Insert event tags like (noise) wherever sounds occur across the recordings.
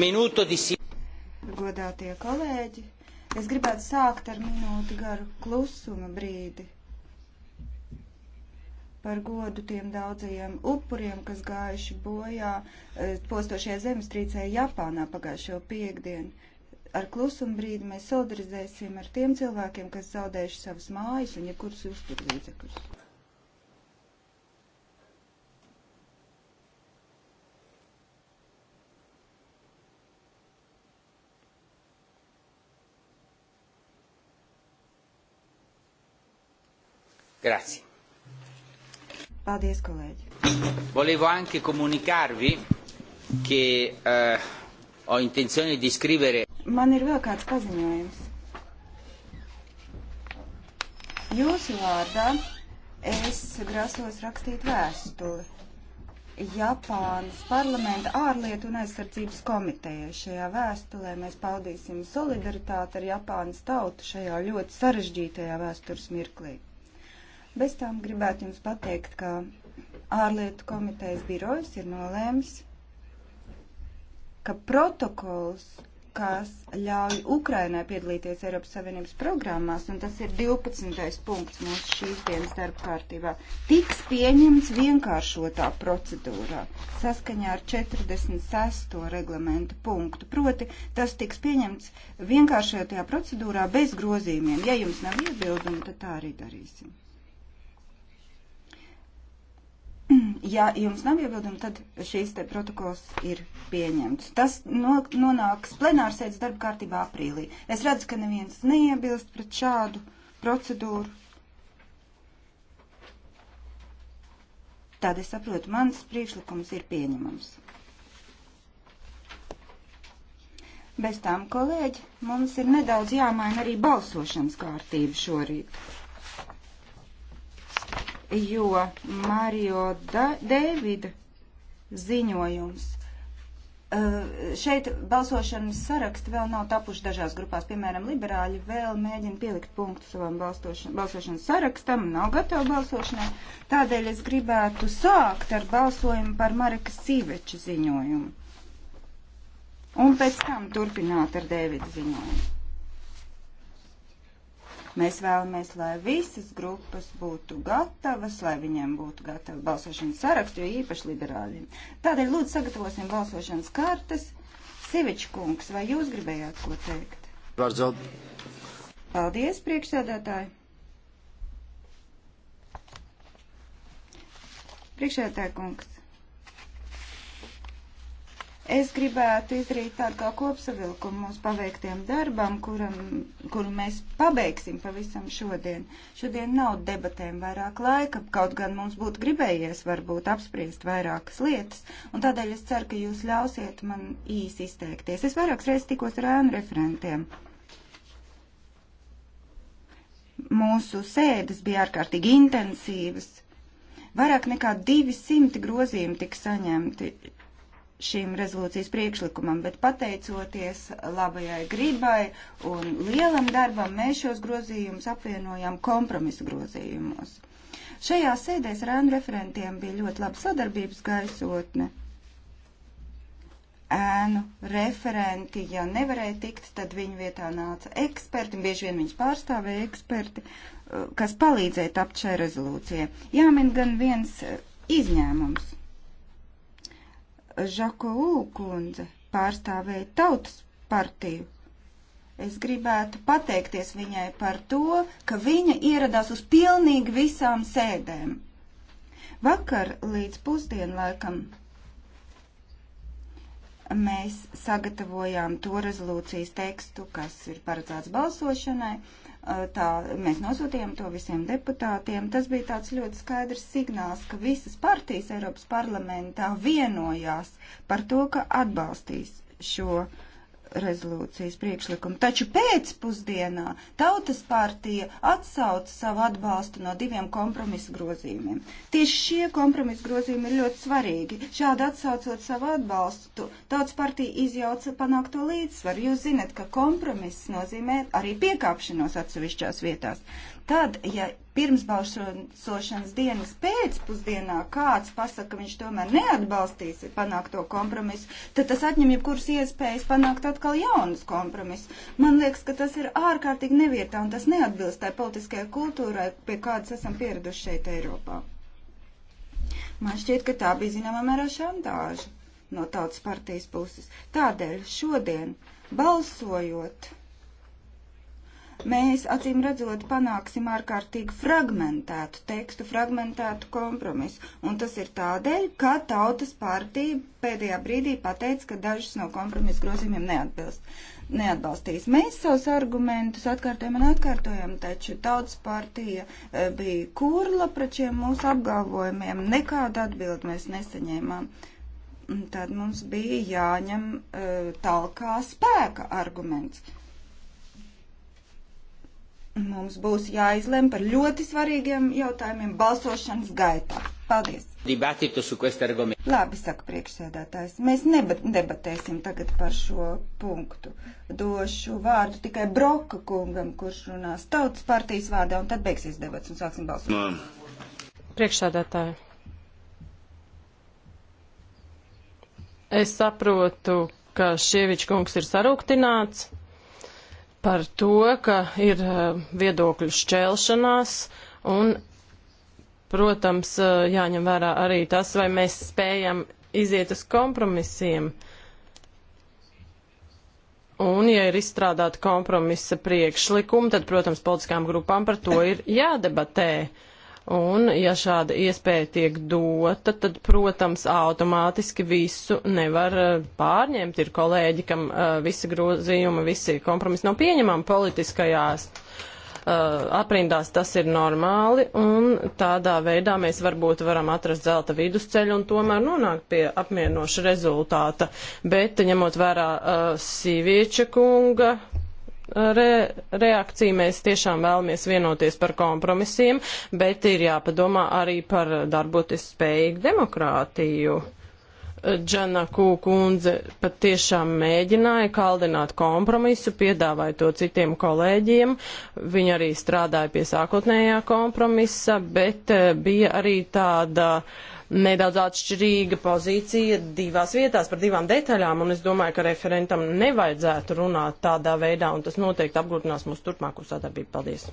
Minūto disi. Godātie kolēģi, es gribētu sākt ar minūti garu klusuma brīdi par godu tiem daudzajiem upuriem, kas gājuši bojā e, postošajā zemestrīcē Japānā pagājušo piekdienu. Ar klusumu brīdi mēs solidarizēsim ar tiem cilvēkiem, kas zaudējuši savas mājas un jebkurus uzturlīdzekļus. Grazie. Paldies, kolēģi. Volevo anche comunicarvi che eh, ho intenzione di scrivere. Man ir vēl kāds paziņojums. Jūsu vārdā es grasos rakstīt vēstuli Japānas parlamenta ārlietu un aizsardzības komitejai. Šajā vēstulē mēs paudīsim solidaritāti ar Japānas tautu šajā ļoti sarežģītajā vēstures mirklī. Bez tām gribētu jums pateikt, ka ārlietu komitejas birojas ir nolēmis, ka protokols, kas ļauj Ukrainai piedalīties Eiropas Savienības programmās, un tas ir 12. punkts mūsu šīs dienas darba kārtībā, tiks pieņemts vienkāršotā procedūrā saskaņā ar 46. reglamenta punktu. Proti, tas tiks pieņemts vienkāršotajā procedūrā bez grozījumiem. Ja jums nav iebildumi, tad tā arī darīsim. Ja jums nav iebildumi, tad šīs te protokols ir pieņemts. Tas no, nonāks plenārsēdes darba kārtībā aprīlī. Es redzu, ka neviens neiebilst pret šādu procedūru. Tad es saprotu, mans priekšlikums ir pieņemams. Bez tām, kolēģi, mums ir nedaudz jāmaina arī balsošanas kārtība šorīt jo Mario da Davida ziņojums. Uh, šeit balsošanas saraksti vēl nav tapuši dažās grupās. Piemēram, liberāļi vēl mēģina pielikt punktu savam balsošanas sarakstam, nav gatavi balsošanai. Tādēļ es gribētu sākt ar balsojumu par Marika Sīveča ziņojumu. Un pēc tam turpināt ar Dēvida ziņojumu. Mēs vēlamies, lai visas grupas būtu gatavas, lai viņiem būtu gatavi balsošanas sarakstu, jo īpaši liberāļiem. Tādēļ lūdzu sagatavosim balsošanas kartes. Sivičkungs, vai jūs gribējāt ko teikt? Pārdzot. Paldies, priekšsēdētāji. Priekšsēdētāji kungs, Es gribētu izdarīt tādu kā kopsavilkumu mūsu paveiktiem darbam, kuram, kuru mēs pabeigsim pavisam šodien. Šodien nav debatēm vairāk laika, kaut gan mums būtu gribējies varbūt apspriest vairākas lietas, un tādēļ es ceru, ka jūs ļausiet man īsi izteikties. Es vairākas reizes tikos ar ēnu referentiem. Mūsu sēdes bija ārkārtīgi intensīvas. Vairāk nekā 200 grozījumi tika saņemti šīm rezolūcijas priekšlikumam, bet pateicoties labajai gribai un lielam darbam, mēs šos grozījumus apvienojam kompromisu grozījumos. Šajā sēdē ar ēnu referentiem bija ļoti laba sadarbības gaisotne. Ēnu referenti, ja nevarēja tikt, tad viņu vietā nāca eksperti, un bieži vien viņus pārstāvēja eksperti, kas palīdzēja tapt šai rezolūcijai. Jāmin gan viens eh, izņēmums Žako Ulkundze pārstāvēja tautas partiju. Es gribētu pateikties viņai par to, ka viņa ieradās uz pilnīgi visām sēdēm. Vakar līdz pusdienlaikam mēs sagatavojām to rezolūcijas tekstu, kas ir paredzēts balsošanai. Uh, tā, mēs nosūtījām to visiem deputātiem. Tas bija tāds ļoti skaidrs signāls, ka visas partijas Eiropas parlamentā vienojās par to, ka atbalstīs šo uh, rezolūcijas priekšlikumu. Taču pēcpusdienā Tautas partija atsauca savu atbalstu no diviem kompromisu grozījumiem. Tieši šie kompromisu grozījumi ir ļoti svarīgi. Šādi atsaucot savu atbalstu, Tautas partija izjauca panākto līdzsvaru. Jūs zinat, ka kompromiss nozīmē arī piekāpšanos atsevišķās vietās. Tad, ja pirms balsošanas dienas pēcpusdienā kāds pasaka, ka viņš tomēr neatbalstīs panākto kompromisu, tad tas atņem jebkuras iespējas panākt atkal jaunus kompromisus. Man liekas, ka tas ir ārkārtīgi nevietā un tas neatbilst tai politiskajai kultūrai, pie kādas esam pieraduši šeit Eiropā. Man šķiet, ka tā bija zināmā mērā šantāža no tautas partijas puses. Tādēļ šodien balsojot mēs acīm redzot panāksim ārkārtīgi fragmentētu tekstu, fragmentētu kompromisu. Un tas ir tādēļ, ka tautas partija pēdējā brīdī pateica, ka dažas no kompromisu grozījumiem neatbilst. Neatbalstīs. Mēs savus argumentus atkārtojam un atkārtojam, taču tautas partija e, bija kurla pret šiem mūsu apgalvojumiem. Nekādu atbildi mēs nesaņēmām tad mums bija jāņem uh, talkā spēka arguments mums būs jāizlem par ļoti svarīgiem jautājumiem balsošanas gaitā. Paldies! Labi, saka priekšsēdētājs. Mēs nebat, debatēsim tagad par šo punktu. Došu vārdu tikai Broka kungam, kurš runās tautas partijas vārdā, un tad beigsies debats un sāksim balsot. No. Priekšsēdētāji. Es saprotu, ka Šievičs kungs ir sarūktināts par to, ka ir eh, viedokļu šķelšanās un, protams, eh, jāņem vērā arī tas, vai mēs spējam iziet uz kompromisiem. Un, ja ir izstrādāta kompromisa priekšlikuma, tad, protams, politiskām grupām par to ir jādebatē. Uh, Un, ja šāda iespēja tiek dota, tad, protams, automātiski visu nevar eh, pārņemt. Ir kolēģi, kam uh, visi grozījumi, visi kompromisi nav pieņemami politiskajās uh, aprindās, tas ir normāli. Un tādā veidā mēs varbūt varam atrast zelta vidusceļu un tomēr nonākt pie apmierinoša rezultāta. Bet, ņemot vērā uh, Sīvieča kunga re, reakciju. Mēs tiešām vēlamies vienoties par kompromisiem, bet ir jāpadomā arī par darboties spējīgu demokrātiju. Džana Kūkundze pat tiešām mēģināja kaldināt kompromisu, piedāvāja to citiem kolēģiem. Viņa arī strādāja pie sākotnējā kompromisa, bet eh, bija arī tāda uh, nedaudz atšķirīga pozīcija divās vietās par divām detaļām, un es domāju, ka referentam nevajadzētu runāt tādā veidā, un tas noteikti apgrūtinās mūsu turpmāko sadarbību. Paldies!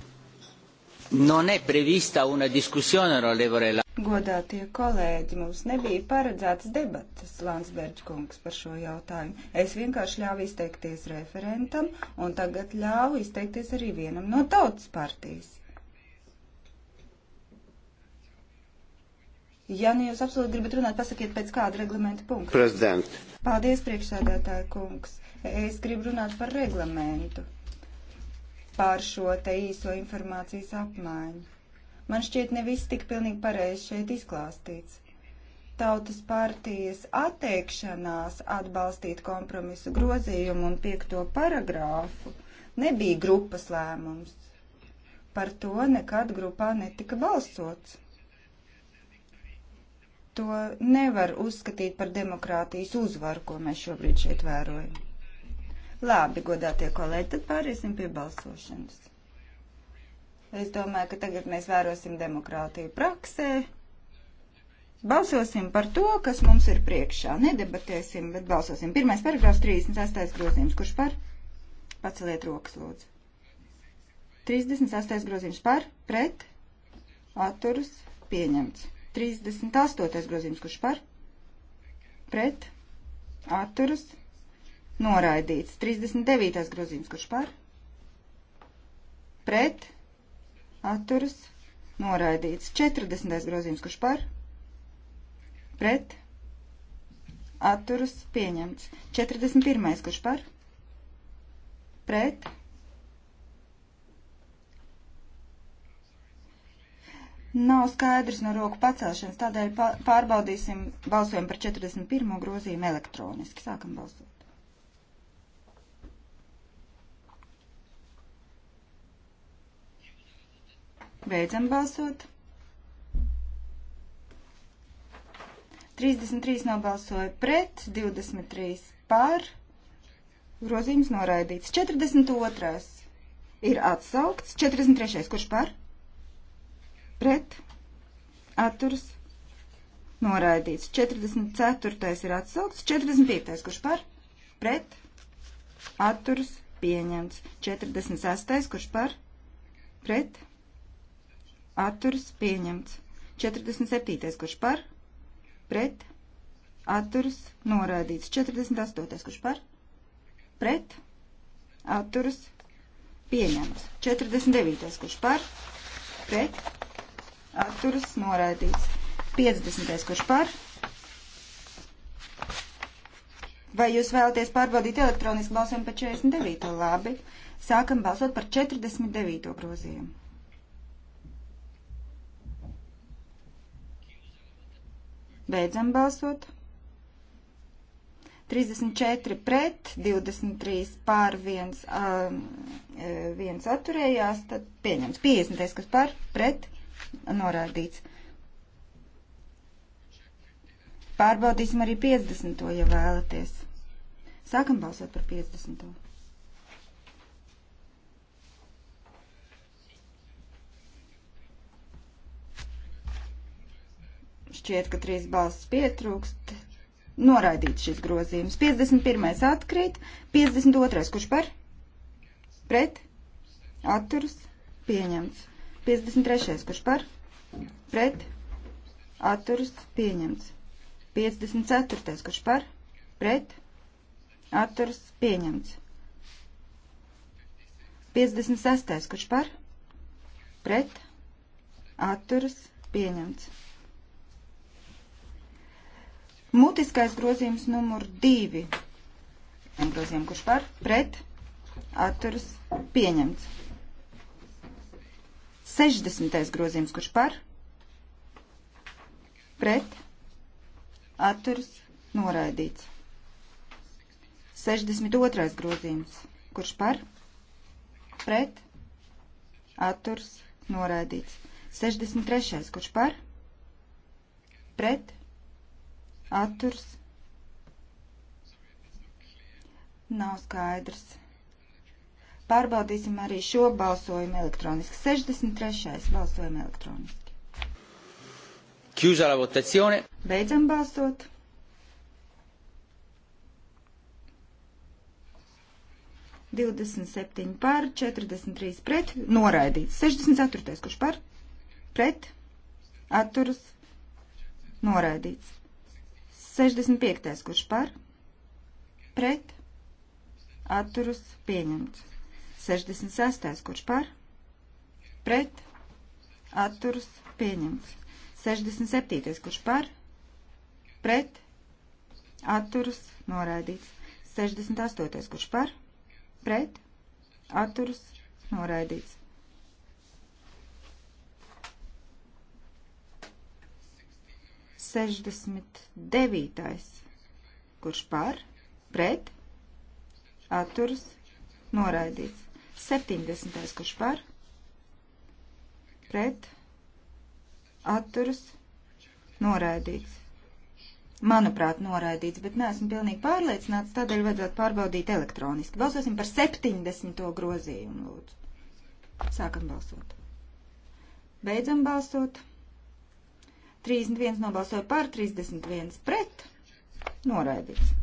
Non è prevista una discussione, onorevole Lanz. Godātie kolēģi, mums nebija paredzēts debatas, Landsbergs kungs, par šo jautājumu. Es vienkārši ļāvu izteikties referentam, un tagad ļāvu izteikties arī vienam no tautas partijas. Ja nu jūs absolūti gribat runāt, pasakiet pēc kāda reglamenta punkta. Prezident. Paldies, priekšsēdētāja kungs. Es gribu runāt par reglamentu, par šo te īso informācijas apmaiņu. Man šķiet, ne viss tik pilnīgi pareizi šeit izklāstīts. Tautas partijas atteikšanās atbalstīt kompromisu grozījumu un piekto paragrāfu nebija grupas lēmums. Par to nekad grupā netika balsots to nevar uzskatīt par demokrātijas uzvaru, ko mēs šobrīd šeit vērojam. Labi, godātie kolēģi, tad pāriesim pie balsošanas. Es domāju, ka tagad mēs vērosim demokrātiju praksē. Balsosim par to, kas mums ir priekšā. Nedebatēsim, bet balsosim. Pirmais paragrāfs 38. grozījums. Kurš par? Paceliet rokas, lūdzu. 38. grozījums par, pret, atturas, pieņemts. 38. grozījums, kurš par, pret, atturas, noraidīts. 39. grozījums, kurš par, pret, atturas, noraidīts. 40. grozījums, kurš par, pret, atturas, pieņemts. 41. kurš par, pret, atturas nav skaidrs no roku pacelšanas, tādēļ pārbaudīsim balsojumu par 41. grozījumu elektroniski. Sākam balsot. Beidzam balsot. 33 nobalsoja pret, 23 par. Grozījums noraidīts. 42. ir atsaukts. 43. kurš par? pret atturas noraidīts. 44. ir atsaukts, 45. kurš par pret atturas pieņemts. 46. kurš par pret atturas pieņemts. 47. kurš par pret atturas noraidīts. 48. kurš par pret atturas pieņemts. 49. kurš par pret atturas noraidīts. 50. kurš par? Vai jūs vēlaties pārbaudīt elektronisku balsojumu par 49? Labi. Sākam balsot par 49. grozījumu. Beidzam balsot. 34 pret, 23 pār 1, um, 1 atturējās, tad pieņems 50, kas par, pret, noraidīts. Pārbaudīsim arī 50. ja vēlaties. Sākam balsot par 50. Šķiet, ka trīs balsis pietrūkst. Noraidīts šis grozījums. 51. atkrīt, 52. kurš par? Pret? Atturs? Pieņemts. 53. kurš par, pret, atturas, pieņemts. 54. kurš par, pret, atturas, pieņemts. 56. kurš par, pret, atturas, pieņemts. Mutiskais grozījums numur 2. Grozījums kurš par, pret, atturas, pieņemts. 60. grozījums, kurš par, pret, atturas, noraidīts. 62. grozījums, kurš par, pret, atturas, noraidīts. 63. kurš par, pret, atturas, nav skaidrs. Pārbaudīsim arī šo balsojumu elektroniski. 63. balsojumu elektroniski. Chiusa la votazione. Beidzam balsot. Divdesmit septiņi par, četrdesmit trīs pret, noraidīts. Sešdesmit ceturtais, kurš par, pret, atturas, noraidīts. 65. kurš par, pret, atturus, pieņemts. 66. kurš par, pret, atturas, pieņemts. 67. kurš par, pret, atturas, noraidīts. 68. kurš par, pret, atturas, noraidīts. 69. kurš par, pret, atturas, noraidīts. 70. kurš par, pret, atturas, noraidīts. Manuprāt, noraidīts, bet neesmu pilnīgi pārliecināts, tādēļ vajadzētu pārbaudīt elektroniski. Balsosim par 70. grozījumu, lūdzu. Sākam balsot. Beidzam balsot. 31 nobalsoja par, 31 pret. Noraidīts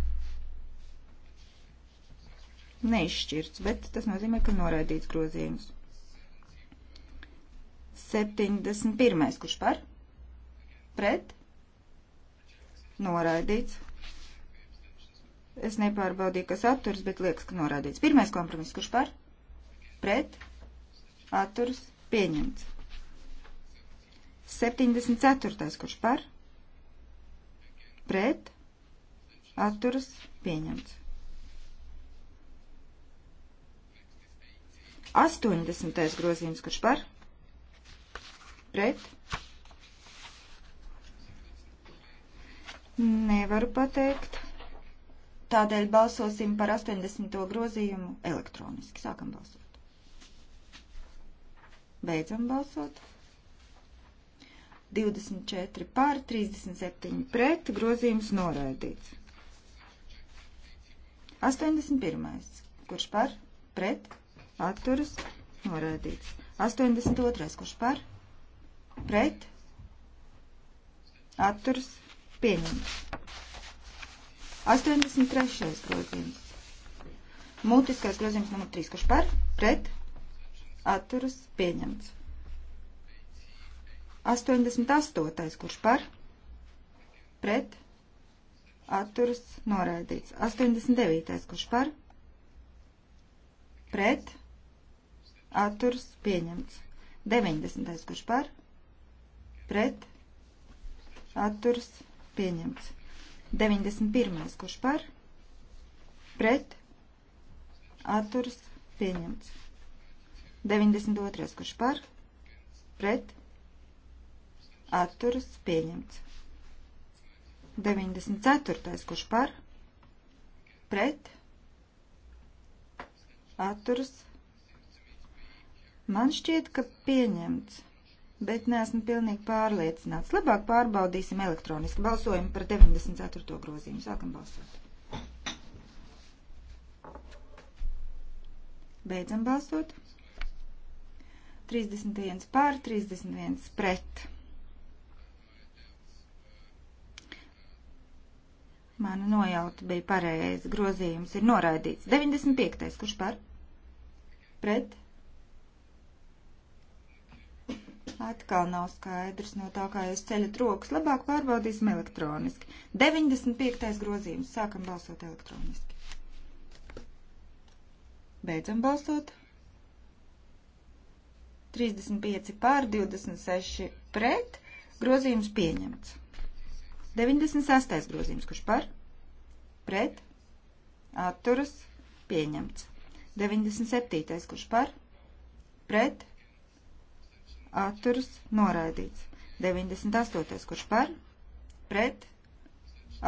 neizšķirts, bet tas nozīmē, ka noraidīts grozījums. 71. kurš par? Pret? Noraidīts. Es nepārbaudīju, kas atturs, bet liekas, ka noraidīts. Pirmais kompromiss, kurš par? Pret? Atturs? Pieņemts. 74. kurš par? Pret? Atturs? Pieņemts. 80. grozījums, kurš par? Pret? Nevaru pateikt. Tādēļ balsosim par 80. grozījumu elektroniski. Sākam balsot. Beidzam balsot. 24 pār, 37 pret, grozījums noraidīts. 81. Kurš par? Pret? atturas noraidīts. 82. kurš par, pret, atturas pieņemts. 83. grozījums. Mūtiskais grozījums numur 3, kurš par, pret, atturas pieņemts. 88. kurš par, pret, atturas noraidīts. 89. kurš par, pret, atturas pieņemts atturs pieņemts. 90. kurš par, pret, atturs pieņemts. 91. kurš par, pret, atturs pieņemts. 92. kurš par, pret, atturas pieņemts. 94. kurš par, pret, atturas pieņemts Man šķiet, ka pieņemts, bet neesmu pilnīgi pārliecināts. Labāk pārbaudīsim elektroniski. Balsojam par 94. grozījumu. Sākam balsot. Beidzam balsot. 31 pār, 31 pret. Mana nojauta bija pareizi. Grozījums ir noraidīts. 95. Kurš par? Pret? Atkal nav skaidrs no tā, kā jūs ceļat rokas. Labāk pārbaudīsim elektroniski. 95. grozījums. Sākam balsot elektroniski. Beidzam balsot. 35 pār 26 pret. Grozījums pieņemts. 96. grozījums, kurš par, pret, atturas, pieņemts. 97. kurš par, pret, atturas noraidīts. 98. kurš par, pret,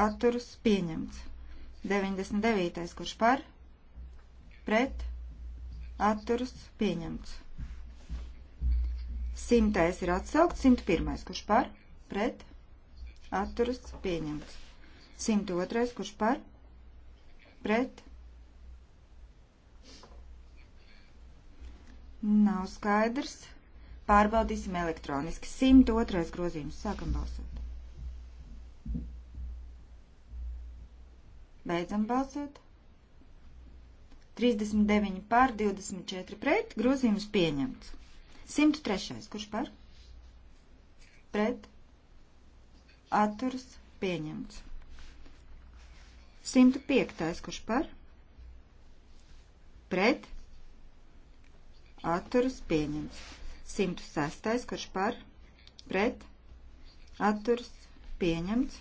atturas pieņemts. 99. kurš par, pret, atturas pieņemts. 100. ir atsaukts, 101. kurš par, pret, atturas pieņemts. 102. kurš par, pret, nav skaidrs. Pārbaudīsim elektroniski. 102. grozījums. Sākam balsot. Beidzam balsot. 39 pār 24 pret. Grozījums pieņemts. 103. Kurš par? Pret. Atturs pieņemts. 105. Kurš par? Pret. Atturs pieņemts. 106. kurš par pret atturs pieņemts.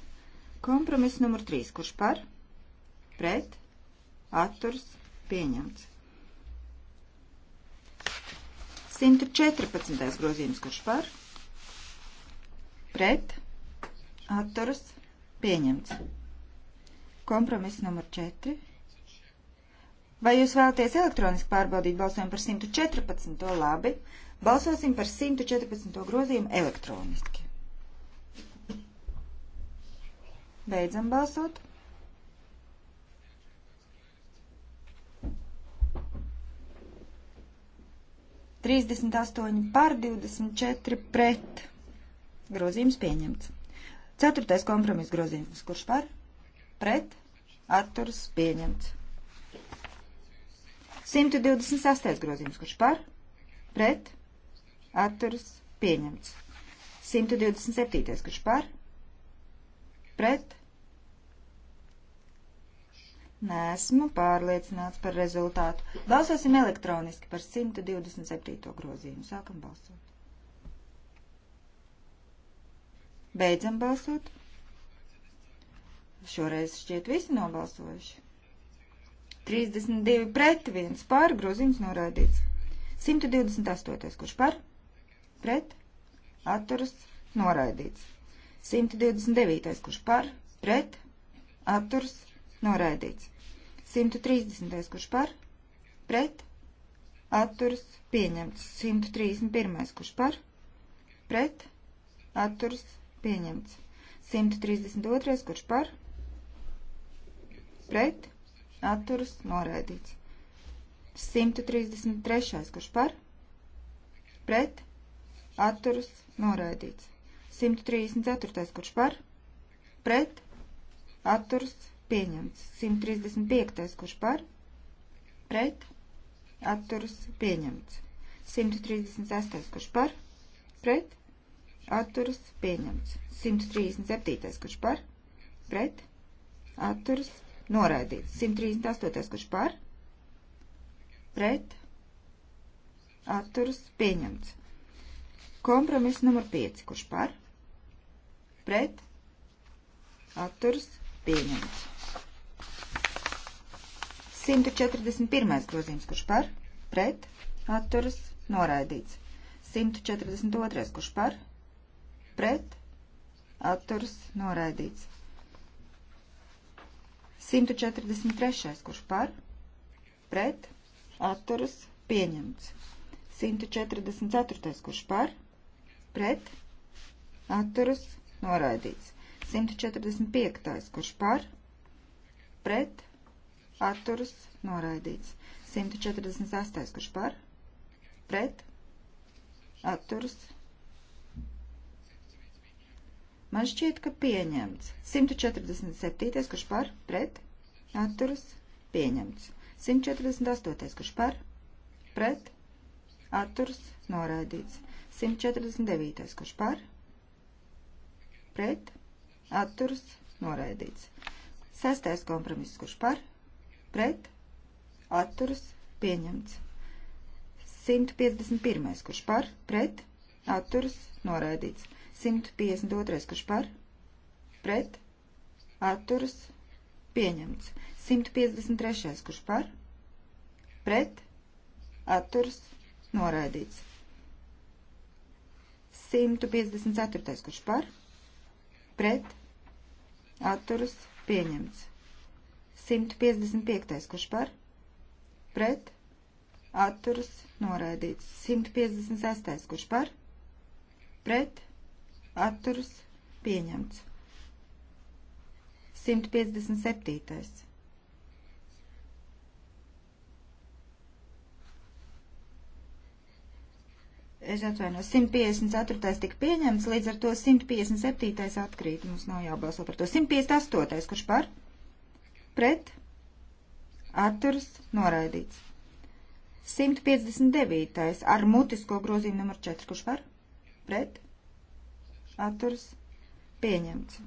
Kompromiss numur 3. Kurš par pret atturs pieņemts. 114. grozījums, kurš par pret atturs pieņemts. Kompromiss numur 4. Vai jūs vēlaties elektroniski pārbaudīt balsojumu par 114? To labi. Balsosim par 114. grozījumu elektroniski. Beidzam balsot. Trīsdesmit astoņi par, divdesmit četri pret. Grozījums pieņemts. Ceturtais kompromiss grozījums. Kurš par? Pret. Atturs pieņemts. 128. grozījums. Kurš par? Pret atturas pieņemts. 127. kurš par, pret, nesmu pārliecināts par rezultātu. Balsosim elektroniski par 127. grozījumu. Sākam balsot. Beidzam balsot. Šoreiz šķiet visi nobalsojuši. 32 pret 1 pār grozījums noraidīts. 128. kurš par? pret, atturas, noraidīts. 129. kurš par, pret, atturas, noraidīts. 130. kurš par, pret, atturas, pieņemts. 131. kurš par, pret, atturas, pieņemts. 132. kurš par, pret, atturas, noraidīts. 133. kurš par, pret, atturas, pieņemts. 133. kurš par, pret, atturas noraidīts. 134. kurš par, pret, atturas pieņemts. 135. kurš par, pret, atturas pieņemts. 136. kurš par, pret, atturas pieņemts. 137. kurš par, pret, atturas noraidīts. 138. kurš par, pret, atturas pieņemts. Kompromiss numur 5. Kurš par? Pret? Atturs pieņemts. 141. grozījums. Kurš par? Pret? Atturs noraidīts. 142. Kurš par? Pret? Atturs noraidīts. 143. Kurš par? Pret? Atturs pieņemts. 144. Kurš par? pret, atturas, noraidīts. 145. kurš par, pret, atturas, noraidīts. 148. kurš par, pret, atturas. Man šķiet, ka pieņemts. 147. kurš par, pret, atturas, pieņemts. 148. kurš par, pret, atturas, noraidīts. 149. Kurš par? Pret. Atturs. Noraidīts. Sestais kompromiss. Kurš par? Pret. Atturs. Pieņemts. 151. Kurš par? Pret. Atturs. Noraidīts. 152. Kurš par? Pret. Atturs. Pieņemts. 153. Kurš par? Pret. Atturs. Noraidīts. 154. kurš par, pret, atturas, pieņemts. 155. kurš par, pret, atturas, noraidīts. 156. kurš par, pret, atturas, pieņemts. 157. es atvainojos, 154. tika pieņemts, līdz ar to 157. atkrīt. Mums nav jābalso par to. 158. kurš par? Pret? Atturs noraidīts. 159. ar mutisko grozījumu numur 4. Kurš par? Pret? Atturs pieņemts.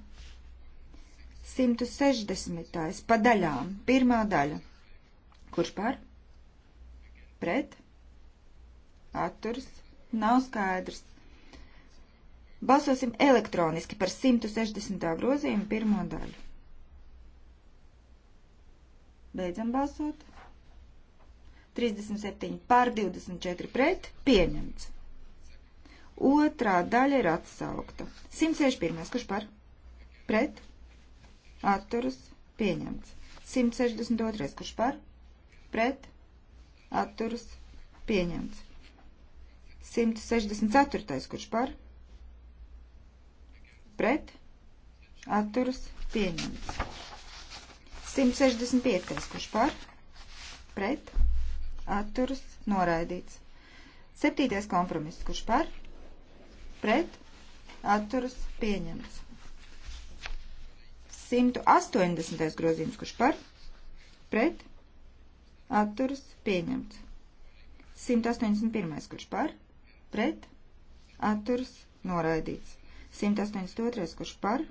160. pa daļām. Pirmā daļa. Kurš par? Pret? Atturs pieņemts nav skaidrs. Balsosim elektroniski par 160. grozījumu pirmo daļu. Beidzam balsot. 37 pār 24 pret pieņemts. Otrā daļa ir atsaukta. 161. Kurš par? Pret? Atturas? Pieņemts. 162. Kurš par? Pret? Atturas? Pieņemts. 164. kurš par? Pret? Atturas pieņemts. 165. kurš par? Pret? Atturas noraidīts. 7. kompromiss kurš par? Pret? Atturas pieņemts. 180. grozījums kurš par? Pret? Atturas pieņemts. 181. kurš par? pret, atturs, noraidīts. 182. kurš par,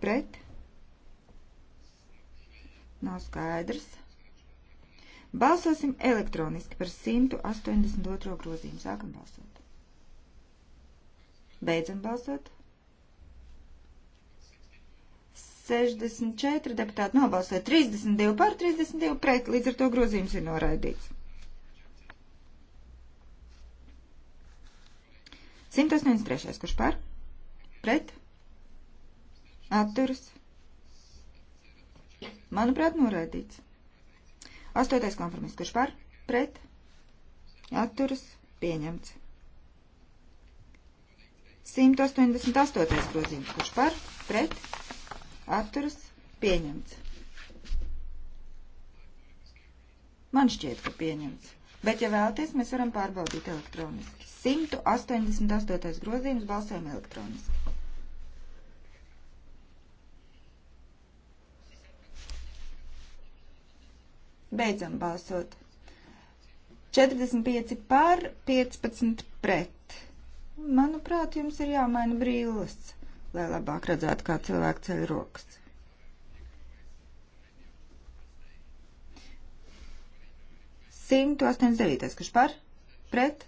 pret, nav skaidrs. Balsosim elektroniski par 182. grozījumu. Sākam balsot. Beidzam balsot. 64 deputāti nobalsoja 32 par 32 pret, līdz ar to grozījums ir noraidīts. 183. Kurš par? Pret? Atturas? Manuprāt, noraidīts. 8. kompromiss. Kurš par? Pret? Atturas? Pieņemts. 188. grozījums. Kurš par? Pret? Atturas? Pieņemts. Man šķiet, ka pieņemts. Bet, ja vēlaties, mēs varam pārbaudīt elektroniski. 188. grozījums balsojam elektroniski. Beidzam balsot. 45 par, 15 pret. Manuprāt, jums ir jāmaina brīlis, lai labāk redzētu, kā cilvēku ceļ rokas. Simt astoņdesmit devītais, kurš par, pret,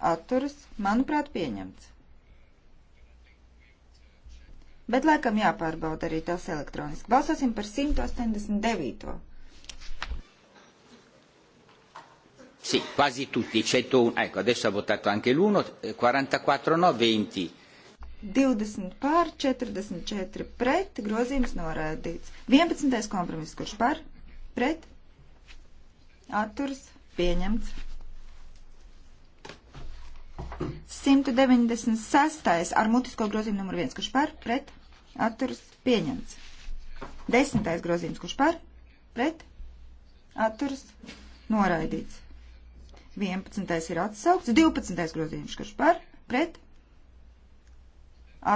atturas, manuprāt, pieņemts. Bet laikam jāpārbauda arī tas elektroniski. Balsosim par 189. Sì, quasi tutti, 101. Ecco, adesso ha votato anche l'1, 44 eh, no, 20. 20 pār, 44 pret, grozījums norādīts. 11. kompromiss, kurš par, pret, atturs, pieņemts. 196. ar mutisko grozījumu numur 1, kurš par, pret, atturas, pieņemts. 10. grozījums, kurš par, pret, atturas, noraidīts. 11. ir atsaukts, 12. grozījums, kurš par, pret,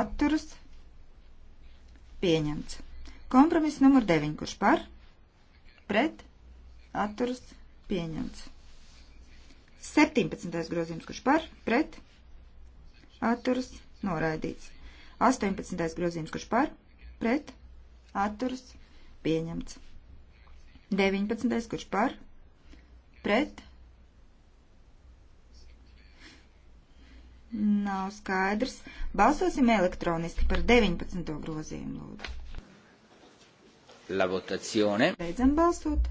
atturas, pieņemts. Kompromiss numur 9, kurš par, pret, atturas, pieņemts. 17. grozījums, kurš par, pret, atturas, noraidīts. 18. grozījums, kurš par, pret, atturas, pieņemts. 19. kurš par, pret, nav skaidrs. Balsosim elektroniski par 19. grozījumu, lūdzu. La votazione. Beidzam balsot.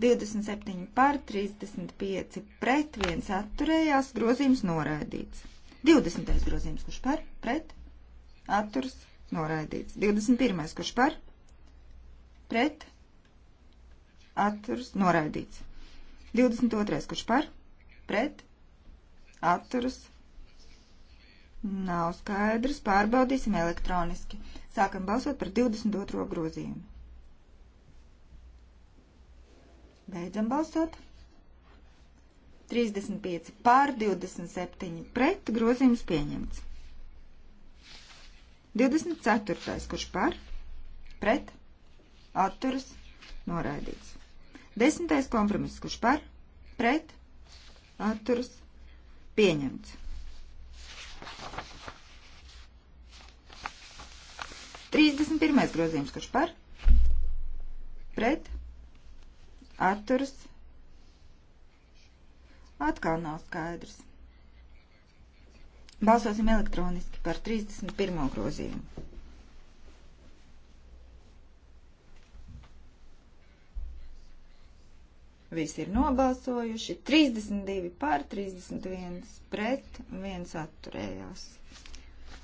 27 par, 35 pret, 1 atturējās, grozījums noraidīts. 20. grozījums, kurš par, pret, atturs, noraidīts. 21. kurš par, pret, atturs, noraidīts. 22. kurš par, pret, atturs, nav skaidrs, pārbaudīsim elektroniski. Sākam balsot par 22. grozījumu. Beidzam balsot. 35 pār 27 pret grozījums pieņemts. 24. kurš par, pret, atturas, noraidīts. 10. kompromiss, kurš par, pret, atturas, pieņemts. 31. grozījums, kurš par, pret, atturas, atkal nav skaidrs. Balsosim elektroniski par 31. grozījumu. Visi ir nobalsojuši. 32 pār, 31 pret, 1 atturējās.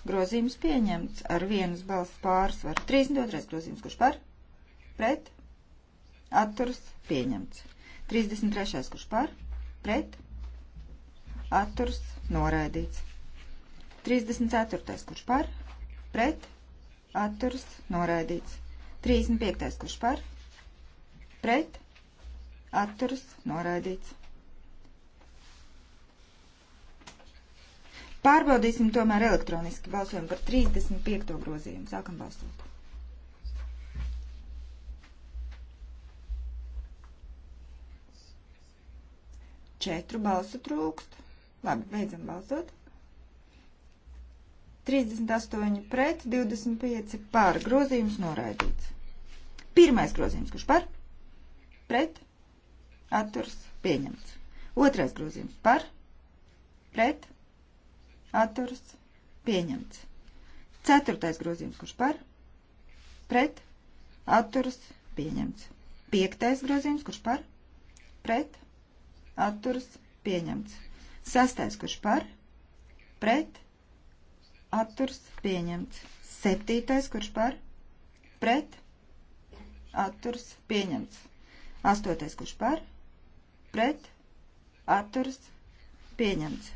Grozījums pieņemts ar vienas balss pārsvaru. 32. grozījums, kurš par? Pret? atturas pieņemts. 33. kurš par, pret, atturas noraidīts. 34. kurš par, pret, atturas noraidīts. 35. kurš par, pret, atturas noraidīts. Pārbaudīsim tomēr elektroniski balsojumu par 35. grozījumu. Sākam balsot. Četru balsu trūkst. Labi, beidzam balsot. 38 pret, 25 pār. Grozījums noraidīts. Pirmais grozījums, kurš par? Pret. Atturs pieņemts. Otrais grozījums par? Pret. Atturs pieņemts. Ceturtais grozījums, kurš par? Pret. Atturs pieņemts. Piektais grozījums, kurš par? Pret atturas pieņemts. Sastais, kurš par, pret, atturas pieņemts. Septītais, kurš par, pret, atturas pieņemts. Astotais, kurš par, pret, atturas pieņemts.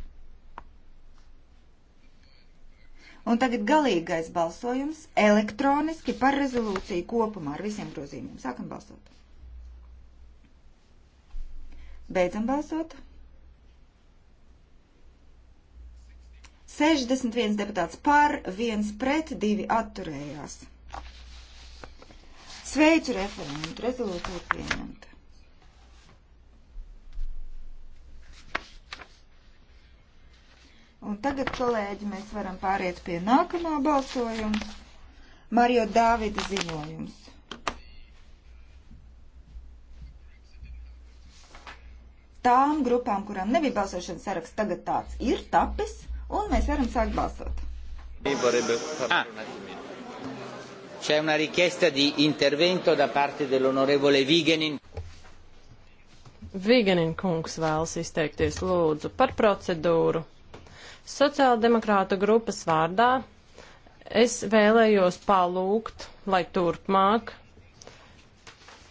Un tagad galīgais balsojums elektroniski par rezolūciju kopumā ar visiem grozījumiem. Sākam balsot! Beidzam balsot. 61 deputāts par, 1 pret, 2 atturējās. Sveicu referentu, rezolūcija pieņemta. Un tagad, kolēģi, mēs varam pāriet pie nākamā balsojuma. Mario Dāvida ziņojums. tām grupām, kurām nebija balsošanas saraksts, tagad tāds ir tapis, un mēs varam sākt balsot. Ah. C'è una richiesta di intervento da parte dell'onorevole Vigenin. Vigenin kungs vēlas izteikties lūdzu par procedūru. Sociāldemokrāta grupas vārdā es vēlējos palūgt, lai turpmāk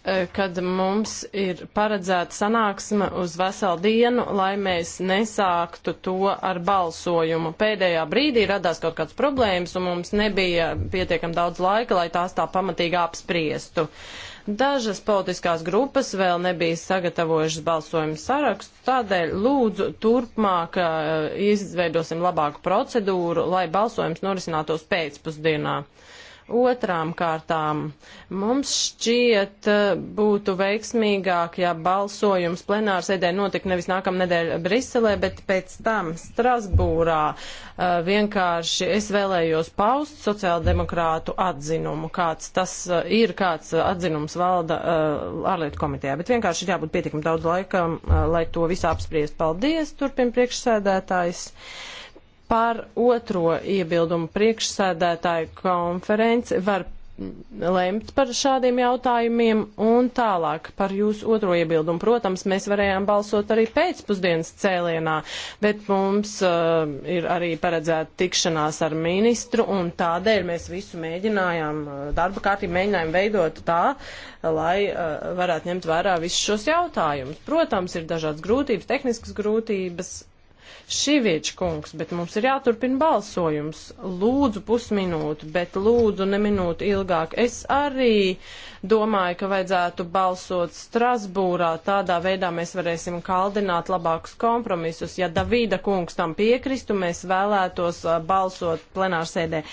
E, kad mums ir paredzēta sanāksme uz veselu dienu, lai mēs nesāktu to ar balsojumu. Pēdējā brīdī radās kaut kādas problēmas, un mums nebija pietiekami daudz laika, lai tās tā pamatīgi apspriestu. Dažas politiskās grupas vēl nebija sagatavojušas balsojumu sarakstu, tādēļ lūdzu turpmāk e, izveidosim labāku procedūru, lai balsojums norisinātos pēcpusdienā. Uh, Otrām kārtām mums šķiet eh, būtu veiksmīgāk, ja balsojums plenārsēdē notika nevis nākamnedēļ Briselē, bet pēc tam Strasbūrā. Eh, vienkārši es vēlējos paust sociāldemokrātu atzinumu, kāds tas eh, ir, kāds atzinums valda ārlietu komitejā, bet vienkārši ir jābūt pietiekam daudz laikam, lai to visu apspriest. Paldies, turpin priekšsēdētājs. Uh, Par otro iebildumu priekšsēdētāju konferenci var lemt par šādiem jautājumiem un tālāk par jūsu otro iebildumu. Protams, mēs varējām balsot arī pēcpusdienas cēlienā, bet mums uh, ir arī paredzēta tikšanās ar ministru un tādēļ mēs visu mēģinājām, uh, darba kārtību mēģinājām veidot tā, lai uh, varētu ņemt vērā visus šos jautājumus. Protams, ir dažādas grūtības, tehniskas grūtības Šivieč kungs, bet mums ir jāturpina balsojums. Lūdzu pusminūti, bet lūdzu ne minūti ilgāk. Es arī domāju, ka vajadzētu balsot Strasbūrā. Tādā veidā mēs varēsim kaldināt labākus kompromisus. Ja Davīda kungs tam piekristu, mēs vēlētos uh, balsot plenārsēdē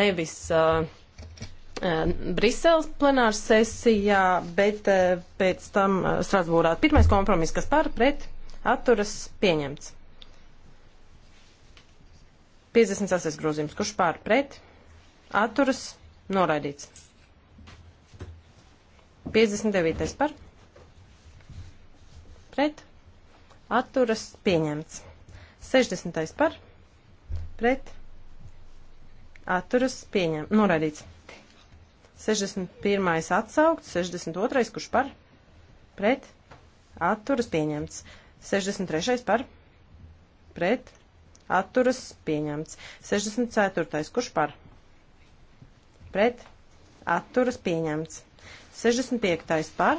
nevis. Uh, uh Briseles plenāras sesijā, bet uh, pēc tam Strasbūrā. Pirmais kompromiss, kas par pret atturas pieņemts. 58. grozījums. Kurš pār pret? Atturas noraidīts. 59. par. Pret. Atturas pieņemts. 60. par. Pret. Atturas pieņem. Noraidīts. 61. atsaukts. 62. kurš par. Pret. Atturas pieņemts. 63. par. Pret atturas pieņemts. 64. kurš par? Pret, atturas pieņemts. 65. par?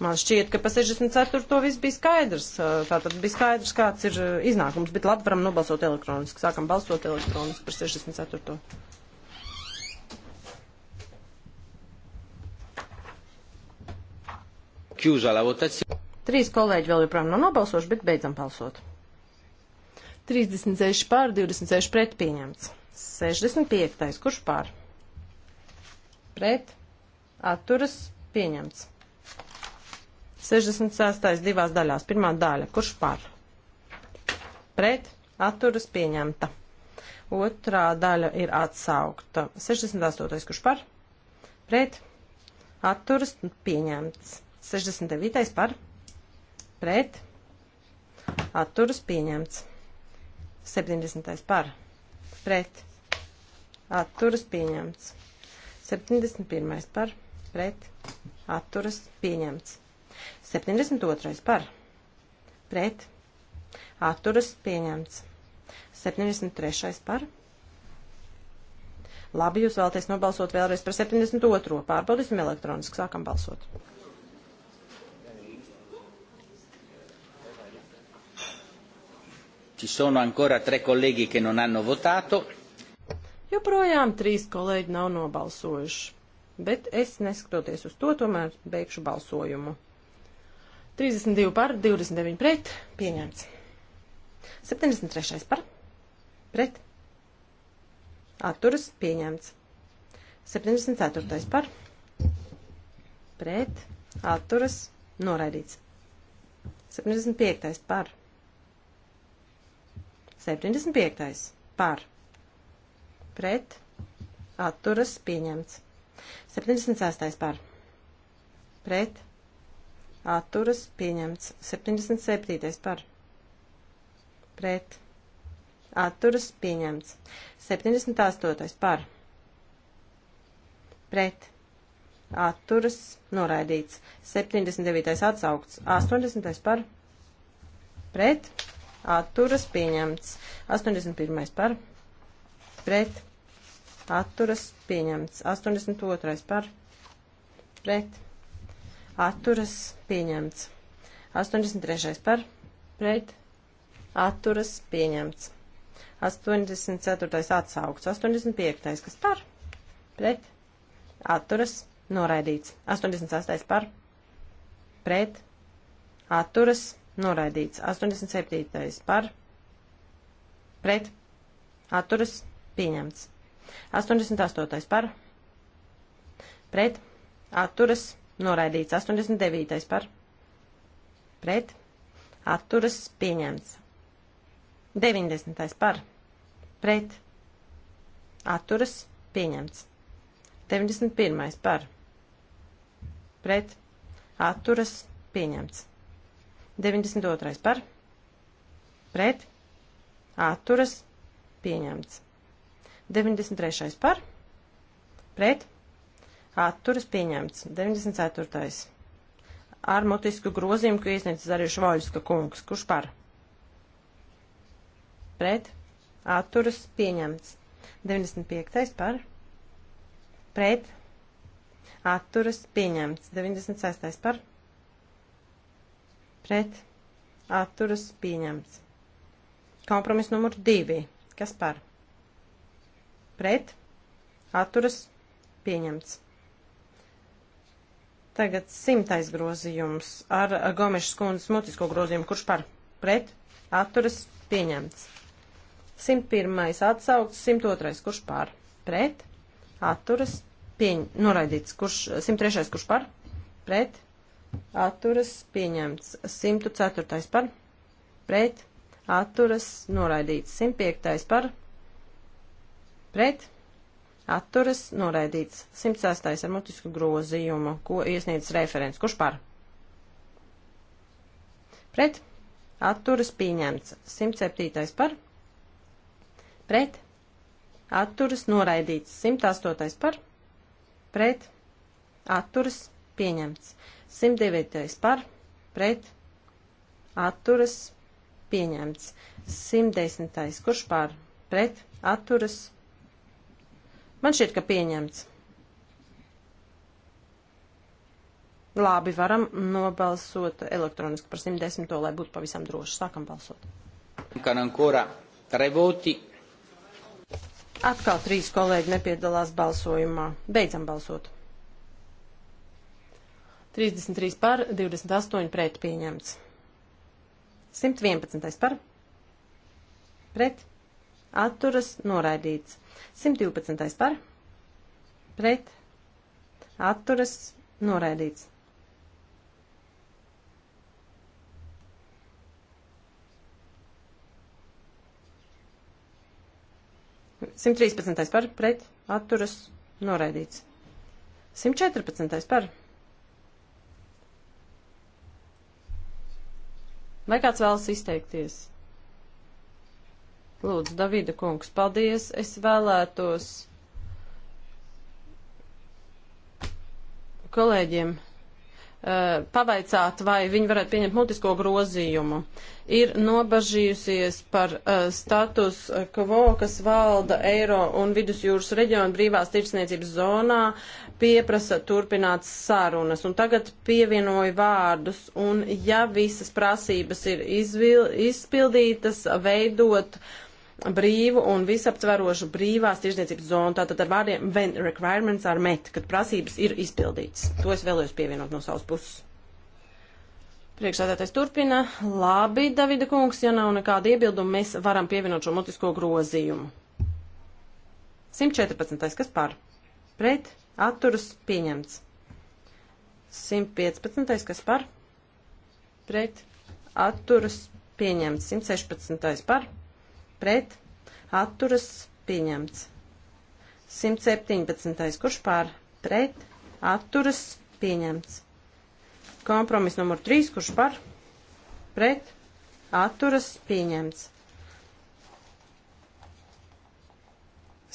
Man šķiet, ka pa 64. to viss bija skaidrs. Tātad bija skaidrs, kāds ir eh, iznākums, bet labi varam nobalsot elektroniski. Sākam balsot elektroniski par 64. Trīs kolēģi vēl joprojām nav nobalsojuši, bet beidzam balsot. 36 pār, 26 pret pieņemts. 65. Kurš pār? Pret. Atturas pieņemts. 66. divās daļās. Pirmā daļa. Kurš pār? Pret. Atturas pieņemta. Otrā daļa ir atsaukta. 68. kurš par? Pret. Atturas pieņemts. 69. par? Pret. Atturas pieņemts. 70. par pret atturas pieņemts. 71. par pret atturas pieņemts. 72. par pret atturas pieņemts. 73. par Labi, jūs vēlaties nobalsot vēlreiz par 72. Pārbaudīsim elektroniski, sākam balsot. Ci sono ancora tre colleghi che non hanno votato. Joprojām trīs kolēģi nav nobalsojuši, bet es neskatoties uz to, tomēr beigšu balsojumu. 32 par, 29 pret, pieņemts. 73 par, pret, atturas, pieņemts. 74 par, pret, atturas, noraidīts. 75 par, 75. par pret atturas pieņemts. 76. par pret atturas pieņemts. 77. par pret atturas pieņemts. 78. par pret atturas noraidīts. 79. atsaukts. 80. par pret atturas pieņemts. 81. par pret atturas pieņemts. 82. par pret atturas pieņemts. 83. par pret atturas pieņemts. 84. atsaukts. 85. kas par pret atturas noraidīts. 88. par pret atturas pieņemts atturas noraidīts. 87. par pret atturas pieņemts. 88. par pret atturas noraidīts. 89. par pret atturas pieņemts. 90. par pret atturas pieņemts. 91. par pret atturas pieņemts. 92. par, pret, atturas, pieņemts. 93. par, pret, atturas, pieņemts. 94. ar mutisku grozījumu, ko iesniedzis arī Švaļska kungs, kurš par, pret, atturas, pieņemts. 95. par, pret, atturas, pieņemts. 96. par, pret, pret atturas pieņemts. Kompromis numur 2. Kas par? Pret atturas pieņemts. Tagad simtais grozījums ar Gomešas kundzes mutisko grozījumu, kurš par pret atturas pieņemts. 101. atsaukts, 102. kurš par pret atturas pieņ... noraidīts, kurš 103. kurš par pret atturas pieņemts. 104. par pret atturas noraidīts. 105. par pret atturas noraidīts. 106. ar mutisku grozījumu, ko iesniedz referents. Kurš par? Pret atturas pieņemts. 107. par pret atturas noraidīts. 108. par pret atturas pieņemts. 109. par, pret, atturas, pieņemts. 110. kurš par, pret, atturas. Man šķiet, ka pieņemts. Labi, varam nobalsot elektroniski par 110, lai būtu pavisam droši. Sākam balsot. Atkal trīs kolēģi nepiedalās balsojumā. Beidzam balsot. 33 par, 28 pret pieņemts. 111 par, pret, atturas noraidīts. 112 par, pret, atturas noraidīts. Simt trīspadsmitais par pret atturas noraidīts. Simt četrpadsmitais par Vai kāds vēlas izteikties? Lūdzu, Davida kungs, paldies. Es vēlētos kolēģiem Eh, pavaicāt, vai viņi varētu pieņemt mutisko grozījumu. Ir nobažījusies par uh, status quo, kas valda Eiro un Vidusjūras reģiona brīvās tirsniecības zonā, pieprasa turpināt sarunas. Un tagad pievienoju vārdus, un ja visas prasības ir izvil, izpildītas, veidot uh, brīvu un visaptverošu brīvās tirzniecības zonu, tātad ar vārdiem when requirements are met, kad prasības ir izpildītas. To es vēlējos pievienot no savas puses. Priekšsēdētais turpina. Labi, Davida kungs, ja nav nekāda iebilduma, mēs varam pievienot šo mutisko grozījumu. 114. kas par? Pret, atturas, pieņemts. 115. kas par? Pret, atturas, pieņemts. 116. par? pret atturas pieņemts. 117. kurš pār pret atturas pieņemts. Kompromis numur 3, kurš par pret atturas pieņemts.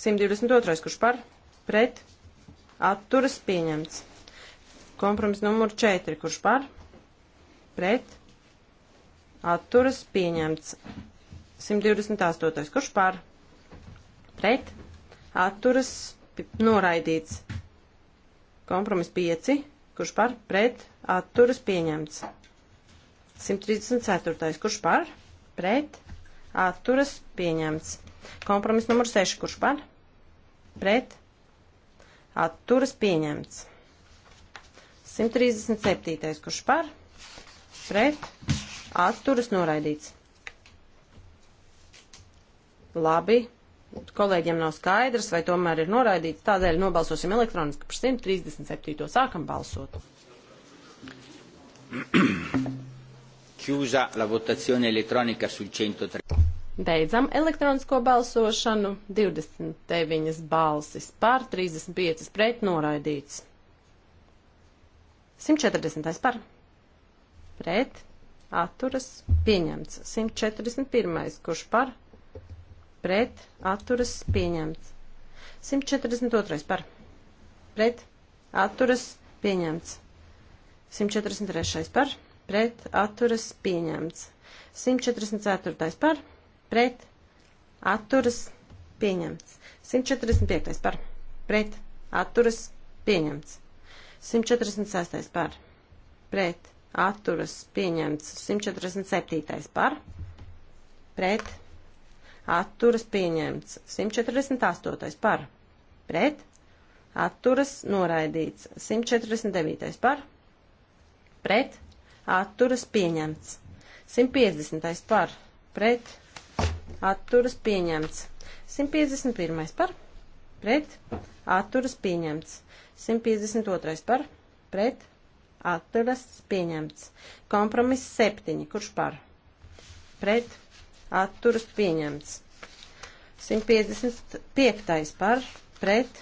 122. kurš par pret atturas pieņemts. Kompromis numur 4, kurš par pret atturas pieņemts. 128. Kurš par? Pret. Atturas. Noraidīts. Kompromis 5. Kurš par? Pret. Atturas pieņemts. 134. Kurš par? Pret. Atturas pieņemts. Kompromis numur 6. Kurš par? Pret. Atturas pieņemts. 137. Kurš par? Pret. Atturas noraidīts. Labi, kolēģiem nav skaidrs, vai tomēr ir noraidīts, tādēļ nobalsosim elektroniski par 137. sākam balsot. (clears throat) Chiusa la votazione elettronica sul 103. Beidzam elektronisko balsošanu. 29 balsis par, 35 pret noraidīts. 140 par. Pret. Atturas. Pieņemts. 141. Kurš par? pret, atturas, pieņemts. 142. par, pret, atturas, pieņemts. 143. par, pret, atturas, pieņemts. 144. par, pret, atturas, pieņemts. 145. par, pret, atturas, pieņemts. 146. par, pret, atturas, pieņemts. 147. par, pret, atturas pieņemts. 148. par pret atturas noraidīts. 149. par pret atturas pieņemts. 150. par pret atturas pieņemts. 151. par pret atturas pieņemts. 152. par pret atturas pieņemts. Kompromiss 7. kurš par pret atturas pieņemts atturas pieņemts. 155. par pret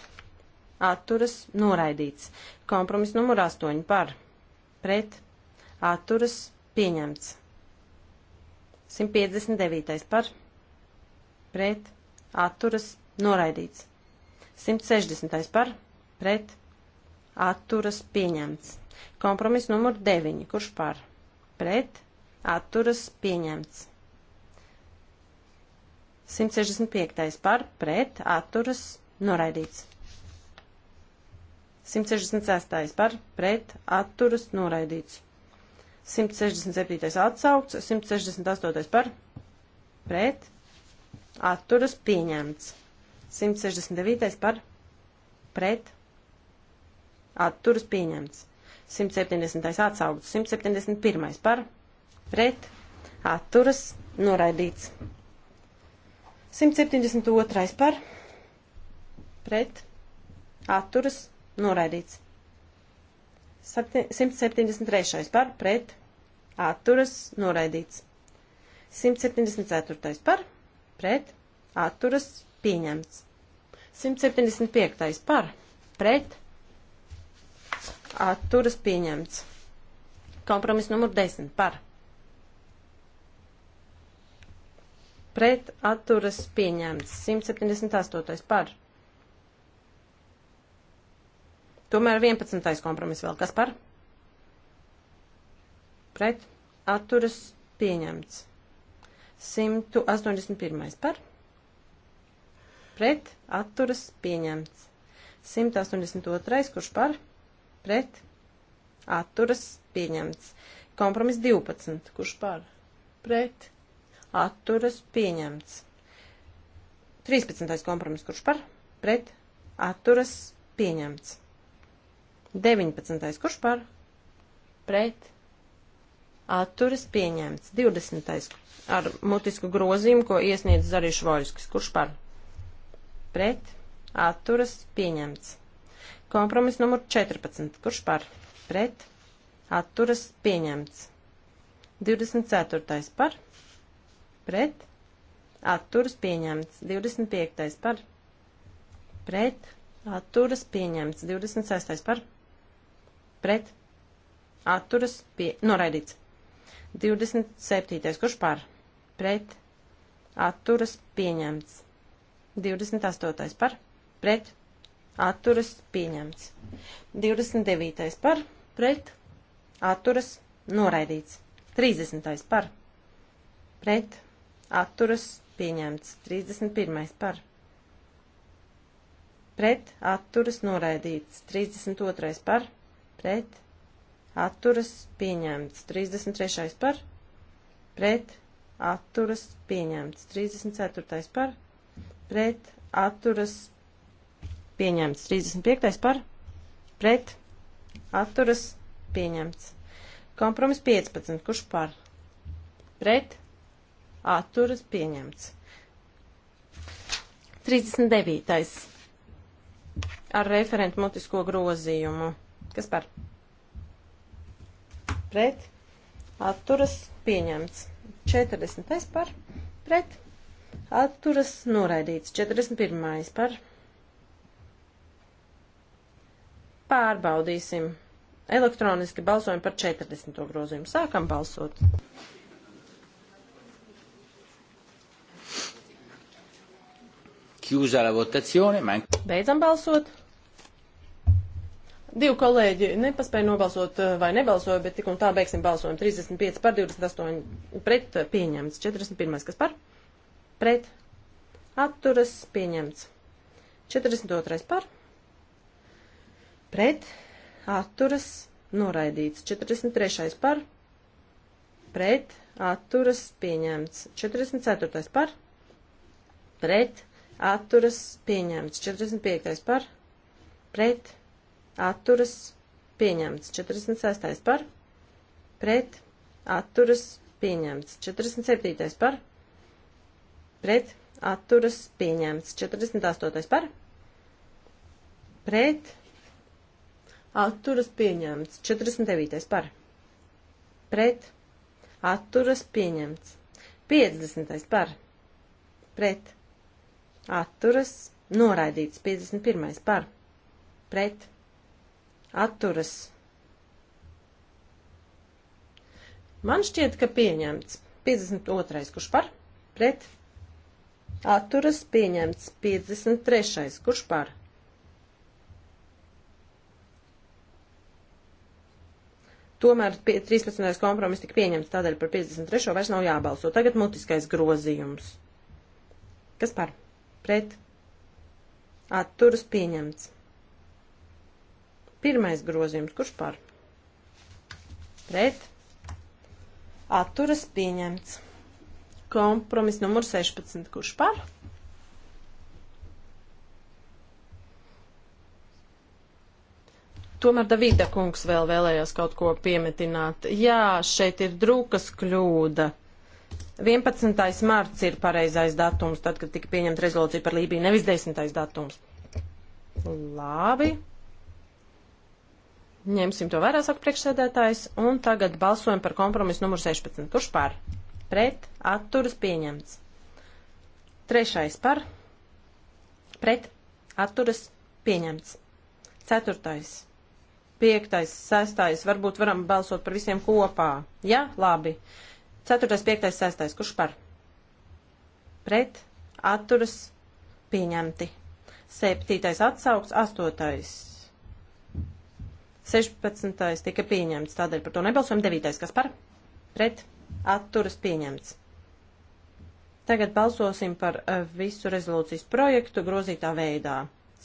atturas noraidīts. Kompromis numur 8 par pret atturas pieņemts. 159. par pret atturas noraidīts. 160. par pret atturas pieņemts. Kompromis numur 9, kurš par pret atturas pieņemts. 165. par pret atturas noraidīts. 166. par pret atturas noraidīts. 167. atsaukts, 168. par pret atturas pieņemts. 169. par pret atturas pieņemts. 170. atsaukts, 171. par pret atturas noraidīts. 172. par pret atturas noraidīts. 173. par pret atturas noraidīts. 174. par pret atturas pieņemts. 175. par pret atturas pieņemts. Kompromiss numur 10 par pret pret atturas pieņemts. 178. par. Tomēr 11. kompromis vēl. Kas par? Pret atturas pieņemts. 181. par. Pret atturas pieņemts. 182. kurš par? Pret atturas pieņemts. Kompromis 12. Kurš par? Pret atturas pieņemts. 13. kompromiss, kurš par, pret, atturas pieņemts. 19. kurš par, pret, atturas pieņemts. 20. ar mutisku grozījumu, ko iesniedz Zarīšu Voļskis, kurš par, pret, atturas pieņemts. Kompromiss numur 14, kurš par, pret, atturas pieņemts. 24. par, pret, pret, atturas pieņemts. 25. par, pret, atturas pieņemts. 26. par, pret, atturas pie, noraidīts. 27. kurš par, pret, atturas pieņemts. 28. par, pret, atturas pieņemts. 29. par, pret, atturas noraidīts. 30. par, pret, atturas pieņemts. 31. par pret atturas noraidīts. 32. par pret atturas pieņemts. 33. par pret atturas pieņemts. 34. par pret atturas pieņemts. 35. par pret atturas pieņemts. Kompromis 15. Kurš par? Pret atturas pieņemts. 39. ar referentu mutisko grozījumu. Kas par? Pret. Atturas pieņemts. 40. par. Pret. Atturas noraidīts. 41. par. Pārbaudīsim. Elektroniski balsojam par 40. grozījumu. Sākam balsot. Chiusa la votazione, ma... Beidzam balsot. Divi kolēģi nepaspēja nobalsot eh, vai nebalsoja, bet tik un tā beigsim balsojumu. 35 par 28 pret eh, pieņemts. 41. kas par? Pret. Atturas pieņemts. 42. par? Pret. Atturas noraidīts. 43. par? Pret. Atturas pieņemts. 44. par? Pret atturas pieņemts. 45. par pret atturas pieņemts. 46. par pret atturas pieņemts. 47. par pret atturas pieņemts. 48. par pret atturas pieņemts. 49. par pret atturas pieņemts. 50. par pret atturas, noraidīts 51. par, pret, atturas. Man šķiet, ka pieņemts 52. kurš par, pret, atturas, pieņemts 53. kurš par. Tomēr 13. kompromiss tika pieņemts, tādēļ par 53. vairs nav jābalso. Tagad mutiskais grozījums. Kas par? pret atturas pieņemts. Pirmais grozījums, kurš par? Pret atturas pieņemts. Kompromis numur 16, kurš par? Tomēr Davida kungs vēl vēlējās kaut ko piemetināt. Jā, šeit ir drukas kļūda. 11. marts ir pareizais datums, tad, kad tika pieņemta rezolūcija par Lībiju, nevis 10. datums. Labi. Ņemsim to vērā, saka priekšsēdētājs, un tagad balsojam par kompromisu numur 16. Kurš par? Pret, atturas pieņemts. Trešais par? Pret, atturas pieņemts. Ceturtais. Piektais, sestais, varbūt varam balsot par visiem kopā. Ja? Labi. Uh, Ceturtais, piektais, sestais. Kurš par? Pret. Atturas. Pieņemti. Septītais atsaukts. Astotais. 16. tika pieņemts, tādēļ par to nebalsojam. 9. kas par? Pret. Atturas pieņemts. Tagad balsosim par eh, visu rezolūcijas projektu grozītā veidā.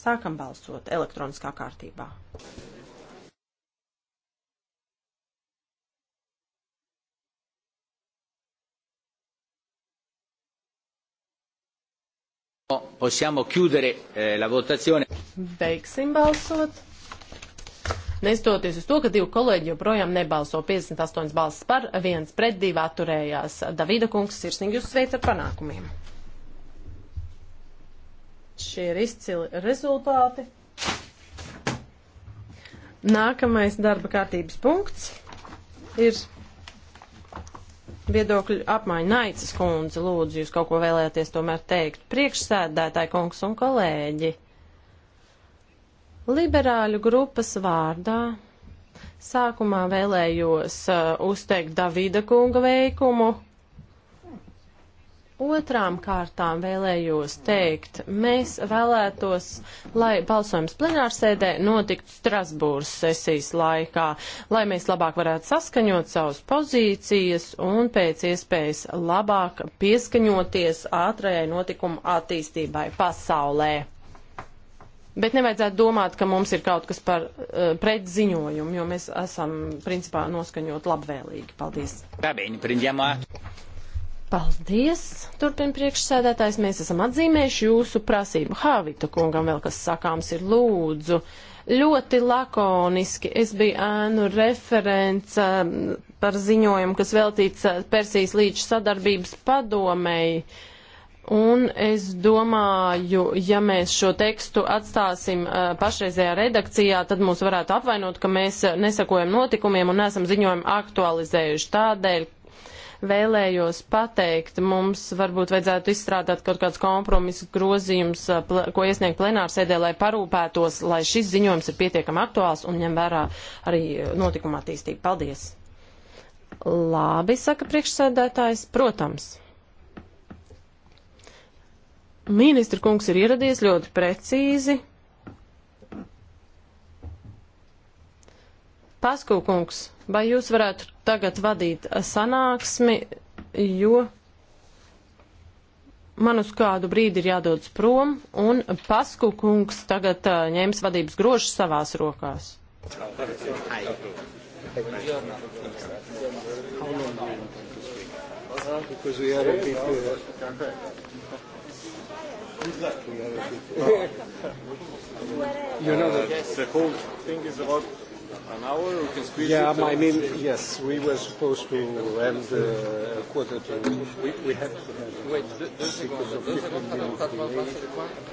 Sākam balsot elektroniskā kārtībā. Possiamo chiudere eh, la votazione. Beigsim balsot. Nestoties uz to, ka divi kolēģi joprojām nebalso 58 balsis par, viens pret, divi atturējās. Davida kungs sirsnīgi jūs sveic ar panākumiem. Šie ir izcili rezultāti. Nākamais darba kārtības punkts ir viedokļu apmaiņa. Naicas kundze, lūdzu, jūs kaut ko vēlēties tomēr teikt. Priekšsēdētāji kungs un kolēģi. Liberāļu grupas vārdā sākumā vēlējos uh, uzteikt Davida kunga veikumu Otrām kārtām vēlējos teikt, mēs vēlētos, lai balsojums plenārsēdē notiktu Strasbūras sesijas laikā, lai mēs labāk varētu saskaņot savus pozīcijas un pēc iespējas labāk pieskaņoties ātrajai notikuma attīstībai pasaulē. Bet nevajadzētu domāt, ka mums ir kaut kas par uh, pretziņojumu, jo mēs esam principā noskaņot labvēlīgi. Paldies. Labi, Paldies, turpina priekšsēdētājs. Mēs esam atzīmējuši jūsu prasību. Hāvita kungam vēl kas sakāms ir lūdzu. Ļoti lakoniski es biju ēnu referents um, par ziņojumu, kas veltīts uh, Persijas līča sadarbības padomēji. Un es domāju, ja mēs šo tekstu atstāsim uh, pašreizējā redakcijā, tad mūs varētu apvainot, ka mēs uh, nesakojam notikumiem un nesam ziņojumu aktualizējuši. Tādēļ vēlējos pateikt. Mums varbūt vajadzētu izstrādāt kaut kāds kompromisu grozījums, uh, ko iesniegt plenārsēdē, lai parūpētos, lai šis ziņojums ir pietiekami aktuāls un ņem vērā arī notikuma attīstību. Paldies! Labi, saka priekšsēdētājs, protams. Ministra kungs ir ieradies ļoti precīzi, Paskūkungs, vai jūs varētu tagad vadīt sanāksmi, jo man uz kādu brīdi ir jādodas prom, un Paskūkungs tagad uh, ņems vadības grožus savās rokās. Because we are a bit, uh, Good luck. We are a bit, uh, you know that yes, the whole thing is about an hour? We can squeeze yeah, it? Yeah, I mean, yes, we were supposed to end uh, a quarter to. We, we had to have. Wait, deux secondes.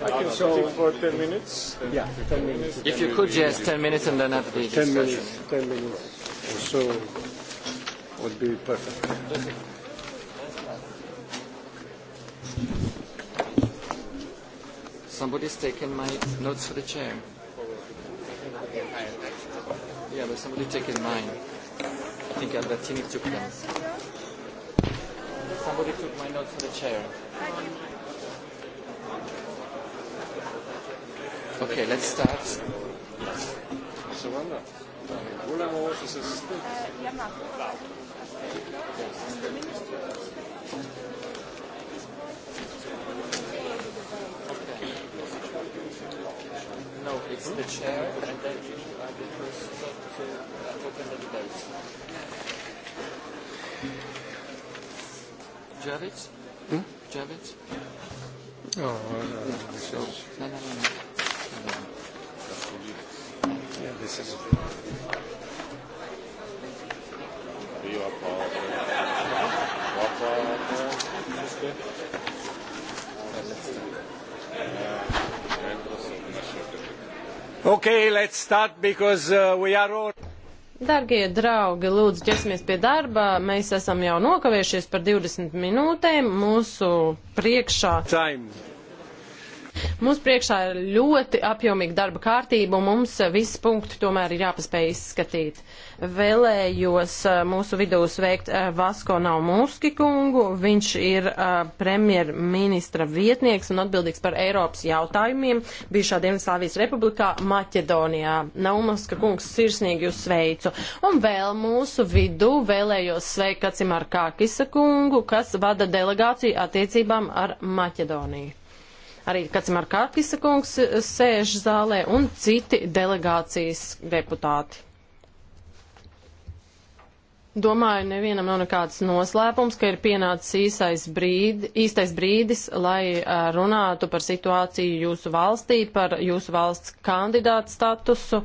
I can ah, show for 10 minutes. Yeah, 10 minutes. If you could, yes, 10 minutes and then have the 10 minutes, 10 minutes or so would be perfect. Somebody's taken my notes for the chair. I, I Yeah, but somebody taken mine. I think Albertini took them. Somebody took my note for the chair. Okay, let's start. Yes. Domanda? Volevamo vostra se assistente. No, it's the chair and then I the first Javits? Hmm? Javits? No, no, no, this is... No, no, no. no. Yeah, this is... Io a parte. A parte. Questo. Yeah. Okay, let's start because uh, we are all. Dargie draugi, lūdzu, ķersimies pie darba. Mēs esam jau nokavējušies par 20 minūtēm. Mūsu priekšā. Time. Mums priekšā ir ļoti apjomīga darba kārtība, un mums visi punkti tomēr ir jāpaspēj izskatīt. Vēlējos eh, mūsu vidū sveikt eh, Vasko Naumuski kungu. Viņš ir eh, premjerministra vietnieks un atbildīgs par Eiropas jautājumiem bijušā Dienvidslāvijas republikā Maķedonijā. Naumuska kungs sirsnīgi jūs sveicu. Un vēl mūsu vidū vēlējos sveikt Kacimar Kākisa kungu, kas vada delegāciju attiecībām ar Maķedoniju. Arī Kacimār Kārkisa kungs eh, sēž zālē un citi delegācijas deputāti. Domāju, nevienam nav nekāds noslēpums, ka ir pienācis īsais brīdi, īstais brīdis, lai eh, runātu par situāciju jūsu valstī, par jūsu valsts kandidātu statusu.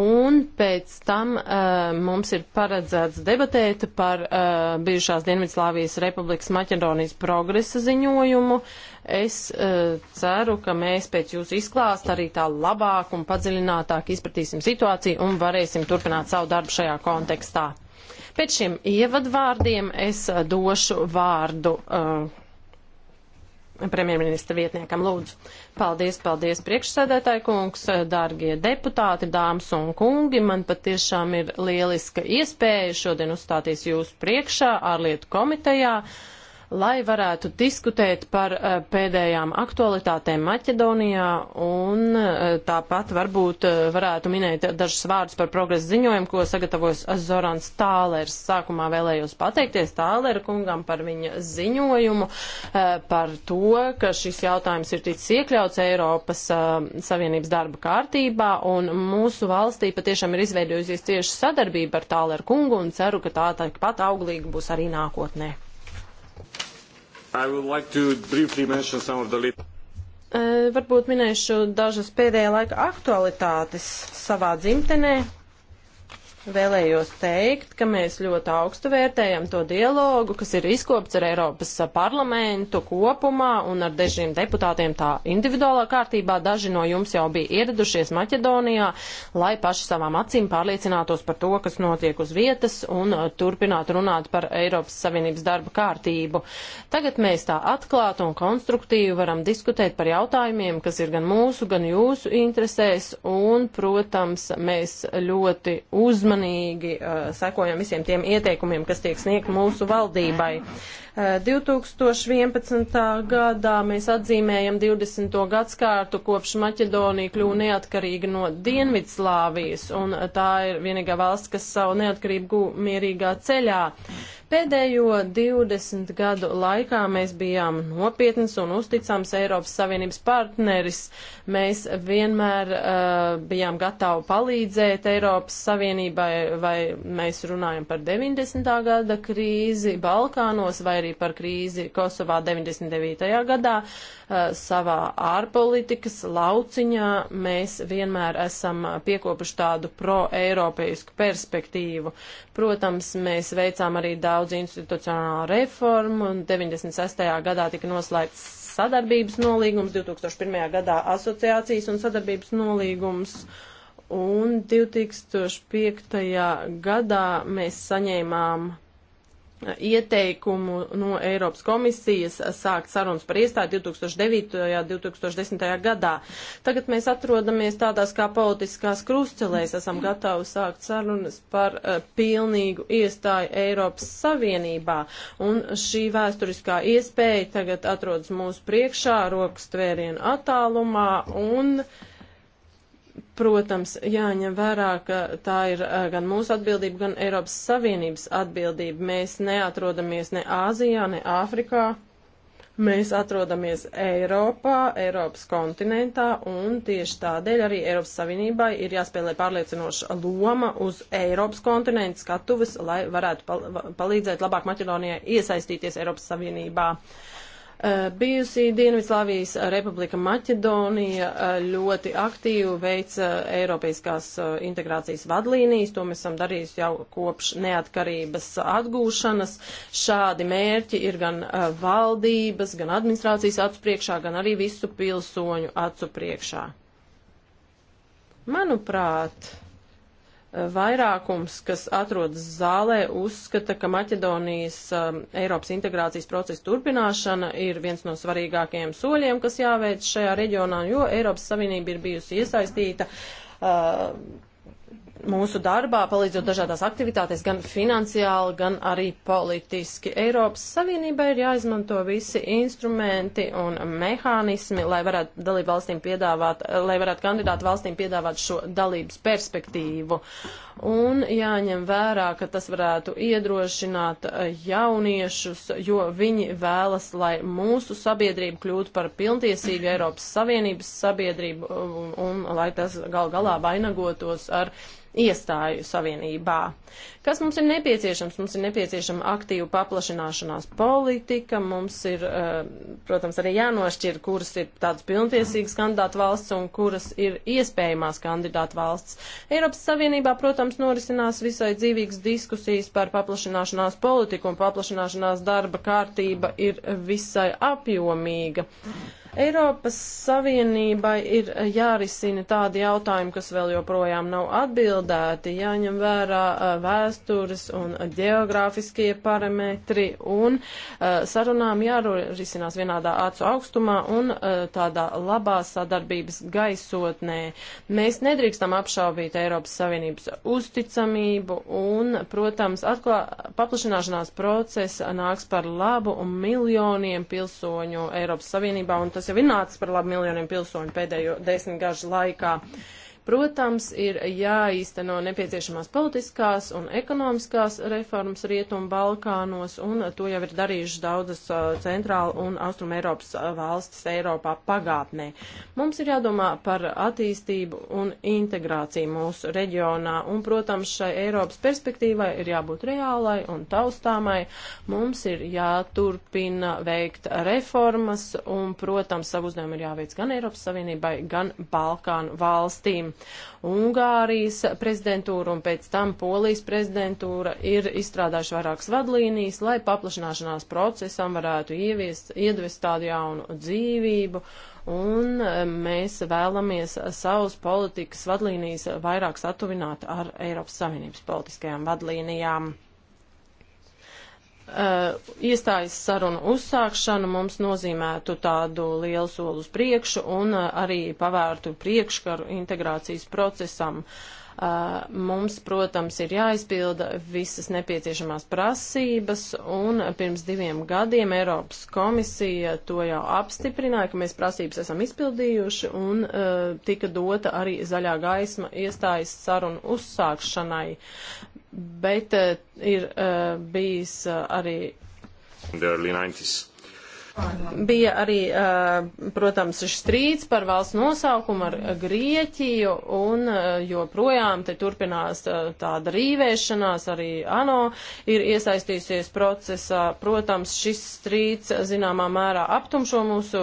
Un pēc tam uh, mums ir paredzēts debatēt par uh, bijušās Dienvidslāvijas Republikas Maķedonijas progresa ziņojumu. Uh, Es uh, ceru, ka mēs pēc jūsu izklāsta arī tā labāk un padziļinātāk izpratīsim situāciju un varēsim turpināt savu darbu šajā kontekstā. Pēc šiem ievadvārdiem es eh, došu vārdu uh, premjerministra vietniekam lūdzu. Paldies, paldies priekšsēdētāji kungs, dārgie deputāti, dāmas un kungi. Man patiešām ir lieliska iespēja šodien uzstāties jūsu priekšā ārlietu komitejā. Uh, lai varētu diskutēt par eh, pēdējām aktualitātēm Maķedonijā un eh, tāpat varbūt eh, varētu minēt dažus vārdus par progresu ziņojumu, ko sagatavos Zorans Tālers. Sākumā vēlējos pateikties Tālera kungam par viņa ziņojumu, par to, ka šis jautājums ir ticis iekļauts Eiropas Savienības darba kārtībā un mūsu valstī patiešām ir izveidojusies tieši sadarbība ar Tālera kungu un ceru, ka tā tāpat auglīga būs arī nākotnē. Like the... Eh, varbūt minēšu dažas pēdējā laika aktualitātes savā dzimtenē, vēlējos teikt, ka mēs ļoti augstu vērtējam to dialogu, kas ir izkopts ar Eiropas parlamentu kopumā un ar dažiem deputātiem tā individuālā kārtībā. Daži no jums jau bija ieradušies Maķedonijā, lai paši savām acīm pārliecinātos par to, kas notiek uz vietas un uh, turpināt runāt par Eiropas Savienības darba kārtību. Tagad mēs tā atklāti un konstruktīvi varam diskutēt par jautājumiem, kas ir gan mūsu, gan jūsu interesēs un, protams, mēs ļoti uzmanīgi uzmanīgi uh, sekojam visiem tiem ieteikumiem, kas tiek sniegt mūsu valdībai. Uh, 2011. gadā mēs atzīmējam 20. gadskārtu kopš Maķedonija kļuva neatkarīga no Dienvidslāvijas, un tā ir vienīgā valsts, kas savu neatkarību guva mierīgā ceļā. Pēdējo 20 gadu laikā mēs bijām nopietnas un uzticams Eiropas Savienības partneris. Mēs vienmēr uh, bijām gatavi palīdzēt Eiropas Savienībai, vai mēs runājam par 90. gada krīzi Balkānos vai arī par krīzi Kosovā 99. gadā. Eh, savā ārpolitikas lauciņā mēs vienmēr esam piekopuši tādu pro-eiropeisku perspektīvu. Protams, mēs veicām arī daudz institucionālu reformu, un 96. gadā tika noslēgts sadarbības nolīgums, 2001. gadā asociācijas un sadarbības nolīgums. Un 2005. gadā mēs saņēmām ieteikumu no Eiropas komisijas sākt sarunas par iestāju 2009. un 2010. gadā. Tagad mēs atrodamies tādās kā politiskās krustcelēs, esam gatavi sākt sarunas par uh, pilnīgu iestāju Eiropas Savienībā. Un šī vēsturiskā iespēja tagad atrodas mūsu priekšā, rokas tvērienu attālumā un uh, Protams, jāņem vērā, ka tā ir eh, gan mūsu atbildība, gan Eiropas Savienības atbildība. Mēs neatrodamies ne Āzijā, ne Āfrikā. Mēs atrodamies Eiropā, Eiropas kontinentā, un tieši tādēļ arī Eiropas Savienībai ir jāspēlē pārliecinoša loma uz Eiropas kontinentu skatuves, lai varētu pal palīdzēt labāk Maķedonijai iesaistīties Eiropas Savienībā. Uh, Eh, Bijusī Dienvidslāvijas eh, republika Maķedonija eh, ļoti aktīvi veica Eiropeiskās integrācijas vadlīnijas, to mēs esam darījuši jau kopš neatkarības atgūšanas. Šādi mērķi ir gan valdības, gan administrācijas acu priekšā, gan arī visu pilsoņu acu priekšā. Manuprāt, Vairākums, kas atrodas zālē, uzskata, ka Maķedonijas um, Eiropas integrācijas procesa turpināšana ir viens no svarīgākajiem soļiem, kas jāveic šajā reģionā, jo Eiropas Savienība ir bijusi iesaistīta uh, mūsu darbā, palīdzot dažādās aktivitātēs, gan finansiāli, gan arī politiski. Eiropas Savienībai ir jāizmanto visi instrumenti un mehānismi, lai varētu dalību valstīm piedāvāt, lai varētu kandidātu valstīm piedāvāt šo dalības perspektīvu. Un jāņem vērā, ka tas varētu iedrošināt eh, jauniešus, jo viņi vēlas, lai mūsu sabiedrība kļūtu par pilntiesīgu Eiropas Savienības sabiedrību un, eh, un lai tas gal galā vainagotos ar iestāju savienībā. Kas mums ir nepieciešams? Mums ir nepieciešama aktīva paplašināšanās politika, mums ir, eh, protams, arī jānošķir, kuras ir tādas pilntiesīgas kandidātu valsts un kuras ir iespējamās kandidātu valsts. Eiropas Savienībā, protams, norisinās visai dzīvīgas diskusijas par paplašināšanās politiku un paplašināšanās darba kārtība ir visai apjomīga. Mm. Eiropas Savienībai ir eh, jārisina tādi jautājumi, kas vēl joprojām nav atbildēti, jāņem vērā eh, vēstures un geogrāfiskie parametri un eh, sarunām jārorisinās vienādā acu augstumā un tādā labā sadarbības gaisotnē. Mēs nedrīkstam apšaubīt Eiropas Savienības uzticamību un, protams, atklā, paplašināšanās process nāks par labu un miljoniem pilsoņu Eiropas Savienībā un tas jau ir nācis par labu miljoniem pilsoņu pēdējo desmitgažu laikā. Uh, Protams, ir jāīsteno nepieciešamās politiskās un ekonomiskās reformas Rietumu Balkānos, un to jau ir darījušas daudzas centrāla un austruma Eiropas valstis Eiropā pagātnē. Mums ir jādomā par attīstību un integrāciju mūsu reģionā, un, protams, šai Eiropas perspektīvai ir jābūt reālai un taustāmai. Mums ir jāturpina veikt reformas, un, protams, savu uzdevumu ir jāveic gan Eiropas Savienībai, gan Balkānu valstīm gadiem. Ungārijas prezidentūra un pēc tam Polijas prezidentūra ir izstrādājuši vairākas vadlīnijas, lai paplašanāšanās procesam varētu ieviest, iedvest tādu jaunu dzīvību un um, mēs vēlamies savus politikas vadlīnijas vairāk satuvināt ar Eiropas Savienības politiskajām vadlīnijām. Eh, iestājas sarunu uzsākšana mums nozīmētu tādu lielu soli uz priekšu un eh, arī pavērtu priekškaru integrācijas procesam. Uh, Mums, protams, ir jāizpilda visas nepieciešamās prasības, un pirms diviem gadiem Eiropas komisija to jau apstiprināja, ka mēs prasības esam izpildījuši, un tika dota arī zaļā gaisma iestājas sarunu uzsākšanai. Bet ir bijis arī. In the early 90s. Bija arī, eh, protams, šis strīds par valsts nosaukumu ar Grieķiju, un eh, joprojām te turpinās eh, tāda rīvēšanās, arī ANO ir iesaistījusies procesā. Protams, šis strīds zināmā mērā aptumšo mūsu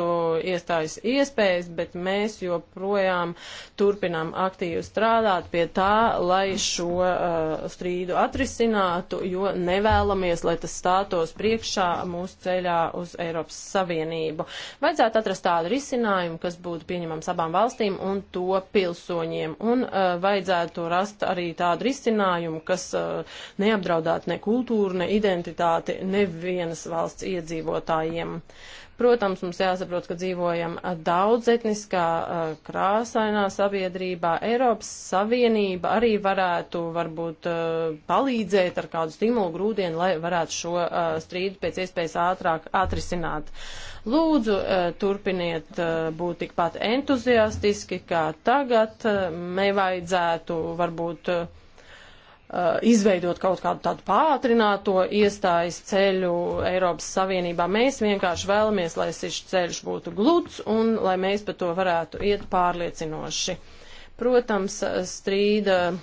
iestājas iespējas, bet mēs joprojām turpinām aktīvi strādāt pie tā, lai šo uh, strīdu atrisinātu, jo nevēlamies, lai tas stātos priekšā mūsu ceļā uz Eiropas Savienību. Vajadzētu atrast tādu risinājumu, kas būtu pieņemams abām valstīm un to pilsoņiem, un uh, vajadzētu rast arī tādu risinājumu, kas uh, neapdraudētu ne kultūru, ne identitāti nevienas valsts iedzīvotājiem. Uh, Protams, mums jāsaprot, ka dzīvojam daudzetniskā, krāsainā sabiedrībā. Eiropas Savienība arī varētu varbūt palīdzēt ar kādu stimulu grūdienu, lai varētu šo strīdu pēc iespējas ātrāk atrisināt. Lūdzu, turpiniet būt tikpat entuziastiski kā tagad. Nevajadzētu varbūt Uh, izveidot kaut kādu tādu pātrināto iestājas ceļu Eiropas Savienībā. Mēs vienkārši vēlamies, lai šis ceļš būtu gluds un lai mēs pa to varētu iet pārliecinoši. Protams, strīda uh,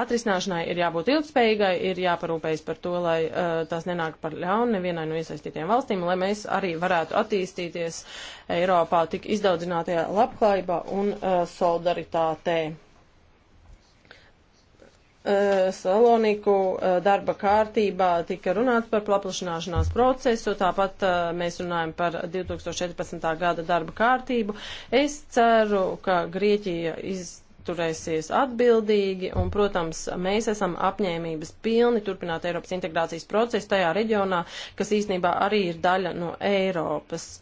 atrisināšanai ir jābūt ilgspējīgai, ir jāparūpējas par to, lai uh, tās nenāk par ļaunu nevienai no iesaistītiem valstīm, lai mēs arī varētu attīstīties Eiropā tik izdaudzinātajā labklājībā un solidaritātē. Eh, Saloniku eh, darba kārtībā tika runāts par paplašanāšanās procesu, tāpat eh, mēs runājam par 2014. gada darba kārtību. Es ceru, ka Grieķija izturēsies atbildīgi un, protams, mēs esam apņēmības pilni turpināt Eiropas integrācijas procesu tajā reģionā, kas īstenībā arī ir daļa no Eiropas.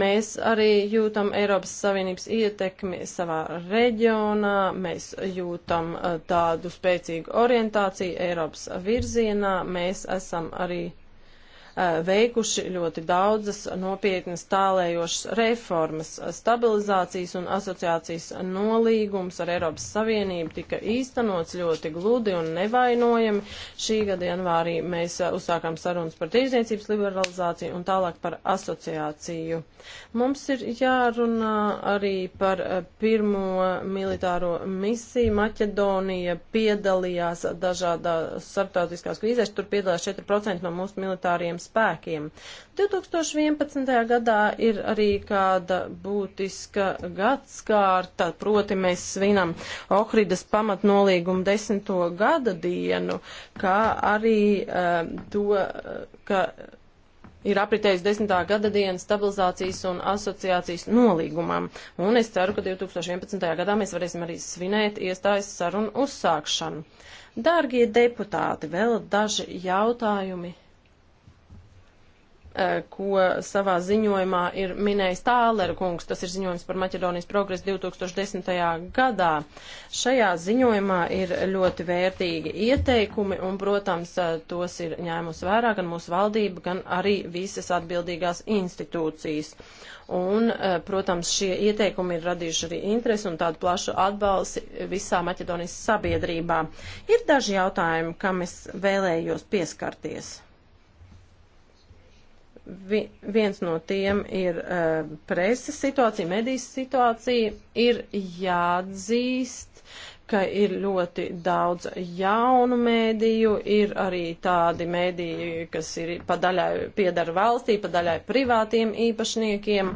Mēs arī jūtam Eiropas Savienības ietekmi savā reģionā, mēs jūtam uh, tādu spēcīgu orientāciju Eiropas virzienā, mēs esam arī veikuši ļoti daudzas nopietnas tālējošas reformas. Stabilizācijas un asociācijas nolīgums ar Eiropas Savienību tika īstenots ļoti gludi un nevainojami. Šī gada janvārī mēs uzsākām sarunas par tīrzniecības liberalizāciju un tālāk par asociāciju. Mums ir jārunā arī par pirmo militāro misiju. Maķedonija piedalījās dažādās starptautiskās krīzēs, tur piedalās 4% no mūsu militāriem spēkiem. 2011. gadā ir arī kāda būtiska gadskārta, proti mēs svinam Ohridas pamatnolīgumu desmito gada dienu, kā arī uh, to, eh, ka ir apritējis desmitā gada diena stabilizācijas un asociācijas nolīgumam, un es ceru, ka 2011. gadā mēs varēsim arī svinēt iestājas sarunu uzsākšanu. Dārgie deputāti, vēl daži jautājumi Eh, ko savā ziņojumā ir minējis Tālera kungs. Tas ir ziņojums par Maķedonijas progresu 2010. gadā. Šajā ziņojumā ir ļoti vērtīgi ieteikumi un, protams, eh, tos ir ņēmus vērā gan mūsu valdība, gan arī visas atbildīgās institūcijas. Un, eh, protams, šie ieteikumi ir radījuši arī interesi un tādu plašu atbalsi visā Maķedonijas sabiedrībā. Ir daži jautājumi, kam es vēlējos pieskarties vi, viens no tiem ir uh, preses situācija, medijas situācija, ir jāatzīst, ka ir ļoti daudz jaunu mēdīju, ir arī tādi mēdīji, kas ir padaļai piedara valstī, padaļai privātiem īpašniekiem,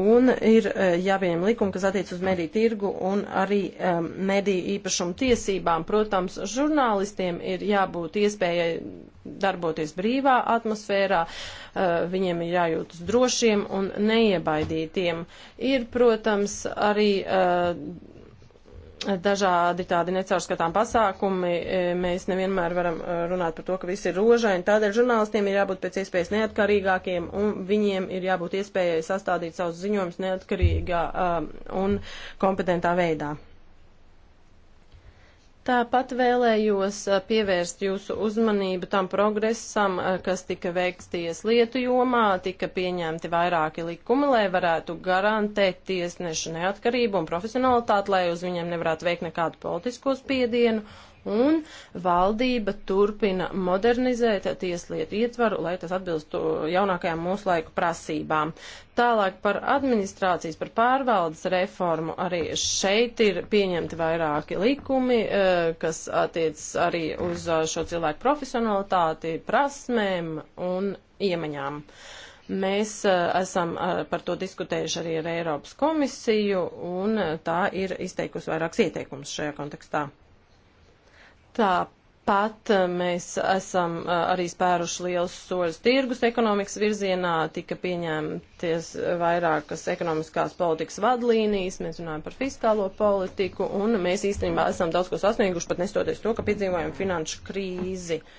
un ir eh, jāpieņem likumi, kas attiec uz mediju tirgu un arī um, mediju īpašumu tiesībām. Protams, žurnālistiem ir jābūt iespējai darboties brīvā atmosfērā, eh, viņiem ir jājūtas drošiem un neiebaidītiem. Ir, protams, arī eh, dažādi tādi necaurskatām pasākumi. Eh, mēs nevienmēr varam runāt par to, ka viss ir rožaini. Tādēļ žurnālistiem ir jābūt pēc iespējas neatkarīgākiem un viņiem ir jābūt iespējai sastādīt savus ziņojumus neatkarīgā um, un kompetentā veidā. Tāpat vēlējos pievērst jūsu uzmanību tam progresam, kas tika veikts tieslietu jomā, tika pieņemti vairāki likumi, lai varētu garantēt tiesnešu neatkarību un profesionalitāti, lai uz viņiem nevarētu veikt nekādu politisko spiedienu un valdība turpina modernizēt tieslietu ietvaru, lai tas atbilstu uh, jaunākajām mūsu laiku prasībām. Tālāk par administrācijas, par pārvaldes reformu arī šeit ir pieņemti vairāki likumi, uh, kas attiecas arī uz uh, šo cilvēku profesionalitāti, prasmēm un iemaņām. Mēs esam par to diskutējuši arī ar Eiropas komisiju, un tā ir izteikusi vairākas ieteikumus šajā kontekstā. Tāpat eh, mēs esam eh, arī spēruši liels soļus tirgus ekonomikas virzienā, tika pieņemties vairākas ekonomiskās politikas vadlīnijas, mēs runājam par fiskālo politiku, un mēs īstenībā esam daudz ko sasnieguši, pat nestoties to, ka piedzīvojam finanšu krīzi. Uh,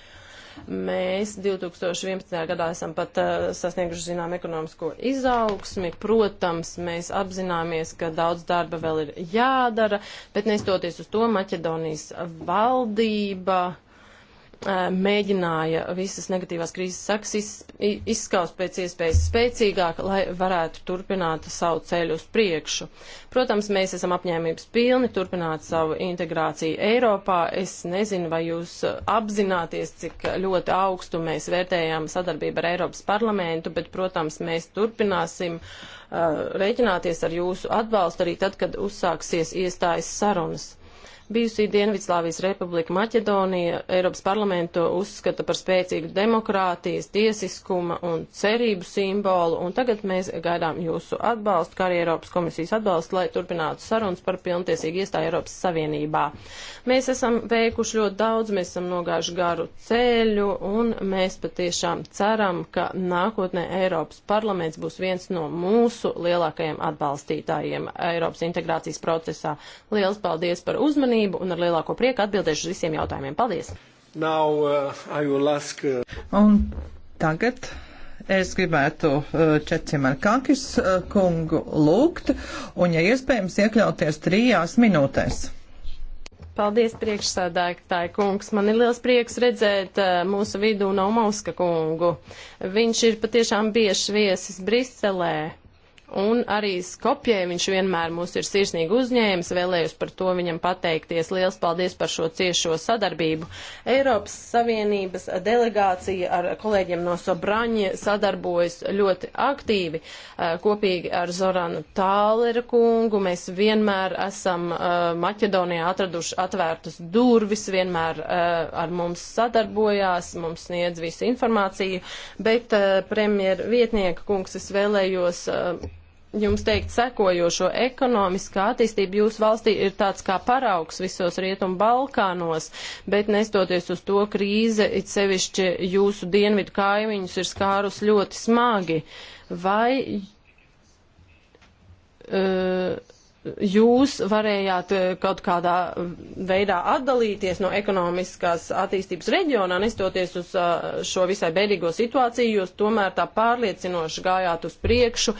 Mēs 2011. gadā esam pat uh, sasnieguši zinām ekonomisko izaugsmi. Protams, mēs apzināmies, ka daudz darba vēl ir jādara, bet nestoties uz to Maķedonijas valdība. Uh, mēģināja visas negatīvās krīzes sakas iz, izskaust pēc iespējas spēcīgāk, lai varētu turpināt savu ceļu uz priekšu. Protams, mēs esam apņēmības pilni turpināt savu integrāciju Eiropā. Es nezinu, vai jūs apzināties, cik ļoti augstu mēs vērtējām sadarbību ar Eiropas parlamentu, bet, protams, mēs turpināsim uh, rēķināties ar jūsu atbalstu arī tad, kad uzsāksies iestājas sarunas. Bijusī Dienvidslāvijas republika Maķedonija Eiropas parlamentu uzskata par spēcīgu demokrātijas, tiesiskuma un cerību simbolu, un tagad mēs gaidām jūsu atbalstu, kā arī Eiropas komisijas atbalstu, lai turpinātu sarunas par pilntiesīgu iestāju Eiropas Savienībā. Mēs esam veikuši ļoti daudz, mēs esam nogājuši garu ceļu, un mēs patiešām ceram, ka nākotnē Eiropas parlaments būs viens no mūsu lielākajiem atbalstītājiem Eiropas integrācijas procesā. Liels paldies par uzmanību! uzmanību un ar lielāko prieku atbildēšu uz visiem jautājumiem. Paldies! Now, uh, ask, uh... Un tagad es gribētu uh, Čecimēr Kakis uh, kungu lūgt un, ja iespējams, iekļauties trijās minūtēs. Paldies, priekšsādātāji kungs. Man ir liels prieks redzēt uh, mūsu vidū Naumauska kungu. Viņš ir patiešām bieži viesis Briselē. Un arī Skopjē viņš vienmēr mūs ir sirsnīgi uzņēmis, vēlējos par to viņam pateikties. Liels paldies par šo ciešo sadarbību. Eiropas Savienības delegācija ar kolēģiem no Sobraņa sadarbojas ļoti aktīvi. Eh, kopīgi ar Zoranu Tāleru kungu mēs vienmēr esam eh, Maķedonijā atraduši atvērtas durvis, vienmēr eh, ar mums sadarbojās, mums sniedz visu informāciju, bet premjer vietnieka kungs es vēlējos jums teikt sekojošo ekonomiskā attīstība jūsu valstī ir tāds kā paraugs visos Rietumu Balkānos, bet nestoties uz to krīze, it sevišķi jūsu dienvidu kaimiņus ir skārus ļoti smagi. Vai uh, jūs varējāt eh, kaut kādā eh, veidā atdalīties no ekonomiskās attīstības reģionā, nestoties uz eh, šo visai bēdīgo situāciju, jūs tomēr tā pārliecinoši gājāt uz priekšu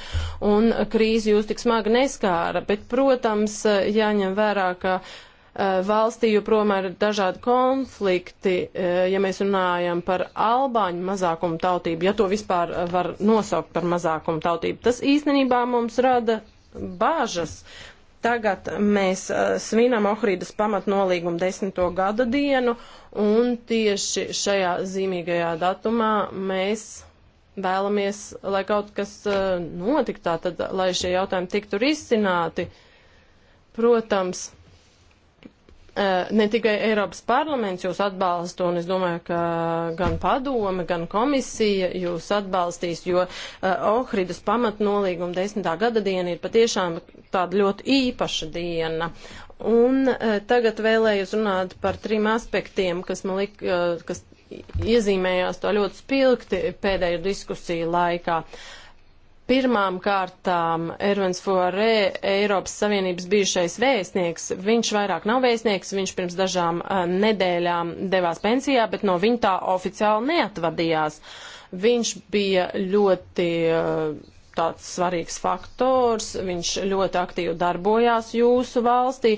un krīzi jūs tik smagi neskāra. Bet, protams, jāņem vērā, ka valstī joprojām ir dažādi konflikti, ja mēs runājam par albāņu mazākumu tautību, ja to vispār var nosaukt par mazākumu tautību. Tas īstenībā mums rada bāžas. Tagad mēs uh, svinam Ohridas pamatnolīguma desmito gada dienu, un tieši šajā zīmīgajā datumā mēs vēlamies, lai kaut kas uh, notiktā, tad, lai šie jautājumi tiktu risināti. Protams, Eh, ne tikai Eiropas parlaments jūs atbalsta, un es domāju, ka gan padome, gan komisija jūs atbalstīs, jo eh, Ohridas pamatnolīguma desmitā gada diena ir patiešām tāda ļoti īpaša diena. Un eh, tagad vēlējos runāt par trim aspektiem, kas man lik, kas iezīmējās tā ļoti spilgti pēdējo diskusiju laikā. Uh, Pirmām kārtām Ervins Forē, Eiropas Savienības bijušais vēstnieks, viņš vairāk nav vēstnieks, viņš pirms dažām uh, nedēļām devās pensijā, bet no viņa tā oficiāli neatvadījās. Viņš bija ļoti uh, tāds svarīgs faktors, viņš ļoti aktīvi darbojās jūsu valstī,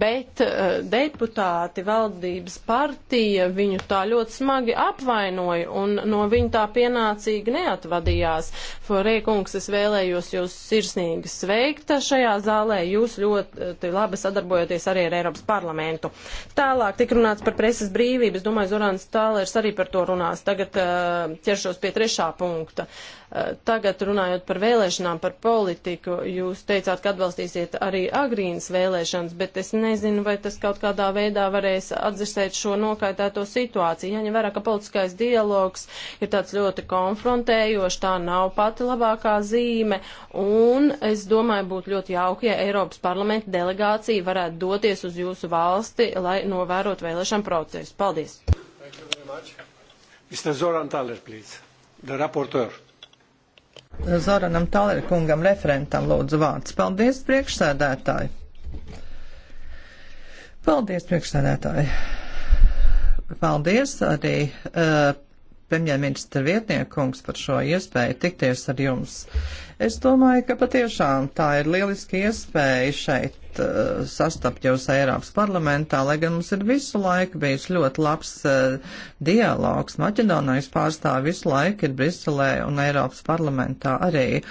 bet uh, deputāti, valdības partija viņu tā ļoti smagi apvainoja un no viņa tā pienācīgi neatvadījās. Forēkungs, es vēlējos jūs sirsnīgi sveikt šajā zālē, jūs ļoti labi sadarbojoties arī ar Eiropas parlamentu. Tālāk tik runāts par preses brīvību, es domāju, Zorāns Tālērs arī par to runās. Tagad uh, ķeršos pie trešā punkta. Uh, tagad runājot par par vēlēšanām, par politiku. Jūs teicāt, ka atbalstīsiet arī agrīnas vēlēšanas, bet es nezinu, vai tas kaut kādā veidā varēs atdzirsēt šo nokaitēto situāciju. Jaņem vērā, ka politiskais dialogs ir tāds ļoti konfrontējošs, tā nav pati labākā zīme. Un es domāju, būtu ļoti jauki, ja Eiropas parlamenta delegācija varētu doties uz jūsu valsti, lai novērotu vēlēšanu procesu. Paldies! Mr. Zoran Thaler, please, the rapporteur. Zoranam Talerkungam referentam lūdzu vārds. Paldies, priekšsēdētāji! Paldies, priekšsēdētāji! Paldies arī uh, premjerministra vietniekungs par šo iespēju tikties ar jums. Es domāju, ka patiešām tā ir lieliski iespēja šeit tagad uh, sastapjos Eiropas parlamentā, lai gan mums ir visu laiku bijis ļoti labs uh, dialogs. Maķedonijas pārstāvi visu laiku ir Briselē un Eiropas parlamentā arī.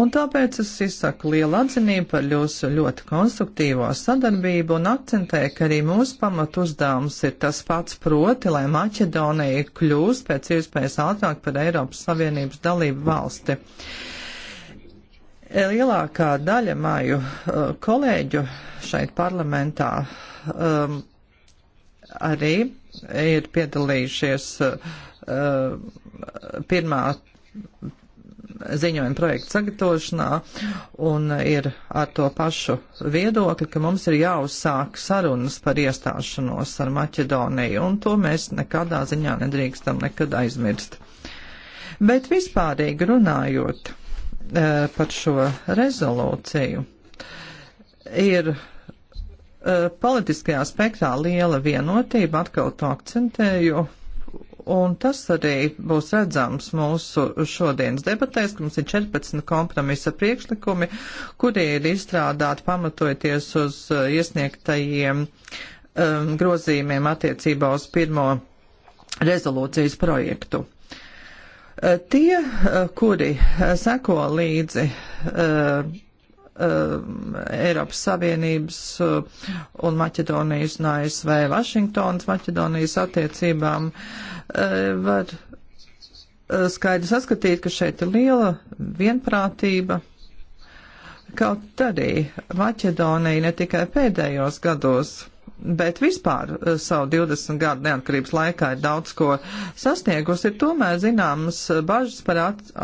Un tāpēc es izsaku lielu atzinību par jūsu ļoti konstruktīvo sadarbību un akcentēju, ka arī mūsu pamat uzdevums ir tas pats proti, lai Maķedonija kļūst pēc iespējas ātrāk par Eiropas Savienības dalību valsti. Uh, Lielākā daļa māju uh, kolēģu šeit parlamentā um, arī ir piedalījušies uh, uh, pirmā ziņojuma projekta sagatavošanā un ir ar to pašu viedokli, ka mums ir jāuzsāk sarunas par iestāšanos ar Maķedoniju, un to mēs nekādā ziņā nedrīkstam nekad aizmirst. Bet vispārīgi runājot, uh, Eh, par šo rezolūciju ir eh, politiskajā aspektā liela vienotība, atkal to akcentēju, un tas arī būs redzams mūsu šodienas debatēs, ka mums ir 14 kompromisa priekšlikumi, kuri ir izstrādāti pamatojoties uz eh, iesniegtajiem um, grozījumiem attiecībā uz pirmo rezolūcijas projektu. Tie, eh, kuri eh, seko līdzi eh, Eiropas Savienības un Maķedonijas un ASV Vašingtonas Maķedonijas attiecībām, var skaidri saskatīt, ka šeit ir liela vienprātība. Kaut arī Maķedonija ne tikai pēdējos gados bet vispār eh, savu 20 gadu neatkarības laikā ir daudz ko sasniegusi, ir tomēr zināmas eh, bažas par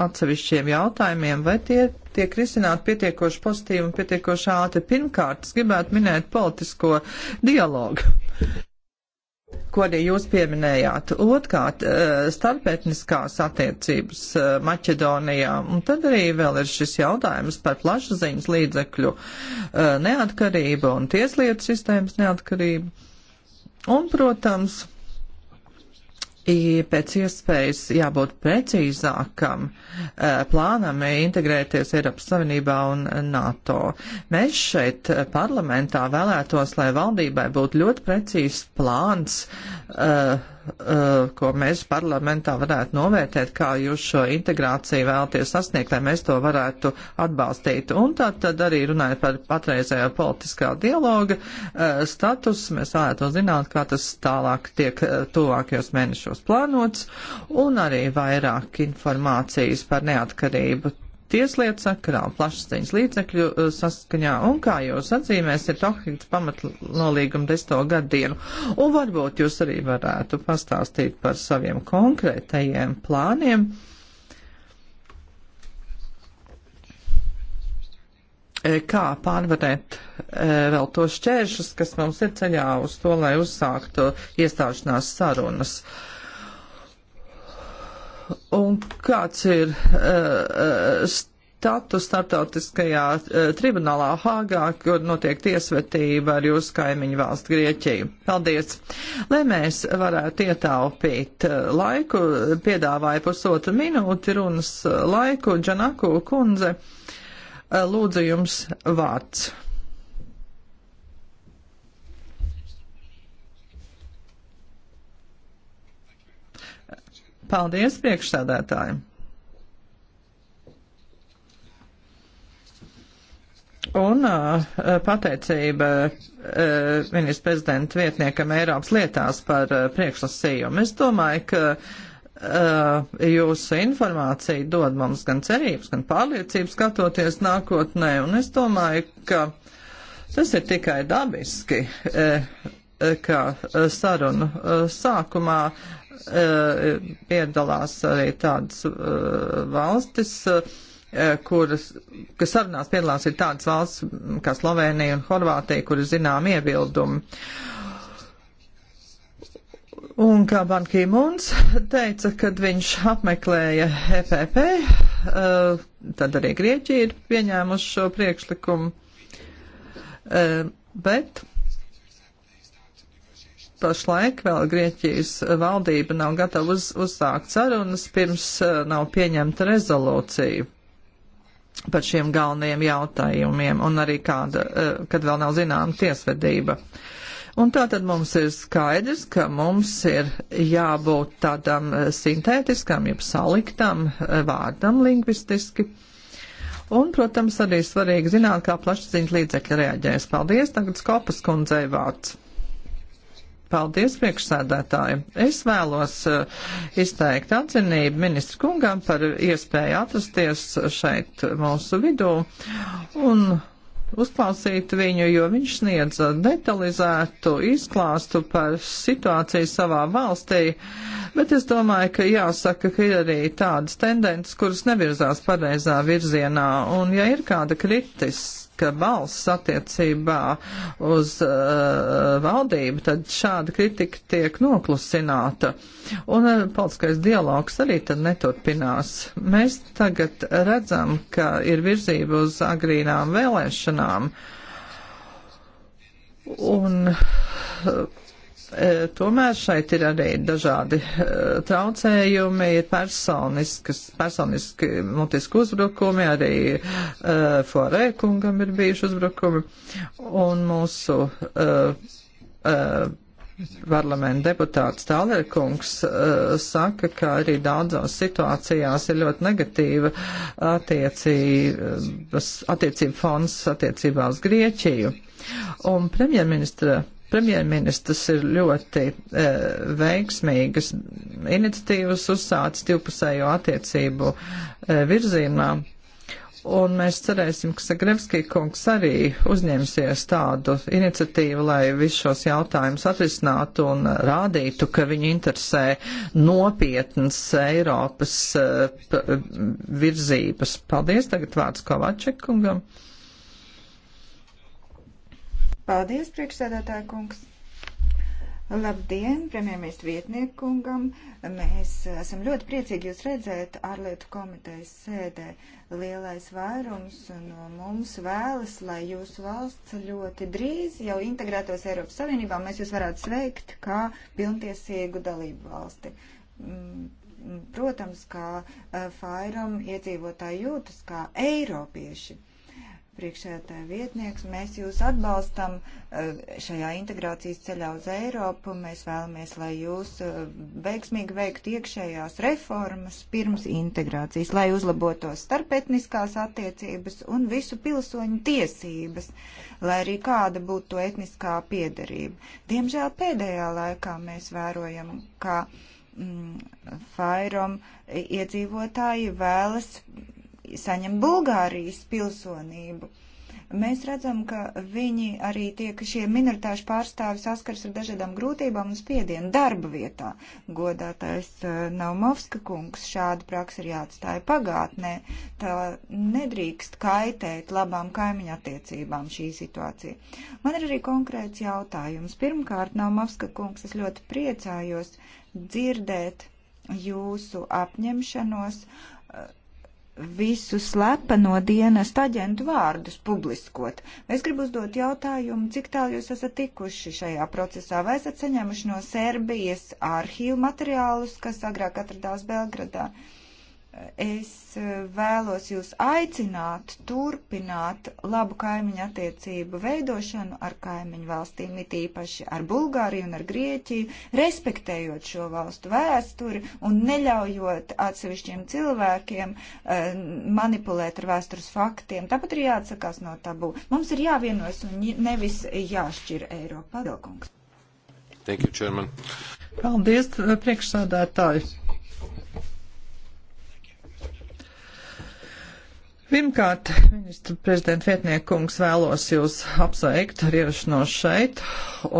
atsevišķiem jautājumiem, vai tie tiek risināti pietiekoši pozitīvi un pietiekoši ātri. Pirmkārt, es gribētu minēt politisko dialogu ko arī jūs pieminējāt. Otkārt, eh, starpetniskās attiecības eh, Maķedonijā, un tad arī vēl ir šis jautājums par plašsaziņas līdzekļu eh, neatkarību un tieslietu sistēmas neatkarību. Un, protams, ir pēc iespējas jābūt precīzākam eh, plānam integrēties Eiropas Savienībā un NATO. Mēs šeit eh, parlamentā vēlētos, lai valdībai būtu ļoti precīzs plāns uh, Uh, ko mēs parlamentā varētu novērtēt, kā jūs šo integrāciju vēlaties sasniegt, lai mēs to varētu atbalstīt. Un tad, tad arī runājot par patreizējo politiskā dialoga uh, status, mēs vēlētu zināt, kā tas tālāk tiek uh, tuvākajos mēnešos plānots, un arī vairāk informācijas par neatkarību tieslietu sakarā un plašsaziņas līdzekļu uh, saskaņā, un kā jūs atzīmēsiet Ohrids pamatnolīguma desto gadienu. Un varbūt jūs arī varētu pastāstīt par saviem konkrētajiem plāniem. E, kā pārvarēt e, vēl tos šķēršus, kas mums ir ceļā uz to, lai uzsāktu iestāšanās sarunas? Uh, un kāds ir uh, status startautiskajā uh, eh, tribunālā Hāgā, kur notiek tiesvetība ar jūsu kaimiņu valstu Grieķiju. Paldies! Lai mēs varētu ietaupīt uh, laiku, piedāvāja pusotru minūti runas laiku Džanaku kundze. Lūdzu jums vārds. Paldies priekšsādātājiem! Un uh, pateicība uh, ministra prezidenta vietniekam Eiropas lietās par uh, priekšlasījumu. Es domāju, ka uh, jūsu informācija dod mums gan cerības, gan pārliecības skatoties nākotnē. Un es domāju, ka tas ir tikai dabiski, uh, uh ka uh, sarunu uh, sākumā uh, Eh, piedalās arī tādas eh, valstis, eh, kuras, kas sarunās piedalās ir tādas valsts mm, kā Slovenija un Horvātija, kuras zinām iebildumi. Un kā Banki Mūns teica, kad viņš apmeklēja EPP, tad arī Grieķija ir pieņēmuši šo priekšlikumu. Bet pašlaik vēl Grieķijas valdība nav gatava uz, uzsākt sarunas, pirms eh, nav pieņemta rezolūcija par šiem galvenajiem jautājumiem un arī kāda, eh, kad vēl nav zināma tiesvedība. Un tā tad mums ir skaidrs, ka mums ir jābūt tādam eh, sintētiskam, jeb saliktam vārdam lingvistiski. Un, protams, arī svarīgi zināt, kā plašsaziņas līdzekļi reaģēs. Paldies, tagad Skopas kundzei vārds. Paldies priekšsēdētāji. Es vēlos eh, izteikt atzinību ministru kungam par iespēju atrasties šeit mūsu vidū un uzklausīt viņu, jo viņš sniedz detalizētu izklāstu par situāciju savā valstī, bet es domāju, ka jāsaka, ka ir arī tādas tendences, kuras nevirzās pareizā virzienā, un ja ir kāda kritis, ka valsts attiecībā uz uh, valdību, tad šāda kritika tiek noklusināta. Un uh, politiskais dialogs arī tad neturpinās. Mēs tagad redzam, ka ir virzība uz agrīnām vēlēšanām. Un uh, E, tomēr šeit ir arī dažādi e, traucējumi, ir personiski mutiski uzbrukumi, arī uh, Forē kungam ir bijuši uzbrukumi, un mūsu uh, uh, parlamenta deputāts Tālerkungs uh, saka, ka arī daudzās situācijās ir ļoti negatīva attiecības, attiecība fonds attiecībā uz Grieķiju. Un premjerministra premjerministrs ir ļoti e, veiksmīgas iniciatīvas uzsācis divpusējo attiecību e, virzienā. Un mēs cerēsim, ka Sagrevskī kungs arī uzņemsies tādu iniciatīvu, lai visus šos jautājumus atrisinātu un rādītu, ka viņu interesē nopietnas Eiropas eh, virzības. Paldies, tagad vārds Kovačekungam. kungam. Paldies, priekšsēdētāja kungs! Labdien, premjerministra vietnieku kungam! Mēs esam ļoti priecīgi jūs redzēt ārlietu komitejas sēdē. Lielais vairums no mums vēlas, lai jūsu valsts ļoti drīz jau integrētos Eiropas Savienībā. Mēs jūs varētu sveikt kā pilntiesīgu dalību valsti mm, protams, kā eh, Fairam iedzīvotāji jūtas kā eiropieši priekšētāja vietnieks, mēs jūs atbalstam eh, šajā integrācijas ceļā uz Eiropu. Mēs vēlamies, lai jūs eh, veiksmīgi veiktu iekšējās reformas pirms integrācijas, lai uzlabotos starpetniskās attiecības un visu pilsoņu tiesības, lai arī kāda būtu to etniskā piedarība. Diemžēl pēdējā laikā mēs vērojam, ka. Mm, Fairom iedzīvotāji vēlas saņem Bulgārijas pilsonību. Mēs redzam, ka viņi arī tie, ka šie minoritāšu pārstāvi saskars ar dažādām grūtībām un spiedienu darba vietā. Godātais eh, Naumovska kungs šāda praksa ir jāatstāja pagātnē. Tā nedrīkst kaitēt labām kaimiņa attiecībām šī situācija. Man ir arī konkrēts jautājums. Pirmkārt, Naumovska kungs, es ļoti priecājos dzirdēt jūsu apņemšanos uh, visu slepeno dienestu aģentu vārdus publiskot. Es gribu uzdot jautājumu, cik tālu jūs esat tikuši šajā procesā? Vai esat saņēmuši no Serbijas arhīvu materiālus, kas agrāk atradās Belgradā? Uh, es eh, vēlos jūs aicināt turpināt labu kaimiņu attiecību veidošanu ar kaimiņu valstīm, it īpaši ar Bulgāriju un ar Grieķiju, respektējot šo valstu vēsturi un neļaujot atsevišķiem cilvēkiem uh, manipulēt ar vēstures faktiem. Tāpat ir jāatsakās no tabu. Mums ir jāvienos un nevis jāšķir Eiropa. Paldies, Chairman. Paldies, eh, priekšsādātājs. Pirmkārt, ministra prezidenta vietniekungs vēlos jūs apsveikt ar ierašanos šeit,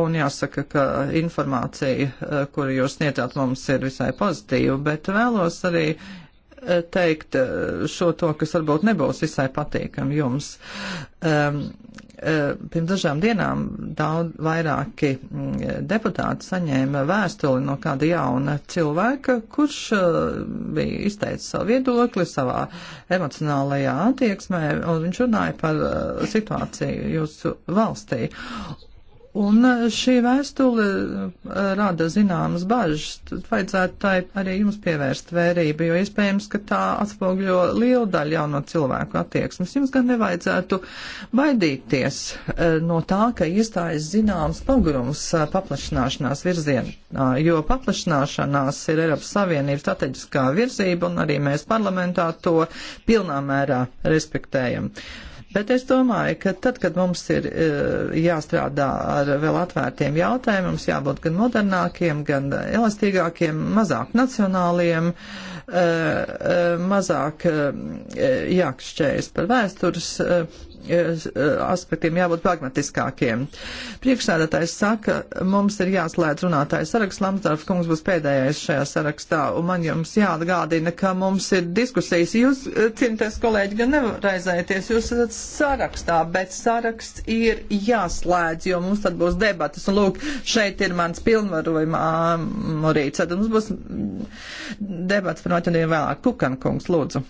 un jāsaka, ka informācija, eh, kuru jūs sniedzāt mums, ir visai pozitīva, bet vēlos arī teikt eh, šo to, kas varbūt nebūs visai patīkami jums. Um, pirms dažām dienām daudz vairāki mm, deputāti saņēma vēstuli no kāda jauna cilvēka, kurš eh, bija izteicis savu viedokli savā emocionālajā attieksmē, un viņš runāja par situāciju jūsu valstī. Un eh, šī vēstule eh, rada zināmas bažas. Tad vajadzētu tai arī jums pievērst vērību, jo iespējams, ka tā atspogļo lielu daļu jauno cilvēku attieksmes. Jums gan nevajadzētu baidīties eh, no tā, ka iestājas zināms pogrums paplašināšanās virzienā, jo paplašināšanās ir Eiropas Savienības strateģiskā virzība un arī mēs parlamentā to pilnā mērā respektējam. Uh, Bet es domāju, ka tad, kad mums ir e, jāstrādā ar vēl atvērtiem jautājumiem, mums jābūt gan modernākiem, gan elastīgākiem, mazāk nacionāliem, e, e, mazāk jākšķējas par vēstures E, e, aspektiem jābūt pragmatiskākiem. Priekšsēdētājs saka, mums ir jāslēdz runātājs saraksts, Lamsdārf kungs būs pēdējais šajā sarakstā, un man jums jāatgādina, ka mums ir diskusijas. Jūs, e, cienītais kolēģi, gan nevaraizēties, jūs esat sarakstā, bet saraksts ir jāslēdz, jo mums tad būs debatas, un lūk, šeit ir mans pilnvarojumā morīts, tad mums būs debats par noķeriem vēlāk. Kukan kungs, lūdzu.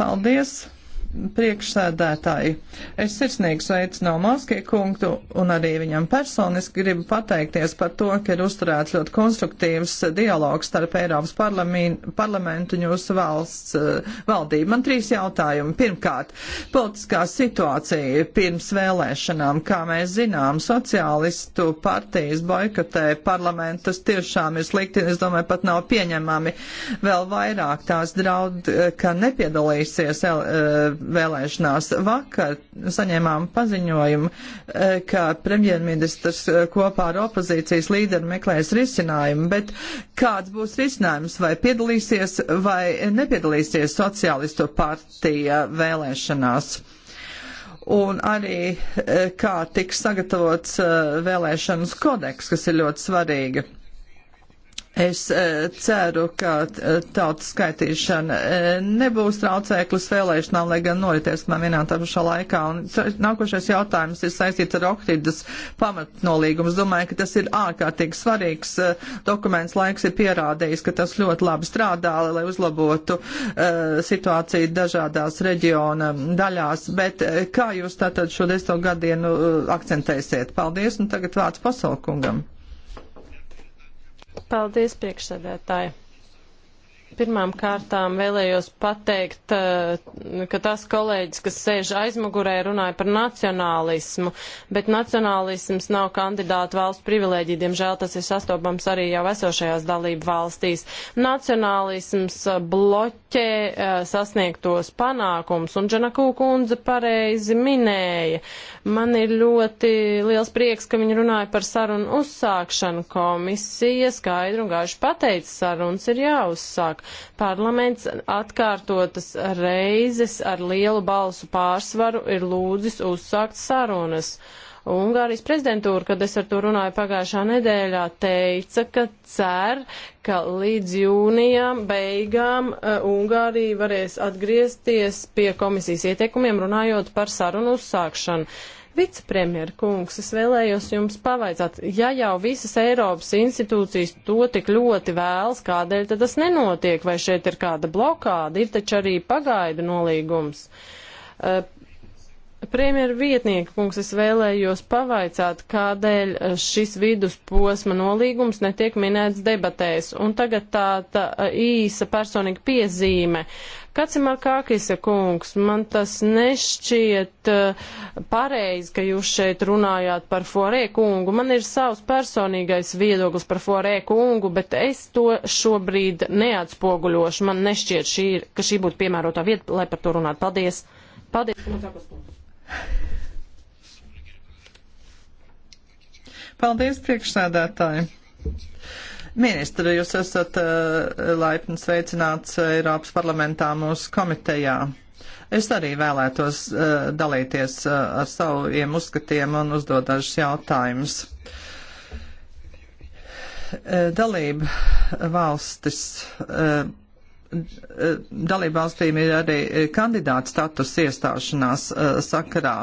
Paldies! priekšsēdētāji. Es sirsnīgi sveicu no Moskie kungu un arī viņam personiski gribu pateikties par to, ka ir uzturēts ļoti konstruktīvs dialogs starp Eiropas parlamentu un jūsu valsts eh, valdību. Man trīs jautājumi. Pirmkārt, politiskā situācija pirms vēlēšanām. Kā mēs zinām, sociālistu partijas boikotē parlamentu. Tas tiešām ir slikti un es domāju, pat nav pieņemami. Vēl vairāk tās draud, eh, ka nepiedalīsies. Uh, vēlēšanās. Vakar saņēmām paziņojumu, eh, ka premjerministrs eh, kopā ar opozīcijas līderi meklēs risinājumu, bet kāds būs risinājums, vai piedalīsies vai nepiedalīsies sociālistu partija vēlēšanās? un arī eh, kā tiks sagatavots vēlēšanas kodeks, kas ir ļoti svarīgi. Es e, ceru, ka e, tautas skaitīšana e, nebūs traucēklis vēlēšanām, lai gan noritēs man vienā tam pašā laikā. Un nākošais jautājums ir saistīts ar Oktīdas pamatnolīgumus. Domāju, ka tas ir ārkārtīgi svarīgs dokuments. Laiks ir pierādījis, ka tas ļoti labi strādā, lai uzlabotu uh, situāciju dažādās reģiona daļās. Bet kā jūs tātad šo desmit gadienu akcentēsiet? Paldies, un tagad vārds pasaukungam. Paldies, priekšsēdētāji. Pirmām kārtām vēlējos pateikt, eh, ka tas kolēģis, kas sēž aizmugurē, runāja par nacionālismu, bet nacionālisms nav kandidāta valsts privilēģija, diemžēl tas ir sastopams arī jau esošajās dalību valstīs. Nacionālisms eh, bloķē eh, sasniegtos panākums, un Džanakū kundze pareizi minēja. Man ir ļoti liels prieks, ka viņi runāja par sarunu uzsākšanu. Komisija skaidru un gaišu pateica, sarunas ir jāuzsāk. Parlaments atkārtotas reizes ar lielu balsu pārsvaru ir lūdzis uzsākt sarunas. Ungārijas prezidentūra, kad es ar to runāju pagājušā nedēļā, teica, ka cer, ka līdz jūnijam beigām uh, Ungārija varēs atgriezties pie komisijas ieteikumiem runājot par sarunu uzsākšanu. Uh, Vicepremjera kungs, es vēlējos jums pavaicāt, ja jau visas Eiropas institūcijas to tik ļoti vēlas, kādēļ tad tas nenotiek, vai šeit ir kāda blokāda, ir taču arī pagaidu nolīgums. Uh, eh, Premjeru vietnieku kungs, es vēlējos pavaicāt, kādēļ eh, šis vidusposma nolīgums netiek minēts debatēs. Un tagad tā, tā eh, īsa personīga piezīme. Uh, Kacimarkākisa kungs, man tas nešķiet uh, pareizi, ka jūs šeit runājāt par Forē kungu. Man ir savs personīgais viedoklis par Forē kungu, bet es to šobrīd neatspoguļošu. Man nešķiet, šī, ka šī būtu piemērotā vieta, lai par to runātu. Paldies! Paldies! Paldies, priekšsēdētāji! Ministra, jūs esat eh, laipni sveicināts Eiropas parlamentā mūsu komitejā. Es arī vēlētos eh, dalīties eh, ar saviem uzskatiem un uzdot dažus jautājumus. Dalība valstis dalībvalstīm ir arī kandidāta status iestāšanās sakarā.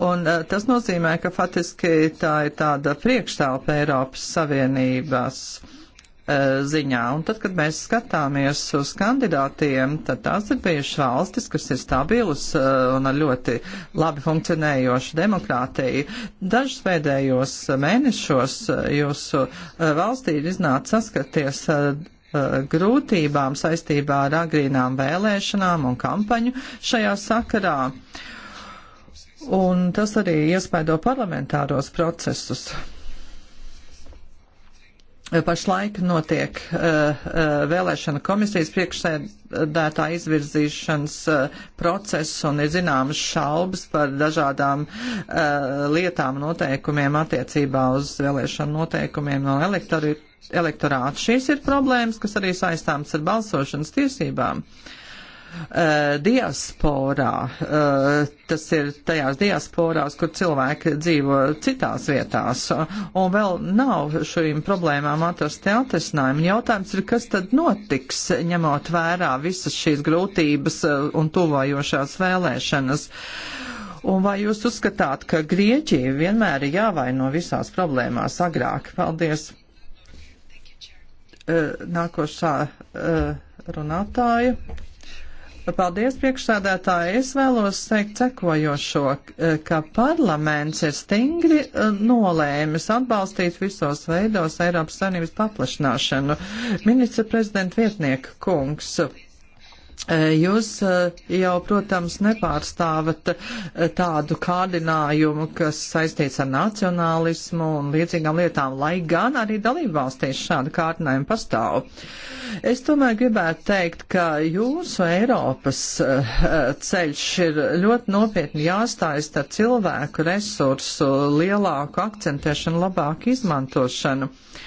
Un eh, tas nozīmē, ka faktiski tā ir tāda priekšstāvpa Eiropas Savienības eh, ziņā. Un tad, kad mēs skatāmies uz kandidātiem, tad tās ir bijušas valstis, kas ir stabilas eh, un ar ļoti labi funkcionējošu demokrātiju. Dažus pēdējos mēnešos jūsu valstī ir iznācis saskaties grūtībām saistībā ar agrīnām vēlēšanām un kampaņu šajā sakarā. Uh, un tas arī iespēdo parlamentāros procesus. Pašlaik notiek uh, uh, vēlēšana komisijas priekšsēdētā izvirzīšanas uh, process un ir zināmas šaubas par dažādām uh, lietām noteikumiem attiecībā uz vēlēšanu noteikumiem no elektori, elektorāta. Šīs ir problēmas, kas arī saistāmas ar balsošanas tiesībām. Uh, Eh, diasporā, eh, tas ir tajās diasporās, kur cilvēki dzīvo citās vietās, un vēl nav šīm problēmām atrast atrisinājumu. Jautājums ir, kas tad notiks, ņemot vērā visas šīs grūtības eh, un tuvojošās vēlēšanas? Un vai jūs uzskatāt, ka Grieķija vienmēr ir jāvaino visās problēmās agrāk? Paldies! Nākošā runātāja. Paldies, priekšsādātāji. Es vēlos teikt sekojošo, eh, ka parlaments ir stingri eh, nolēmis atbalstīt visos veidos Eiropas Savienības paplašināšanu. Ministra prezidenta vietnieka kungs. Jūs eh, jau, protams, nepārstāvat eh, tādu kārdinājumu, kas saistīts ar nacionālismu un līdzīgām lietām, lai gan arī dalību valstīs šādu kārdinājumu pastāv. Es tomēr gribētu teikt, ka jūsu Eiropas eh, ceļš ir ļoti nopietni jāstājas ar cilvēku resursu lielāku akcentēšanu, labāku izmantošanu. Uh,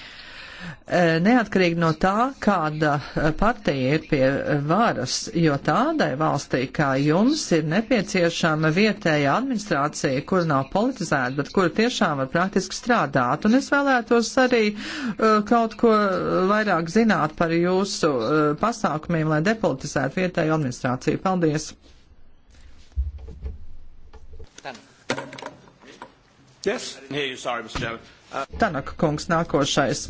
Eh, neatkarīgi no tā, kāda eh, partija ir pie varas, jo tādai valstī kā jums ir nepieciešama vietēja administrācija, kur nav politizēta, bet kura tiešām var praktiski strādāt. Un es vēlētos arī uh, kaut ko vairāk zināt par jūsu uh, pasākumiem, lai depolitizētu vietēju administrāciju. Paldies! Yes. Uh, Tanaka kungs nākošais.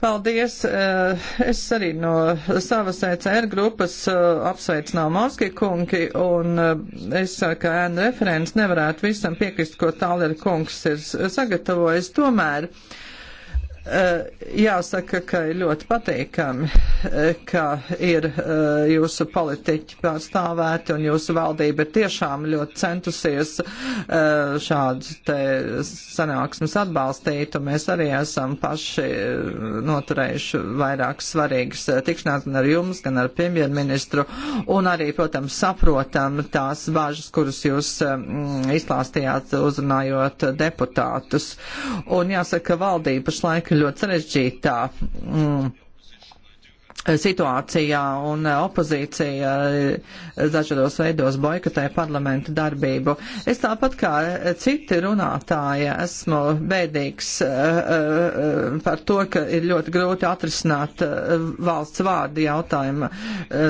Paldies! Eh, es arī no savas ECR grupas eh, apsveicināju Morski kungi, un eh, es saku, ka ēna referents nevarētu visam piekrist, ko Tāler kungs ir sagatavojis. Tomēr, uh, Eh, jāsaka, ka ir ļoti pateikami, eh, ka ir eh, jūsu politiķi pārstāvēti un jūsu valdība ir tiešām ļoti centusies šādas te sanāksmes atbalstīt, un mēs arī esam paši noturējuši vairākas svarīgas tikšanās gan ar jums, gan ar premjerministru, un arī, protams, saprotam tās bažas, kuras jūs izklāstījāt uzrunājot deputātus. Un jāsaka, valdība pašlaik ļoti sarežģītā mm, situācijā un eh, opozīcija eh, dažādos veidos boikotē parlamentu darbību. Es tāpat kā eh, citi runātāji esmu bēdīgs par to, ka ir ļoti grūti atrisināt valsts vārdu jautājumu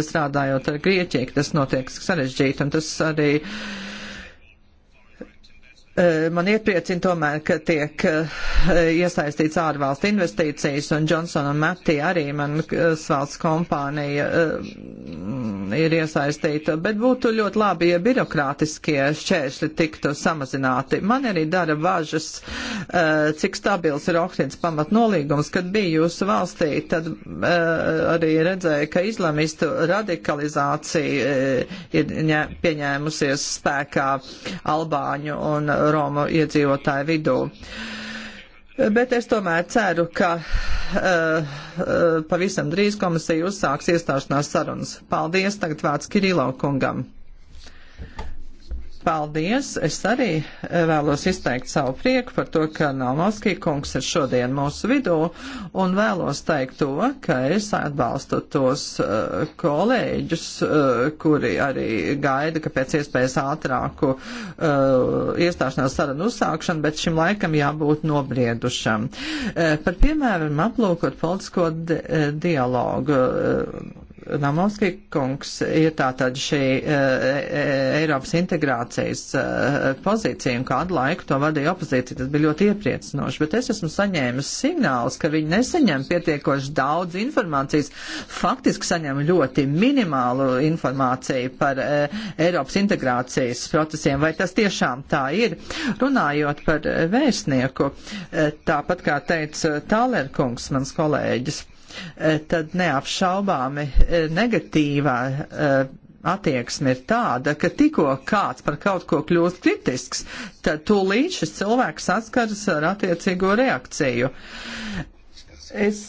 strādājot ar Grieķiju, tas notiek sarežģīti un tas arī Man iepriecina tomēr, ka tiek iesaistīts ārvalstu investīcijas, un Johnson Matī arī man valsts kompānija ir iesaistīta, bet būtu ļoti labi, ja birokrātiskie šķēršļi tiktu samazināti. Man arī dara bažas, cik stabils ir Oksīns pamatnolīgums. Kad biju jūsu valstī, tad arī redzēju, ka islamistu radikalizācija ir pieņēmusies spēkā Albāņu un Romu iedzīvotāju vidū. Bet es tomēr ceru, ka uh, pavisam drīz komisija uzsāks iestāšanās sarunas. Paldies, tagad vārds Kirilo kungam. Paldies! Es arī eh, vēlos izteikt savu prieku par to, ka Nalmovskī kungs ir šodien mūsu vidū un vēlos teikt to, ka es atbalstu tos uh, kolēģus, uh, kuri arī gaida, ka pēc iespējas ātrāku uh, iestāšanās sarunu uzsākšanu, bet šim laikam jābūt nobriedušam. Uh, par piemēram aplūkot politisko di dialogu. Uh, Namovski kungs ir tātad šī e, e, Eiropas integrācijas e, pozīcija, un kādu laiku to vadīja opozīcija, tas bija ļoti iepriecinoši, bet es esmu saņēmis signālus, ka viņi nesaņem pietiekoši daudz informācijas, faktiski saņem ļoti minimālu informāciju par Eiropas integrācijas procesiem, vai tas tiešām tā ir. Runājot par vēstnieku, tāpat kā teica Tālerkungs, mans kolēģis, E, tad neapšaubāmi e, negatīvā e, attieksme ir tāda, ka tikko kāds par kaut ko kļūst kritisks, tad tūlīt šis cilvēks saskaras ar attiecīgo reakciju. Es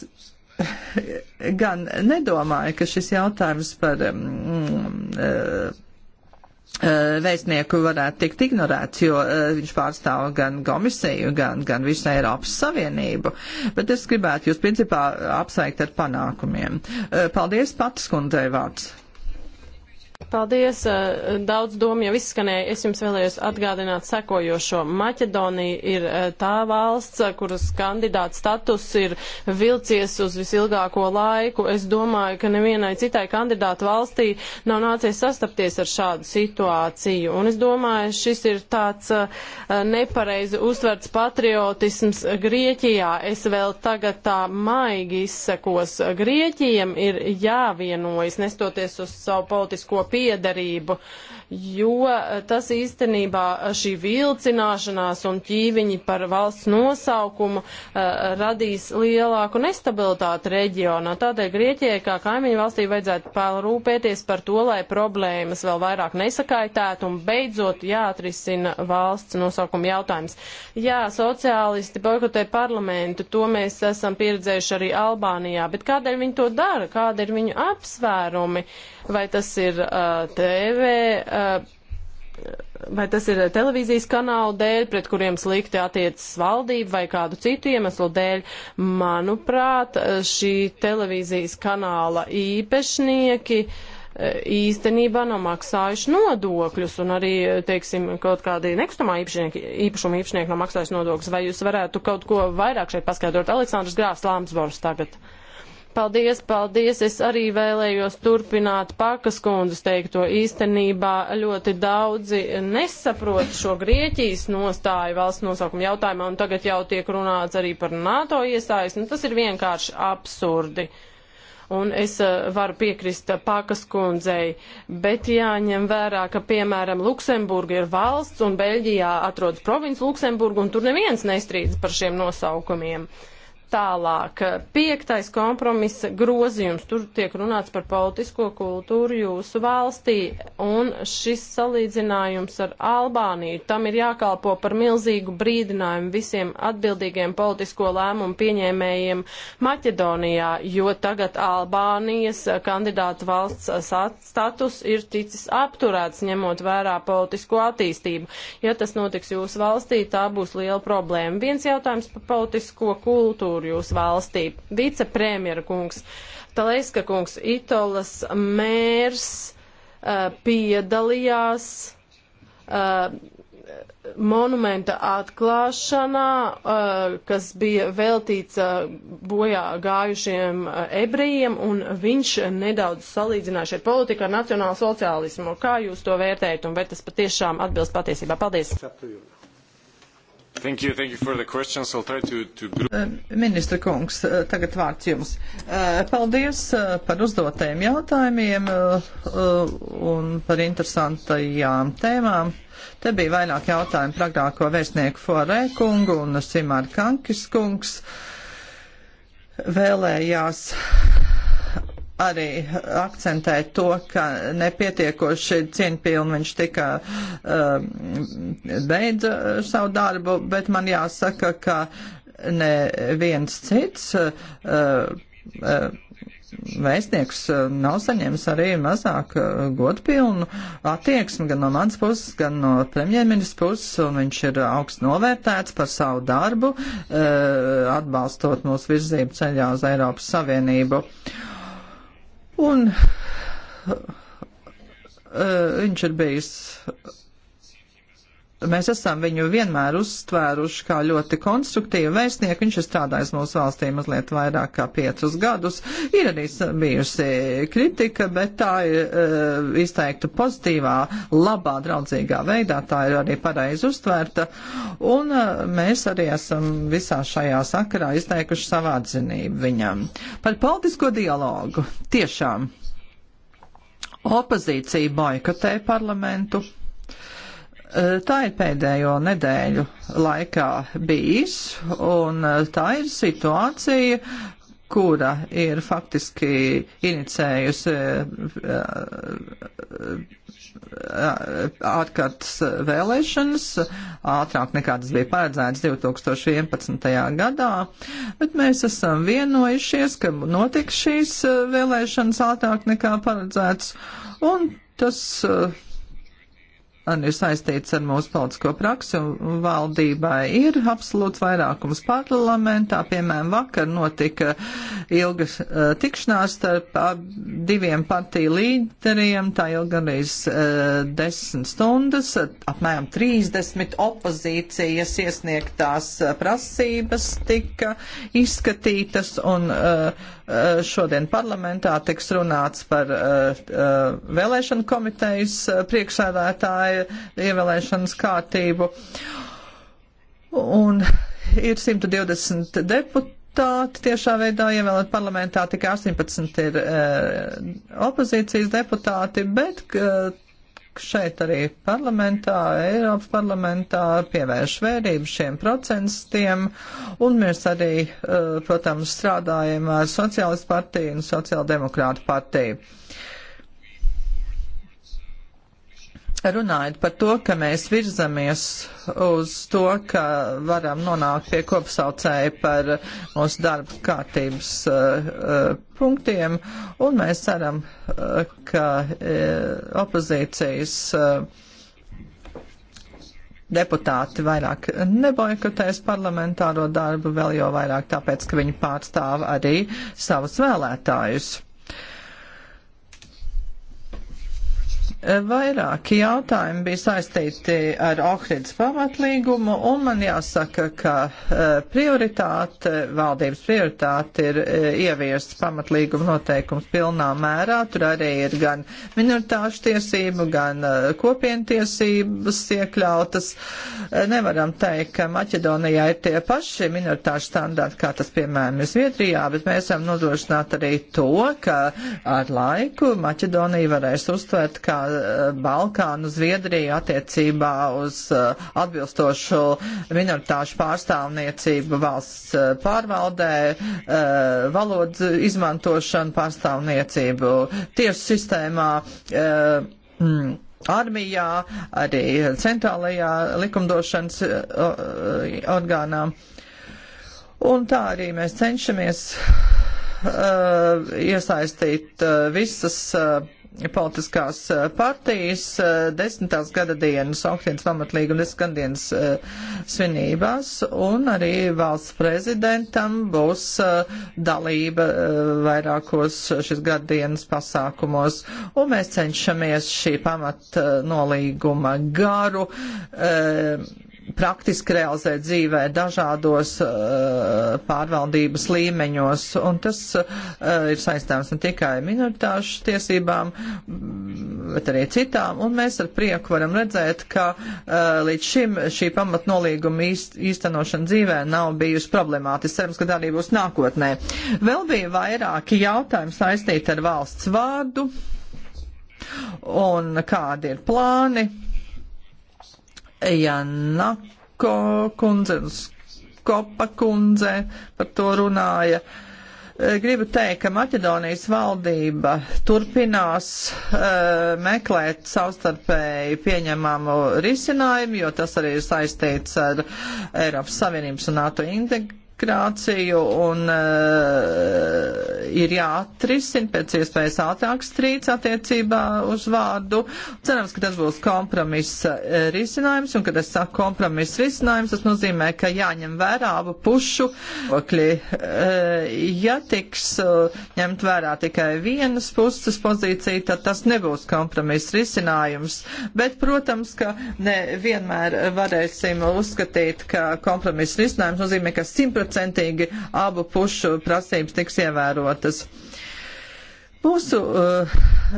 gan nedomāju, ka šis jautājums par mm, Eh, vēstnieku varētu tikt ignorēts, jo eh, viņš pārstāv gan komisiju, gan, gan visu Eiropas Savienību. Bet es gribētu jūs principā apsveikt ar panākumiem. Eh, paldies, Patas kundzei vārds. Paldies, daudz domu jau izskanēja. Es jums vēlējos atgādināt sekojošo. Maķedonija ir tā valsts, kuras kandidāta status ir vilcies uz visilgāko laiku. Es domāju, ka nevienai citai kandidātu valstī nav nācies sastapties ar šādu situāciju. Un es domāju, šis ir tāds nepareizi uztverts patriotisms Grieķijā. Es vēl tagad tā maigi izsekos. Grieķiem ir jāvienojas, nestoties uz savu politisko piedarību. Uh, jo eh, tas īstenībā eh, šī vilcināšanās un ķīviņi par valsts nosaukumu uh, radīs lielāku nestabilitāti reģionā. Tādēļ Grieķijai kā kaimiņu valstī vajadzētu parūpēties par to, lai problēmas vēl vairāk nesakaitētu un beidzot jāatrisina valsts nosaukuma jautājums. Jā, sociālisti boikotē parlamentu, to mēs esam pieredzējuši arī Albānijā, bet kādēļ viņi to dara, kāda ir viņu apsvērumi, vai tas ir uh, TV, uh, vai tas ir televīzijas kanāla dēļ, pret kuriem slikti attiecas valdība vai kādu citu iemeslu dēļ. Manuprāt, šī televīzijas kanāla īpašnieki e, īstenībā nav maksājuši nodokļus un arī, e, teiksim, kaut kādi nekustamā īpašuma īpašnieki nav maksājuši nodokļus. Vai jūs varētu kaut ko vairāk šeit paskaidrot? Aleksandrs Grāfs Lāmsbors tagad. Uh, Paldies, paldies. Es arī vēlējos turpināt Pakas kundzes teikto. Īstenībā ļoti daudzi nesaprot šo Grieķijas nostāju valsts nosaukuma jautājumā, un tagad jau tiek runāts arī par NATO iestājas. Nu, tas ir vienkārši absurdi. Un es eh, varu piekrist Pakas kundzei, bet jāņem vērā, ka, piemēram, Luksemburga ir valsts, un Beļģijā atrodas provinces Luksemburga, un tur neviens nestrīdas par šiem nosaukumiem. Uh, Tālāk, piektais kompromisa grozījums, tur tiek runāts par politisko kultūru jūsu valstī, un šis salīdzinājums ar Albāniju, tam ir jākalpo par milzīgu brīdinājumu visiem atbildīgiem politisko lēmumu pieņēmējiem Maķedonijā, jo tagad Albānijas kandidāta valsts status ir ticis apturēts, ņemot vērā politisko attīstību. Ja tas notiks jūsu valstī, tā būs liela problēma. Viens jautājums par politisko kultūru prezidentūru jūsu valstī. Vicepremjera kungs, Talaiska kungs, Itolas mērs uh, piedalījās uh, monumenta atklāšanā, eh, kas bija veltīts bojā gājušiem ebrejiem, un viņš nedaudz salīdzināja šeit politiku ar nacionālu sociālismu. Kā jūs to vērtējat, un vai tas patiešām atbilst patiesībā? Paldies! Ceturjums. Thank you, thank you for the questions. I'll try to, to group. Uh, ministra kungs, uh, tagad vārds jums. Uh, paldies par uzdotajiem jautājumiem un par interesantajām tēmām. Te bija vairāk jautājumu pragāko vēstnieku Forē kungu un Simāra Kankis kungs vēlējās arī akcentē to, ka nepietiekoši cieņpilni viņš tika um, beidza savu darbu, bet man jāsaka, ka neviens cits uh, uh, vēstnieks uh, nav saņēmis arī mazāk uh, godpilnu attieksmi gan no mans puses, gan no premjerministra puses, un viņš ir augst novērtēts par savu darbu, uh, atbalstot mūsu virzību ceļā uz Eiropas Savienību. Un uh, viņš ir bijis Mēs esam viņu vienmēr uztvēruši kā ļoti konstruktīvu vēstnieku. Viņš ir strādājis mūsu valstī mazliet vairāk kā piecus gadus. Ir arī bijusi kritika, bet tā ir e, izteikta pozitīvā, labā, draudzīgā veidā. Tā ir arī pareizi uztvērta. Un e, mēs arī esam visā šajā sakarā izteikuši savu atzinību viņam. Par politisko dialogu. Tiešām. Opozīcija boikotē parlamentu Eh, tā ir pēdējo nedēļu laikā bijis, un eh, tā ir situācija, kura ir faktiski inicējusi eh, ārkārtas vēlēšanas, ātrāk nekā tas bija paredzēts 2011. gadā, bet mēs esam vienojušies, ka notiks šīs vēlēšanas ātrāk nekā paredzēts, un tas uh, un ir saistīts ar mūsu politisko praksi, un valdībai ir absolūts vairākums parlamentā. Piemēram, vakar notika ilga uh, eh, tikšanās starp diviem partiju līderiem, tā ilga arī uh, eh, desmit stundas, apmēram 30 opozīcijas iesniegtās eh, prasības tika izskatītas, un uh, šodien parlamentā tiks runāts par uh, uh, vēlēšanu komitejas priekšsēdētāju ievēlēšanas kārtību. Un ir 120 deputāti deputāti tiešā veidā ievēlēt parlamentā, tikai 18 ir e, opozīcijas deputāti, bet e, šeit arī parlamentā, Eiropas parlamentā pievērš vērību šiem procentiem, un mēs arī, e, protams, strādājam ar Sociālistu partiju un Sociāldemokrātu partiju. E, Runājot par to, ka mēs virzamies uz to, ka varam nonākt pie kopsaucēja par mūsu darba kārtības uh, punktiem, un mēs ceram, uh, ka uh, opozīcijas deputāti vairāk nebojkotēs parlamentāro darbu, vēl jau vairāk tāpēc, ka viņi pārstāv arī savus vēlētājus. Vairāki jautājumi bija saistīti ar Ohrids pamatlīgumu, un man jāsaka, ka e, prioritāte, valdības prioritāte ir e, ieviest pamatlīguma noteikums pilnā mērā. Tur arī ir gan minoritāšu tiesību, gan e, kopientiesības iekļautas. Nevaram teikt, ka Maķedonijā ir tie paši minoritāšu standarti, kā tas, piemēram, ir Zviedrijā, bet mēs varam nodrošināt arī to, ka ar laiku Maķedonija varēs uztvert kā Balkānu, Zviedriju attiecībā uz uh, atbilstošu minoritāšu pārstāvniecību valsts uh, pārvaldē, uh, valodu izmantošanu pārstāvniecību tiesu sistēmā. Mm, armijā, arī centrālajā likumdošanas orgānā. Un tā arī mēs cenšamies uh, iesaistīt uh, visas uh, politiskās eh, partijas eh, desmitās gada dienas, Onkdienas pamatlīguma desmit dienas eh, svinībās, un arī valsts prezidentam būs dalība vairākos šis gada dienas pasākumos, un mēs cenšamies šī pamat nolīguma garu praktiski realizēt dzīvē dažādos uh, pārvaldības līmeņos, un tas uh, ir saistāms ne tikai minoritāšu tiesībām, mm, bet arī citām, un mēs ar prieku varam redzēt, ka uh, līdz šim šī pamatnolīguma īst, īstenošana dzīvē nav bijusi problemātiska. Cerams, ka tā arī būs nākotnē. Vēl bija vairāki jautājumi saistīti ar valsts vārdu un kādi ir plāni Janako kundze un Skopa kundze par to runāja. Eh, gribu teikt, ka Maķedonijas valdība turpinās uh, meklēt savstarpēji pieņemamu risinājumu, jo tas arī ir saistīts ar Eiropas Savienības un NATO integrāciju demokrāciju un uh, ir jāatrisina pēc iespējas ātrāk strīds attiecībā uz vārdu. Cerams, ka tas būs kompromiss eh, risinājums un, kad es saku kompromiss risinājums, tas nozīmē, ka jāņem vērā abu pušu okļi. Uh, eh, ja tiks uh, ņemt vērā tikai vienas puses pozīcija, tad tas nebūs kompromiss risinājums. Bet, protams, ka ne vienmēr varēsim uzskatīt, ka kompromiss risinājums nozīmē, ka simtprocentīgi simtprocentīgi abu pušu prasības tiks ievērotas. Mūsu uh,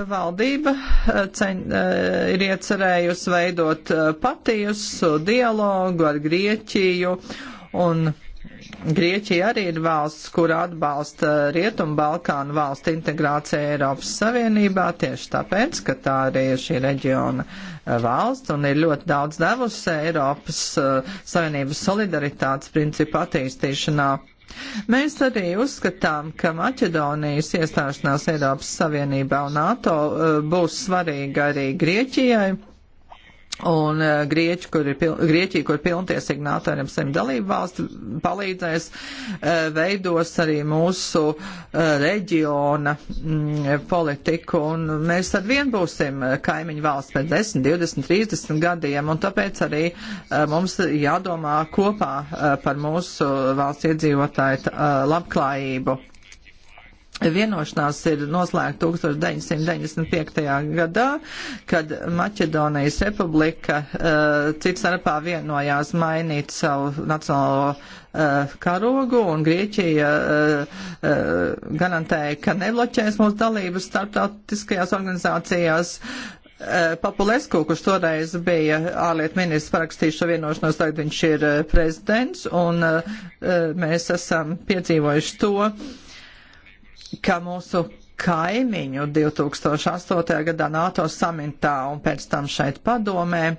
valdība eh, ceņ, uh, eh, ir iecerējusi veidot uh, patiesu dialogu ar Grieķiju un uh, Grieķija arī ir valsts, kur atbalsta Rietumu Balkānu valstu integrāciju Eiropas Savienībā tieši tāpēc, ka tā arī ir šī reģiona eh, valsts un ir ļoti daudz devusi Eiropas eh, Savienības solidaritātes principu attīstīšanā. Mēs arī uzskatām, ka Maķedonijas iestāšanās Eiropas Savienībā un NATO eh, būs svarīga arī Grieķijai Un uh, Grieķi, kur ir, Grieķija, kur pilntiesīgi NATO ar saviem dalību valstu palīdzēs, uh, veidos arī mūsu uh, reģiona mm, politiku, un mēs ar vien būsim kaimiņu valsts pēc 10, 20, 30 gadiem, un tāpēc arī uh, mums jādomā kopā uh, par mūsu valsts iedzīvotāju uh, labklājību. Vienošanās ir noslēgta 1995. gadā, kad Maķedonijas republika eh, cits starpā vienojās mainīt savu nacionālo eh, karogu, un Grieķija eh, garantēja, ka nebloķēs mūsu dalības starptautiskajās organizācijās. Papulesku, kurš toreiz bija ārlietu ministrs, parakstīja šo vienošanos, tagad viņš ir prezidents, un mēs esam piedzīvojuši to, ka mūsu kaimiņu 2008. gadā NATO samitā un pēc tam šeit padomē e,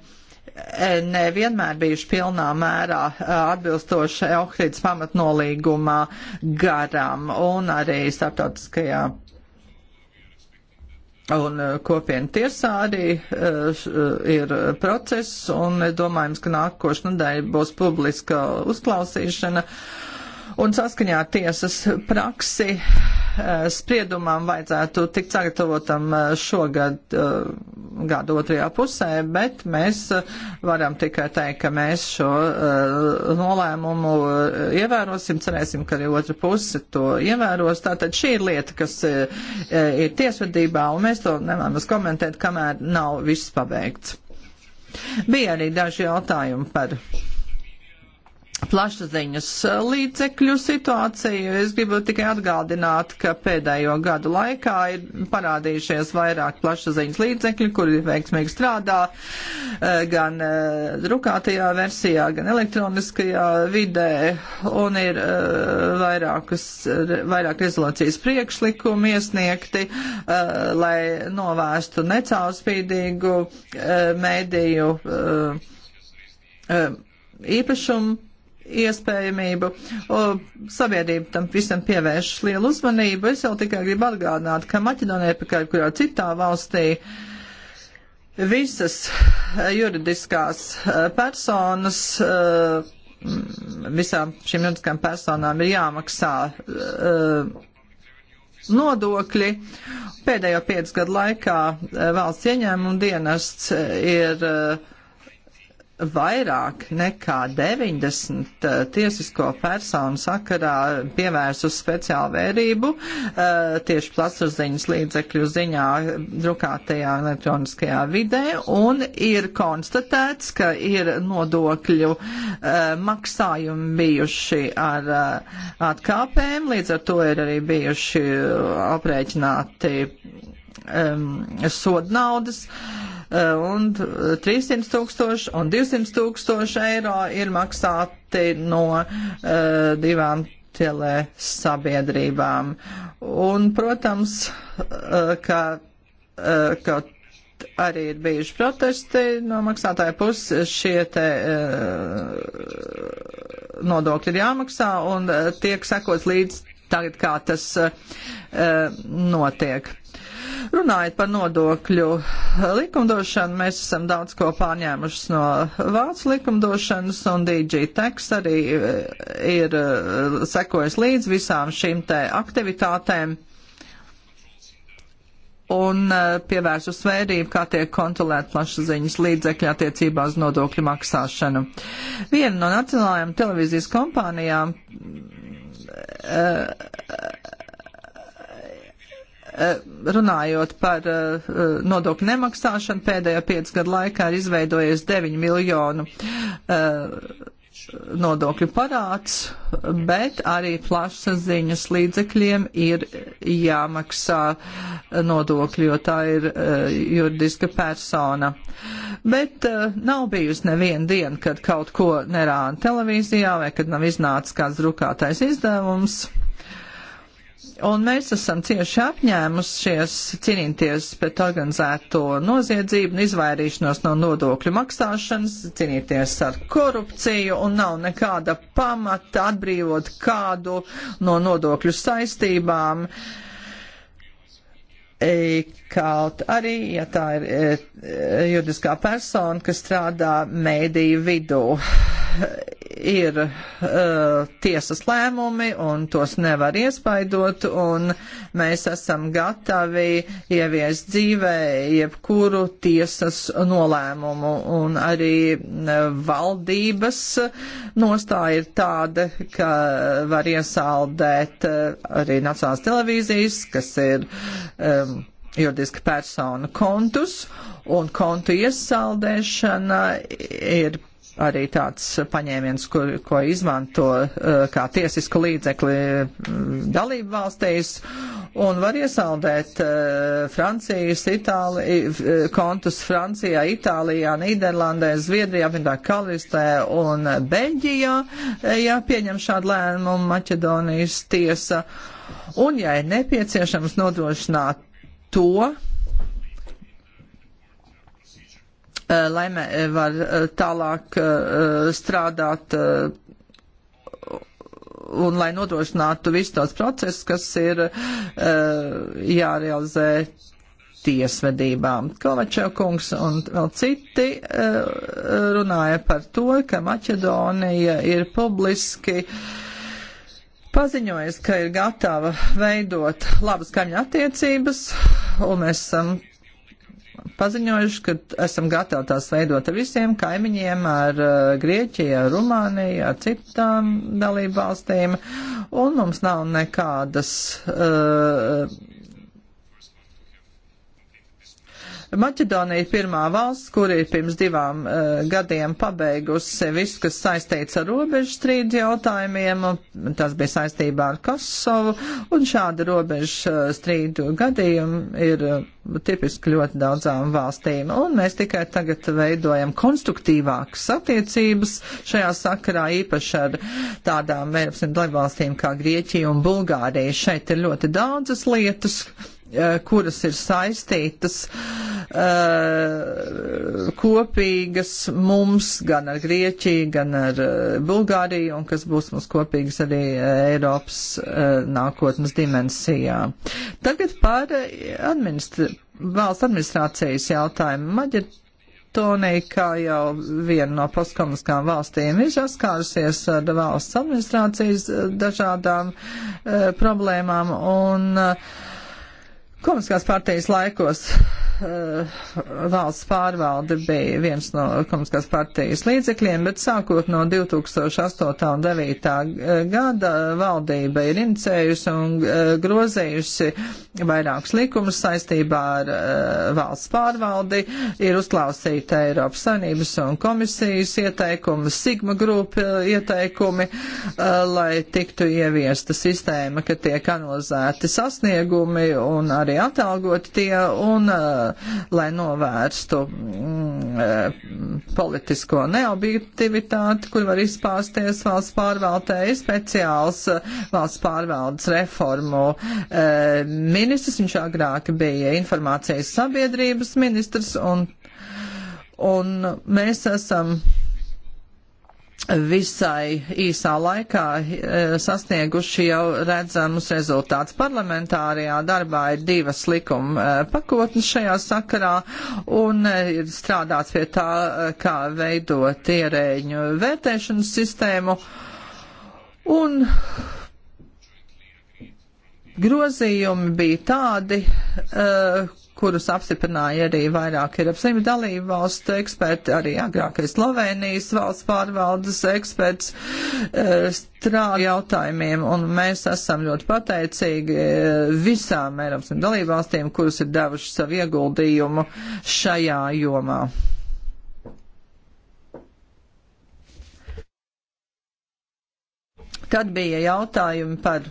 nevienmēr bijuši pilnā mērā e, atbilstoši Ohrids pamatnolīgumā garam un arī starptautiskajā un e, kopienu tiesā arī ir process un domājams, ka nākošu nedēļu būs publiska uzklausīšana un saskaņā tiesas praksi Eh, spriedumam vajadzētu tikt sagatavotam eh, šogad eh, gada otrajā pusē, bet mēs varam tikai teikt, ka mēs šo nolēmumu ievērosim, cerēsim, ka arī otra puse to ievēros. Tātad šī ir lieta, kas ir tiesvedībā, un mēs to nevēlamies komentēt, kamēr nav viss pabeigts. Bija arī daži jautājumi par plašsaziņas līdzekļu situāciju. Es gribu tikai atgādināt, ka pēdējo gadu laikā ir parādījušies vairāk plašsaziņas līdzekļu, kuri veiksmīgi strādā eh, gan eh, drukātajā versijā, gan elektroniskajā vidē, un ir eh, vairākas, vairāk rezolācijas priekšlikumi iesniegti, lai novērstu necaurspīdīgu mēdīju īpašumu iespējamību. O, sabiedrība tam visam pievērš lielu uzmanību. Es jau tikai gribu atgādināt, ka Maķedonija, kā jebkurā citā valstī, visas eh, juridiskās eh, personas, eh, visām šīm juridiskām personām ir jāmaksā nodokļi. Pēdējo piecu gadu laikā valsts ieņēmuma dienests ir uh, vairāk nekā 90 uh, eh, tiesisko personu sakarā pievērsu speciālu vērību uh, tieši plasurziņas līdzekļu ziņā drukātajā elektroniskajā vidē un ir konstatēts, ka ir nodokļu uh, maksājumi bijuši ar atkāpēm, līdz ar to ir arī bijuši aprēķināti um, soda naudas, uh, un 300 tūkstoši un 200 tūkstoši eiro ir maksāti no uh, divām tele sabiedrībām. Un, protams, uh, ka, uh, ka arī ir bijuši protesti no maksātāja puses, šie te uh, nodokļi ir jāmaksā un uh, tiek sekots līdz tagad, kā tas uh, notiek. Uh, Runājot par nodokļu likumdošanu, mēs esam daudz ko pārņēmušas no vācu likumdošanas, un DG Tex arī eh, ir eh, sekojis līdz visām šīm te aktivitātēm un eh, pievērš uzsvērību, kā tiek kontrolēt plašsaziņas līdzekļi attiecībā uz nodokļu maksāšanu. Viena no nacionālajām televīzijas kompānijām uh, Eh, runājot par eh, nodokļu nemaksāšanu, pēdējo piecu gadu laikā ir izveidojies 9 miljonu eh, nodokļu parāds, bet arī plašsaziņas līdzekļiem ir jāmaksā nodokļi, jo tā ir juridiska persona. Bet nav bijusi neviena diena, kad kaut ko nerāda televīzijā vai kad nav iznācis kāds drukātais izdevums Un mēs esam cieši apņēmušies cīnīties pret organizēto noziedzību un izvairīšanos no nodokļu maksāšanas, cīnīties ar korupciju un nav nekāda pamata atbrīvot kādu no nodokļu saistībām. E, kaut arī, ja tā ir e, e, juridiskā persona, kas strādā mēdīju vidū ir uh, tiesas lēmumi un tos nevar iespaidot un mēs esam gatavi ieviest dzīvē jebkuru tiesas nolēmumu un arī uh, valdības nostāja ir tāda, ka var iesaldēt uh, arī Nacionālās televīzijas, kas ir um, juridiska persona kontus un kontu iesaldēšana ir arī tāds paņēmiens, ko, ko izmanto eh, kā tiesisku līdzekli mm, dalību valstīs, un var iesaldēt eh, Francijas, Itāli, eh, kontus Francijā, Itālijā, Nīderlandē, Zviedrijā, Vindā Kalistē un Beļģijā, ja pieņem šādu lēmumu Maķedonijas tiesa, un ja ir nepieciešams nodrošināt to, Eh, lai eh, var eh, tālāk strādāt un lai nodrošinātu visus tos procesus, kas ir jārealizē tiesvedībām. Kovačev kungs un vēl citi runāja par to, ka Maķedonija ir publiski paziņojusi, ka ir gatava veidot labas kaņa attiecības, un mēs esam um, paziņojuši, ka esam gatavi tās veidot ar visiem kaimiņiem, ar uh, Grieķiju, ar Rumāniju, ar citām dalību valstīm, un mums nav nekādas uh, Maķedonija ir pirmā valsts, kur ir pirms divām uh, gadiem pabeigusi visu, kas saistīts ar robežu strīdu jautājumiem. Tas bija saistībā ar Kosovu, un šādi robežu uh, strīdu gadījumi ir uh, tipiski ļoti daudzām valstīm. Un mēs tikai tagad veidojam konstruktīvākas attiecības šajā sakarā, īpaši ar tādām eh, valstīm kā Grieķija un Bulgārija. Šeit ir ļoti daudzas lietas, Eh, kuras ir saistītas eh, kopīgas mums gan ar Grieķiju, gan ar eh, Bulgāriju un kas būs mums kopīgas arī Eiropas nākotnes dimensijā. Tagad par administra valsts administrācijas jautājumu. Maģi Tonija, kā jau viena no postkomuniskām valstīm, ir saskārusies ar valsts administrācijas dažādām e, problēmām, un e, Komiskās partijas laikos Eh, valsts pārvalde bija viens no komunistiskās partijas līdzekļiem, bet sākot no 2008. un 2009. Eh, gada valdība ir inicējusi un eh, grozējusi vairākus likumus saistībā ar valsts pārvaldi, ir uzklausīta Eiropas Savienības un komisijas ieteikumi, Sigma grupa ieteikumi, lai tiktu ieviesta sistēma, ka tiek analizēti sasniegumi un arī atalgoti tie. Un, uh, lai novērstu mm, e, politisko neobjektivitāti, kur var izpārsties valsts pārvaldēji speciāls e, valsts pārvaldes reformu e, ministrs. Viņš agrāk bija informācijas sabiedrības ministrs un, un mēs esam visai īsā laikā e, sasnieguši jau redzamus rezultātus. Parlamentārajā darbā ir divas likuma e, pakotnes šajā sakarā un e, ir strādāts pie tā, kā veidot ierēģu vērtēšanas sistēmu. Un grozījumi bija tādi, kurus apstiprināja arī vairāk ir ap simt dalību valstu eksperti, arī agrākais Slovenijas valsts pārvaldes eksperts eh, strādā jautājumiem, un mēs esam ļoti pateicīgi eh, visām Eiropas dalību valstīm, kuras ir devuši savu ieguldījumu šajā jomā. Tad bija jautājumi par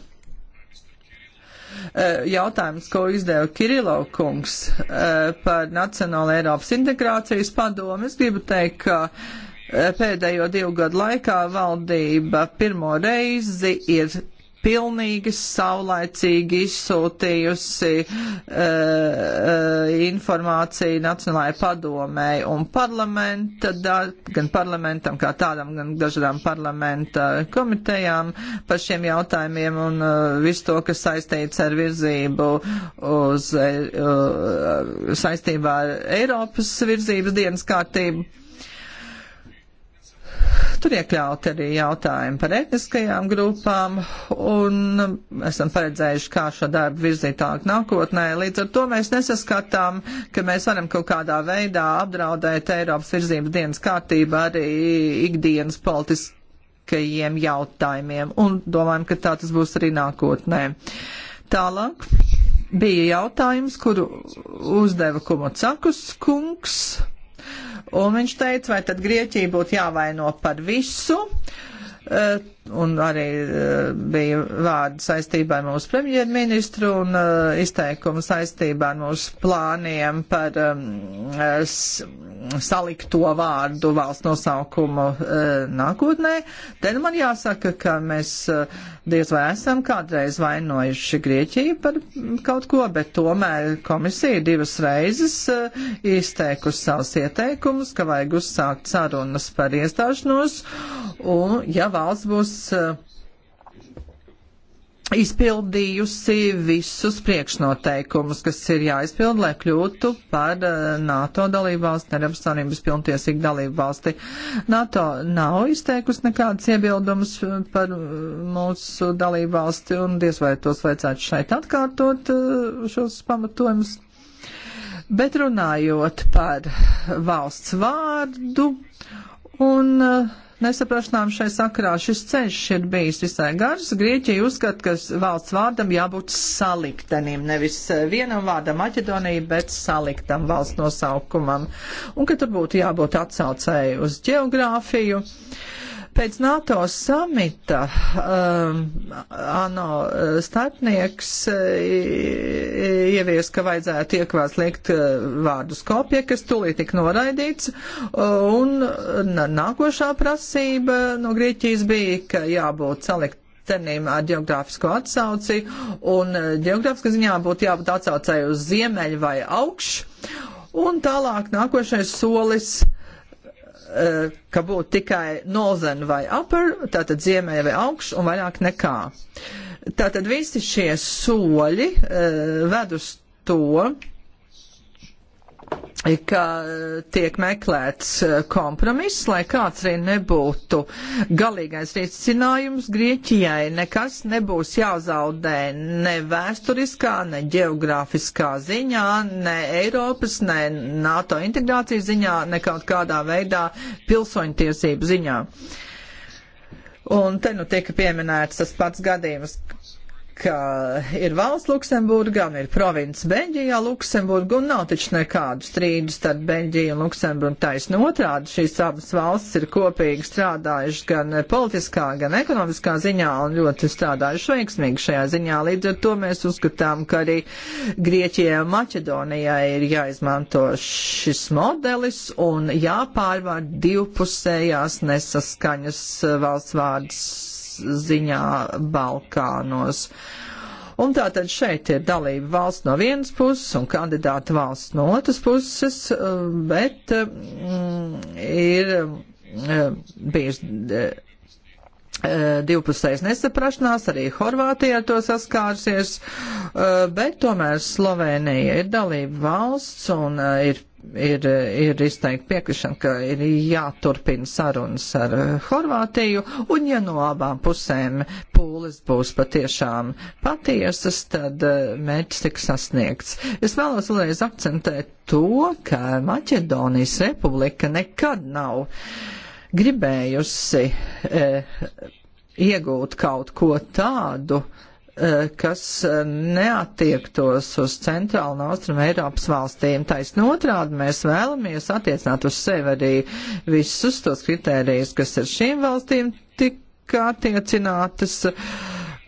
Eh, jautājums, ko izdeva Kirilov kungs eh, par Nacionālo Eiropas integrācijas padomu. Es gribu teikt, ka eh, pēdējo divu gadu laikā valdība pirmo reizi ir pilnīgi saulaicīgi izsūtījusi uh, informāciju Nacionālajai padomēji un parlamenta, da, gan parlamentam kā tādam, gan dažādām parlamenta komitejām par šiem jautājumiem un uh, visu to, kas saistīts ar virzību uz, uh, saistībā ar Eiropas virzības dienas kārtību Tur iekļaut arī jautājumi par etniskajām grupām un esam paredzējuši, kā šo darbu virzīt tālāk nākotnē. Līdz ar to mēs nesaskatām, ka mēs varam kaut kādā veidā apdraudēt Eiropas virzības dienas kārtību arī ikdienas politiskajiem jautājumiem un domājam, ka tā tas būs arī nākotnē. Tālāk bija jautājums, kuru uzdeva Kumocakus kungs Un viņš teica, vai tad Grieķija būtu jāvaino par visu. Eh, un arī eh, bija vārdi saistībā ar mūsu premjerministru un eh, izteikumu saistībā ar mūsu plāniem par um, eh, salikto vārdu valsts nosaukumu nākotnē. Te man jāsaka, ka mēs diez vai esam kādreiz vainojuši Grieķiju par kaut ko, bet tomēr komisija divas reizes izteikusi savus ieteikumus, ka vajag uzsākt sarunas par iestāšanos, un ja valsts būs Eh, izpildījusi visus priekšnoteikumus, kas ir jāizpild, lai kļūtu par eh, NATO dalību valsti, Eiropas Savienības pilntiesīgu dalību valsti. NATO nav izteikusi nekādas iebildumus eh, par mūsu dalību valsti un diez vai tos vajadzētu šeit atkārtot šos pamatojumus. Bet runājot par valsts vārdu un uh, nesaprašanām šai sakrā. Šis ceļš ir bijis visai garš. Grieķija uzskata, ka valsts vārdam jābūt saliktenim, nevis eh, vienam vārdam Maķedonija, bet saliktam valsts nosaukumam. Un ka tur būtu jābūt atsaucēji uz geogrāfiju. Uh, Pēc NATO samita um, ANO uh, starpnieks uh, ievies, ka vajadzētu iekvās liekt uh, vārdu Skopje, kas tūlīt tik noraidīts, un nākošā prasība no Grieķijas bija, ka jābūt salikt tenīm ar geogrāfisko atsauci, un geogrāfiskā ziņā būtu jābūt atsaucēji uz ziemeļu vai augšu. Un tālāk nākošais solis uh, Eh, ka būtu tikai nolzen vai upper, tātad ziemeļa vai augš un vairāk nekā. Tātad visi šie soļi eh, ved uz to, ka tiek meklēts e, kompromiss, lai kāds arī nebūtu galīgais risinājums Grieķijai. Nekas nebūs jāzaudē ne vēsturiskā, ne geogrāfiskā ziņā, ne Eiropas, ne NATO integrācijas ziņā, ne kaut kādā veidā pilsoņtiesību ziņā. Un te nu tika pieminēts tas pats gadījums, ka ir valsts Luksemburga un ir provinces Beļģijā Luksemburga un nav taču nekādu strīdu starp Beļģiju un Luksemburgu taisnu otrādi. Šīs abas valsts ir kopīgi strādājušas gan politiskā, gan ekonomiskā ziņā un ļoti strādājuši veiksmīgi šajā ziņā. Līdz ar to mēs uzskatām, ka arī Grieķijai un Maķedonijai ir jāizmanto šis modelis un jāpārvar divpusējās nesaskaņas valsts vārdas ziņā Balkānos. Un tātad šeit ir dalība valsts no vienas puses un kandidāta valsts no otras puses, eh, bet mm, ir eh, bijuši divpusējas nesaprašanās, arī Horvātija ar to saskārsies, bet tomēr Slovenija ir dalība valsts un ir ir, ir izteikti piekrišana, ka ir jāturpina sarunas ar Horvātiju, un ja no abām pusēm pūles būs patiešām patiesas, tad eh, mērķis tiks sasniegts. Es vēlos vēlreiz akcentēt to, ka Maķedonijas republika nekad nav gribējusi e, iegūt kaut ko tādu, e, Eh, kas eh, neatiektos uz centrālu un austrumu Eiropas valstīm. Taisn otrādi mēs vēlamies attiecināt uz sevi arī visus tos kritērijus, kas ar šīm valstīm tika attiecinātas.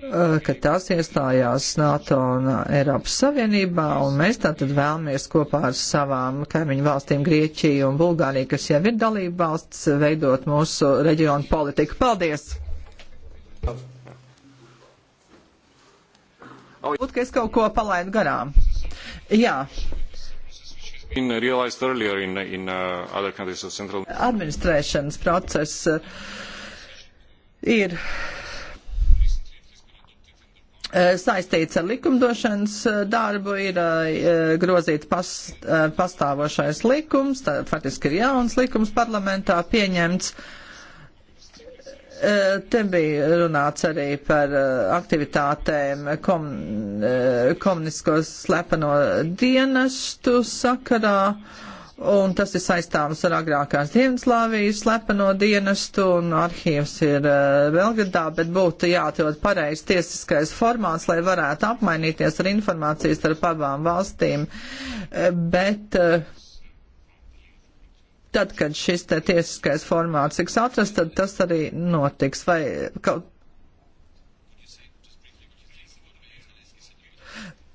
Uh, ka tās iestājās NATO un Eiropas Savienībā, un mēs tātad vēlamies kopā ar savām kaimiņu valstīm Grieķiju un Bulgāriju, kas jau ir dalība valsts, veidot mūsu reģionu politiku. Paldies! Paldies. Būt, ka es kaut ko palaidu garām. Jā. In, uh, in, in, uh, uh central... Administrēšanas process uh, ir saistīts ar likumdošanas darbu, ir grozīts pas, pastāvošais likums, tā, faktiski ir jauns likums parlamentā pieņemts. Uh, E, te bija runāts arī par e, aktivitātēm kom, e, komunisko slepeno dienestu sakarā, un tas ir saistāms ar agrākās Dienvidslāvijas slepeno dienestu, un arhīvs ir Belgradā, bet būtu jāatrod pareizs tiesiskais formāts, lai varētu apmainīties ar informācijas ar abām valstīm, bet Tad, kad šis te tiesiskais formāts tiks atrasts, tad tas arī notiks. Vai kaut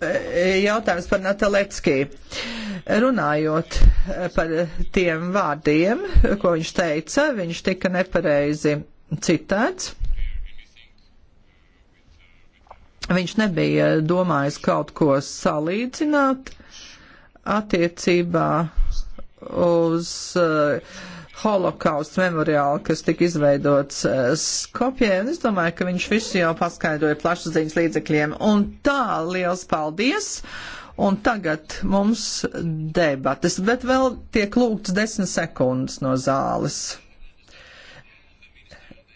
jautājums par Natalekski. Runājot par tiem vārdiem, ko viņš teica, viņš tika nepareizi citēts. Viņš nebija domājis kaut ko salīdzināt attiecībā uz uh, eh, holokausta memoriālu, kas tika izveidots eh, Skopjē, un es domāju, ka viņš visu jau paskaidroja plašsaziņas līdzekļiem. Un tā, liels paldies! Un tagad mums debatas, bet vēl tiek lūgts desmit sekundes no zāles.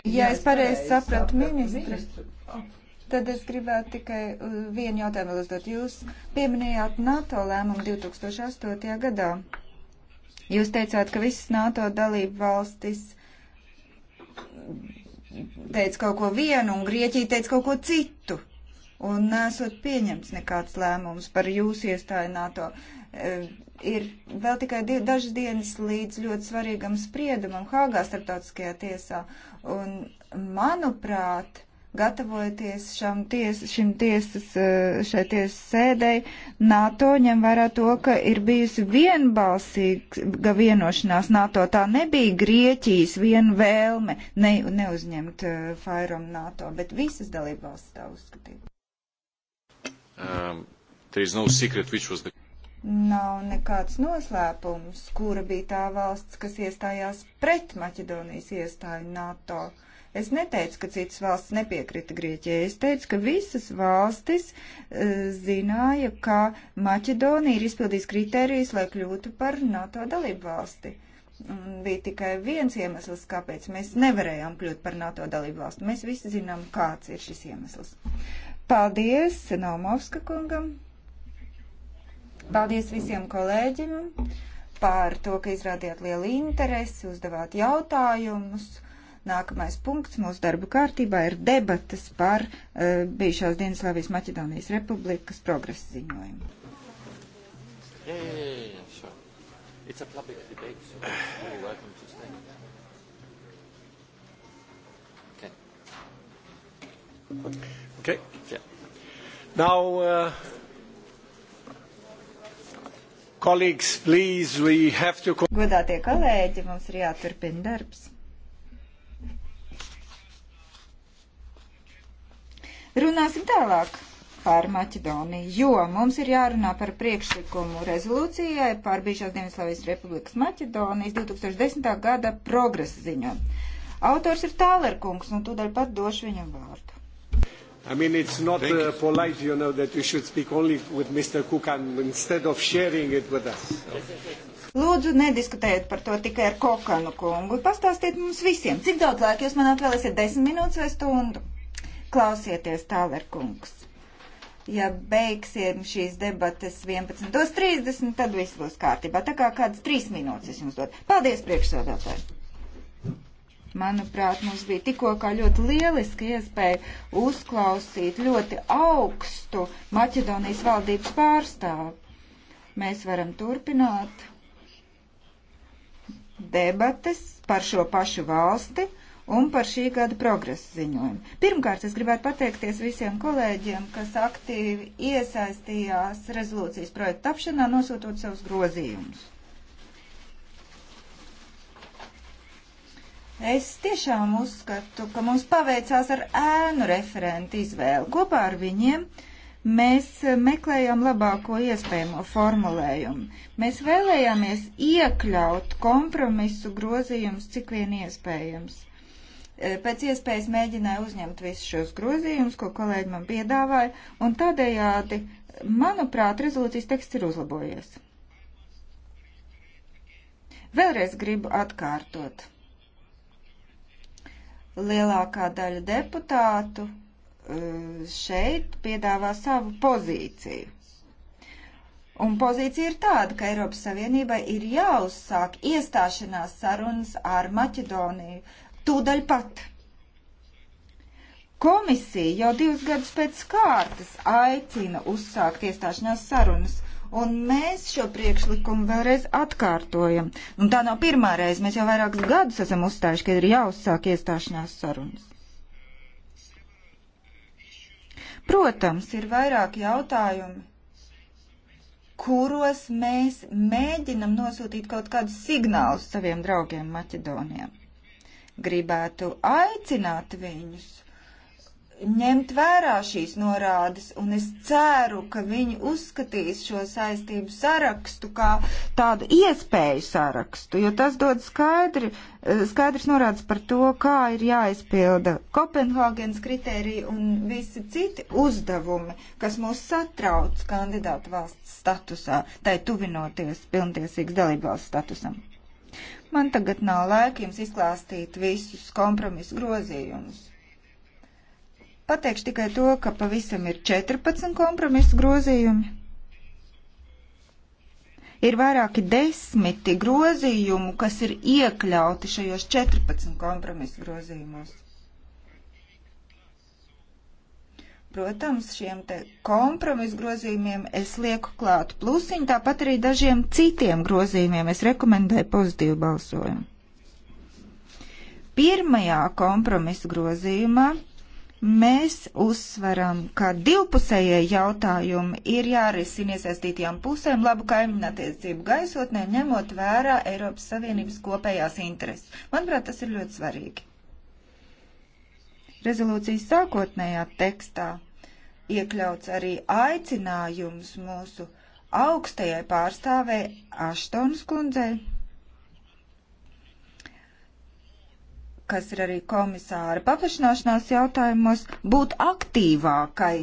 Ja es pareizi sapratu ministru, tad es gribētu tikai uh, vienu jautājumu vēl uzdot. Jūs pieminējāt NATO lēmumu 2008. gadā. Jūs teicāt, ka visas NATO dalību valstis teica kaut ko vienu, un Grieķija teica kaut ko citu. Un nesot pieņemts nekāds lēmums par jūsu iestāju NATO. E, ir vēl tikai die, dažas dienas līdz ļoti svarīgam spriedumam Hāgā starptautiskajā tiesā. Un, manuprāt, uh, gatavojoties šam ties, šim tiesas, eh, šai tiesas sēdei, NATO ņem vērā to, ka ir bijusi vienbalsīga vienošanās NATO. Tā nebija Grieķijas viena vēlme ne, neuzņemt uh, eh, fairom NATO, bet visas dalībvalstis tā uzskatīja. Um, no the... Nav nekāds noslēpums, kura bija tā valsts, kas iestājās pret Maķedonijas iestāju NATO. Uh, Es neteicu, ka citas valsts nepiekrita Grieķijai. Es teicu, ka visas valstis e, zināja, ka Maķedonija ir izpildījusi kritērijas, lai kļūtu par NATO dalību valsti. Un bija tikai viens iemesls, kāpēc mēs nevarējām kļūt par NATO dalību valsti. Mēs visi zinām, kāds ir šis iemesls. Paldies Naumovska kungam. Paldies visiem kolēģim par to, ka izrādījāt lielu interesi, uzdevāt jautājumus. Nākamais punkts mūsu darba kārtībā ir debatas par uh, bijušās Dienaslavijas Maķedonijas Republikas progresa ziņojumu. Yeah, yeah, yeah, sure. It's a public debate, so you're welcome to stay. Okay. Okay. Yeah. Now, uh, colleagues, please, we have to... Godātie kolēģi, mums ir jāturpina darbs. Runāsim tālāk par Maķedoniju, jo mums ir jārunā par priekšlikumu rezolūcijai par bijušās Dienvidslāvijas Republikas Maķedonijas 2010. gada progresa ziņojumu. Autors ir Tālerkungs, un tūdaļ pat došu viņam vārdu. I mean, it's not uh, polite, you know, that you should speak only with Mr. Kukan instead of sharing it with us. Lūdzu, nediskutējiet par to tikai ar Kokanu kungu. Pastāstiet mums visiem, cik daudz laika jūs man atvēlēsiet, desmit minūtes vai stundu? klausieties, Tālerkungs. Ja beigsim šīs debates 11.30, tad viss būs kārtībā. Tā kā kādas trīs minūtes es jums dodu. Paldies, priekšsādātāji! Manuprāt, mums bija tikko kā ļoti lieliski iespēja uzklausīt ļoti augstu Maķedonijas valdības pārstāvu. Mēs varam turpināt debates par šo pašu valsti un par šī gada progresa ziņojumu. Pirmkārt, es gribētu pateikties visiem kolēģiem, kas aktīvi iesaistījās rezolūcijas projekta tapšanā, nosūtot savus grozījumus. Es tiešām uzskatu, ka mums paveicās ar ēnu referentu izvēli. Kopā ar viņiem mēs meklējām labāko iespējamo formulējumu. Mēs vēlējāmies iekļaut kompromisu grozījumus, cik vien iespējams. Eh, pēc iespējas mēģināju uzņemt visus šos grozījumus, ko kolēģi man piedāvāja, un tādējādi, manuprāt, rezolūcijas teksts ir uzlabojies. Vēlreiz gribu atkārtot. Lielākā daļa deputātu eh, šeit piedāvā savu pozīciju. Un pozīcija ir tāda, ka Eiropas Savienībai ir jāuzsāk iestāšanās sarunas ar Maķedoniju, tūdaļ pat. Komisija jau divus gadus pēc kārtas aicina uzsākt iestāšanās sarunas, un mēs šo priekšlikumu vēlreiz atkārtojam. Un tā nav pirmā reize, mēs jau vairākus gadus esam uzstājuši, ka ir jāuzsāk iestāšanās sarunas. Protams, ir vairāk jautājumi, kuros mēs mēģinam nosūtīt kaut kādus signālus saviem draugiem Maķedonijam gribētu aicināt viņus ņemt vērā šīs norādes, un es ceru, ka viņi uzskatīs šo saistību sarakstu kā tādu iespēju sarakstu, jo tas dod skaidri, eh, skaidrs norādes par to, kā ir jāizpilda Kopenhāgenes kritērija un visi citi uzdevumi, kas mūs satrauc kandidātu valsts statusā, tai tuvinoties pilntiesīgas dalībvalsts statusam. Man tagad nav laika jums izklāstīt visus kompromisu grozījumus. Pateikšu tikai to, ka pavisam ir 14 kompromisu grozījumi. Ir vairāki desmiti grozījumu, kas ir iekļauti šajos 14 kompromisu grozījumos. Protams, šiem te kompromisu grozījumiem es lieku klāt plusiņu, tāpat arī dažiem citiem grozījumiem es rekomendēju pozitīvu balsojumu. Pirmajā kompromisu grozījumā mēs uzsveram, ka divpusējie jautājumi ir jārisina iesaistītajām pusēm labu kaimiņattiecību gaisotnē, ņemot vērā Eiropas Savienības kopējās intereses. Manuprāt, tas ir ļoti svarīgi. Rezolūcijas sākotnējā tekstā iekļauts arī aicinājums mūsu augstajai pārstāvē Aštonas kundzei, kas ir arī komisāra paplašināšanās jautājumos, būt aktīvākai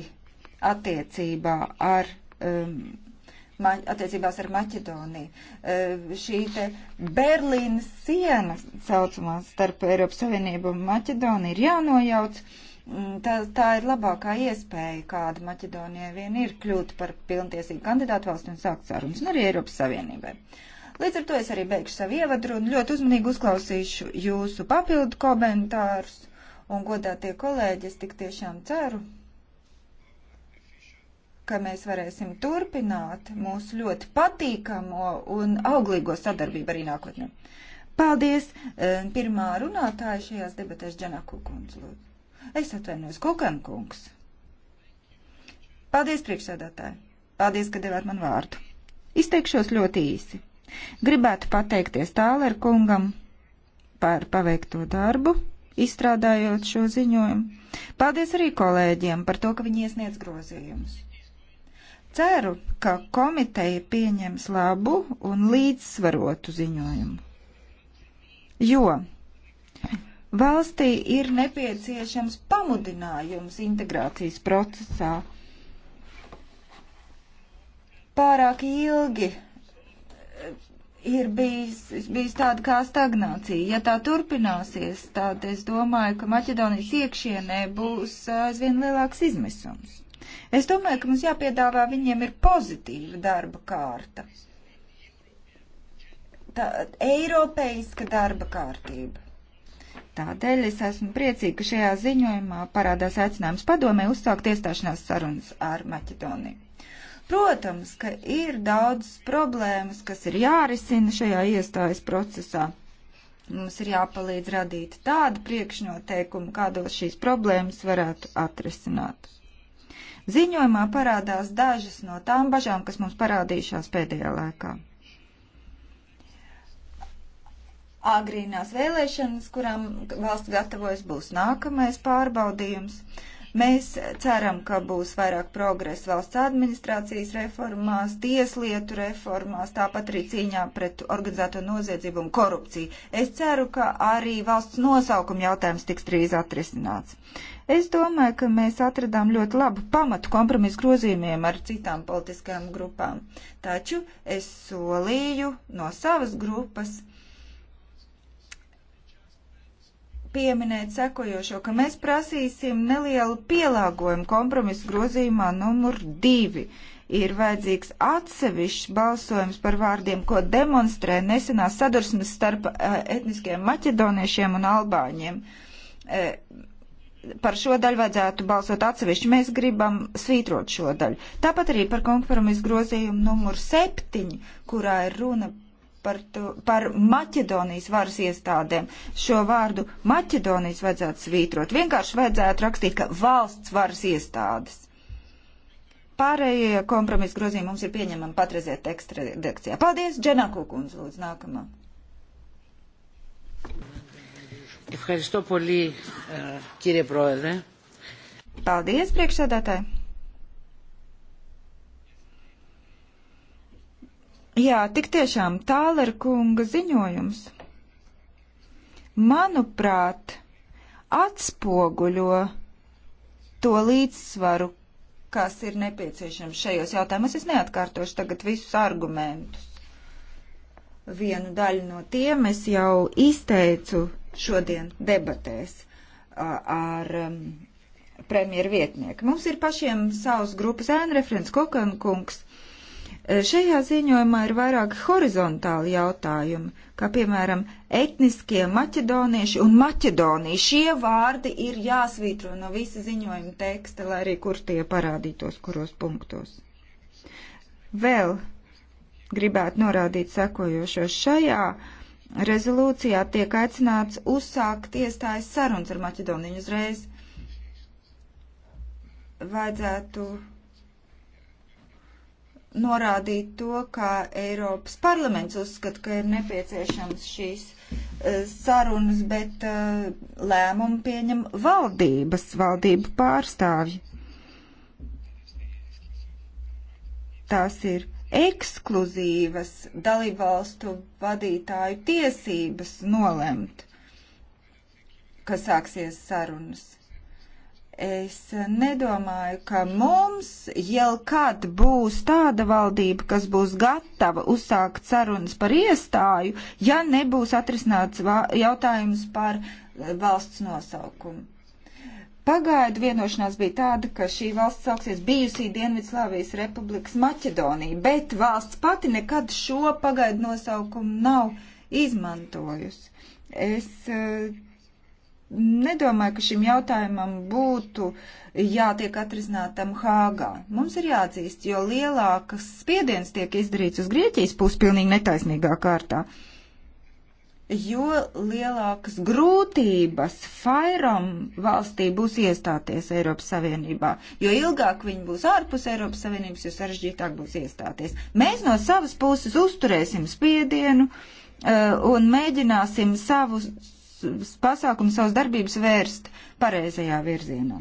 attiecībā ar um, attiecībās ar Maķedoniju. E, šī te Berlīnas siena saucamā starp Eiropas Savienību un Maķedoniju ir jānojauc. Mm, tā, tā ir labākā iespēja, kāda Maķedonijai vien ir kļūt par pilntiesīgu kandidātu valsti un sākt sarunas, un arī Eiropas Savienībai. Līdz ar to es arī beigšu savu ievadu un ļoti uzmanīgi uzklausīšu jūsu papildu komentārus. Un godātie kolēģi, es tik tiešām ceru, ka mēs varēsim turpināt mūsu ļoti patīkamo un auglīgo sadarbību arī nākotnē. Paldies! E, pirmā runātāja šajās debatēs Džanaku kundze. Es atvainojos, Kukan kungs. Paldies, priekšsēdētāji! Paldies, ka devāt man vārdu. Izteikšos ļoti īsi. Gribētu pateikties Tāler kungam par paveikto darbu, izstrādājot šo ziņojumu. Paldies arī kolēģiem par to, ka viņi iesniedz grozījumus. Ceru, ka komiteja pieņems labu un līdzsvarotu ziņojumu, jo valstī ir nepieciešams pamudinājums integrācijas procesā. Pārāk ilgi eh, ir bijis, bijis tāda kā stagnācija. Ja tā turpināsies, tad es domāju, ka Maķedonijas iekšienē būs eh, aizvien lielāks izmisums. Es domāju, ka mums jāpiedāvā viņiem ir pozitīva darba kārta. Tā Eiropeiska darba kārtība. Tādēļ es esmu priecīga, ka šajā ziņojumā parādās aicinājums padomē uzsākt iestāšanās sarunas ar Maķedoniju. Protams, ka ir daudz problēmas, kas ir jārisina šajā iestājas procesā. Mums ir jāpalīdz radīt tādu priekšnoteikumu, kādos šīs problēmas varētu atrisināt. Ziņojumā parādās dažas no tām bažām, kas mums parādījušās pēdējā laikā. Agrīnās vēlēšanas, kurām valsts gatavojas, būs nākamais pārbaudījums. Mēs ceram, ka būs vairāk progresa valsts administrācijas reformās, tieslietu reformās, tāpat arī cīņā pret organizēto noziedzību un korupciju. Es ceru, ka arī valsts nosaukuma jautājums tiks drīz atrisināts. Es domāju, ka mēs atradām ļoti labu pamatu kompromisu grozījumiem ar citām politiskajām grupām. Taču es solīju no savas grupas pieminēt sekojošo, ka mēs prasīsim nelielu pielāgojumu kompromisu grozījumā numur divi. Ir vajadzīgs atsevišķs balsojums par vārdiem, ko demonstrē nesenās sadursmes starp eh, etniskiem maķedoniešiem un albāņiem. Eh, par šo daļu vajadzētu balsot atsevišķi. Mēs gribam svītrot šo daļu. Tāpat arī par kompromisu grozījumu numur septiņi, kurā ir runa par, to, par Maķedonijas varas iestādēm. Šo vārdu Maķedonijas vajadzētu svītrot. Vienkārši vajadzētu rakstīt, ka valsts varas iestādes. Pārējie kompromisu grozījumi mums ir pieņemami patreizē teksta redakcijā. Paldies, Dženaku kundze, lūdzu, nākamā. Ευχαριστώ πολύ, κύριε Πρόεδρε. Paldies, priekšsēdētāji! Jā, tik tiešām tālera kunga ziņojums. Manuprāt, atspoguļo to līdzsvaru, kas ir nepieciešams šajos jautājumos. Es neatkārtošu tagad visus argumentus. Vienu daļu no tiem es jau izteicu šodien debatēs ar um, premjeru vietnieku. Mums ir pašiem savas grupas ēnreferents Kokan kungs. E, šajā ziņojumā ir vairāk horizontāli jautājumi, kā piemēram etniskie maķedonieši un maķedonija. Šie vārdi ir jāsvītro no visa ziņojuma teksta, lai arī kur tie parādītos, kuros punktos. Vēl gribētu norādīt sekojošo šajā uh, rezolūcijā tiek aicināts uzsākt iestājas sarunas ar Maķedoniju uzreiz. Vajadzētu norādīt to, ka Eiropas parlaments uzskata, ka ir nepieciešams šīs eh, sarunas, bet eh, lēmumu pieņem valdības, valdību pārstāvji. Tās ir ekskluzīvas dalībvalstu vadītāju tiesības nolemt, ka sāksies sarunas. Es nedomāju, ka mums jau kad būs tāda valdība, kas būs gatava uzsākt sarunas par iestāju, ja nebūs atrisināts jautājums par valsts nosaukumu. Pagaidu vienošanās bija tāda, ka šī valsts sauksies bijusī Dienvidslāvijas republikas Maķedonija, bet valsts pati nekad šo pagaidu nosaukumu nav izmantojusi. Es eh, nedomāju, ka šim jautājumam būtu jātiek atrisinātam Hāgā. Mums ir jāatzīst, jo lielākas spiediens tiek izdarīts uz Grieķijas pusi pilnīgi netaisnīgā kārtā. Uh, jo lielākas grūtības Fairam valstī būs iestāties Eiropas Savienībā, jo ilgāk viņi būs ārpus Eiropas Savienības, jo sarežģītāk būs iestāties. Mēs no savas puses uzturēsim spiedienu uh, un mēģināsim savus pasākumus, savus darbības vērst pareizajā virzienā.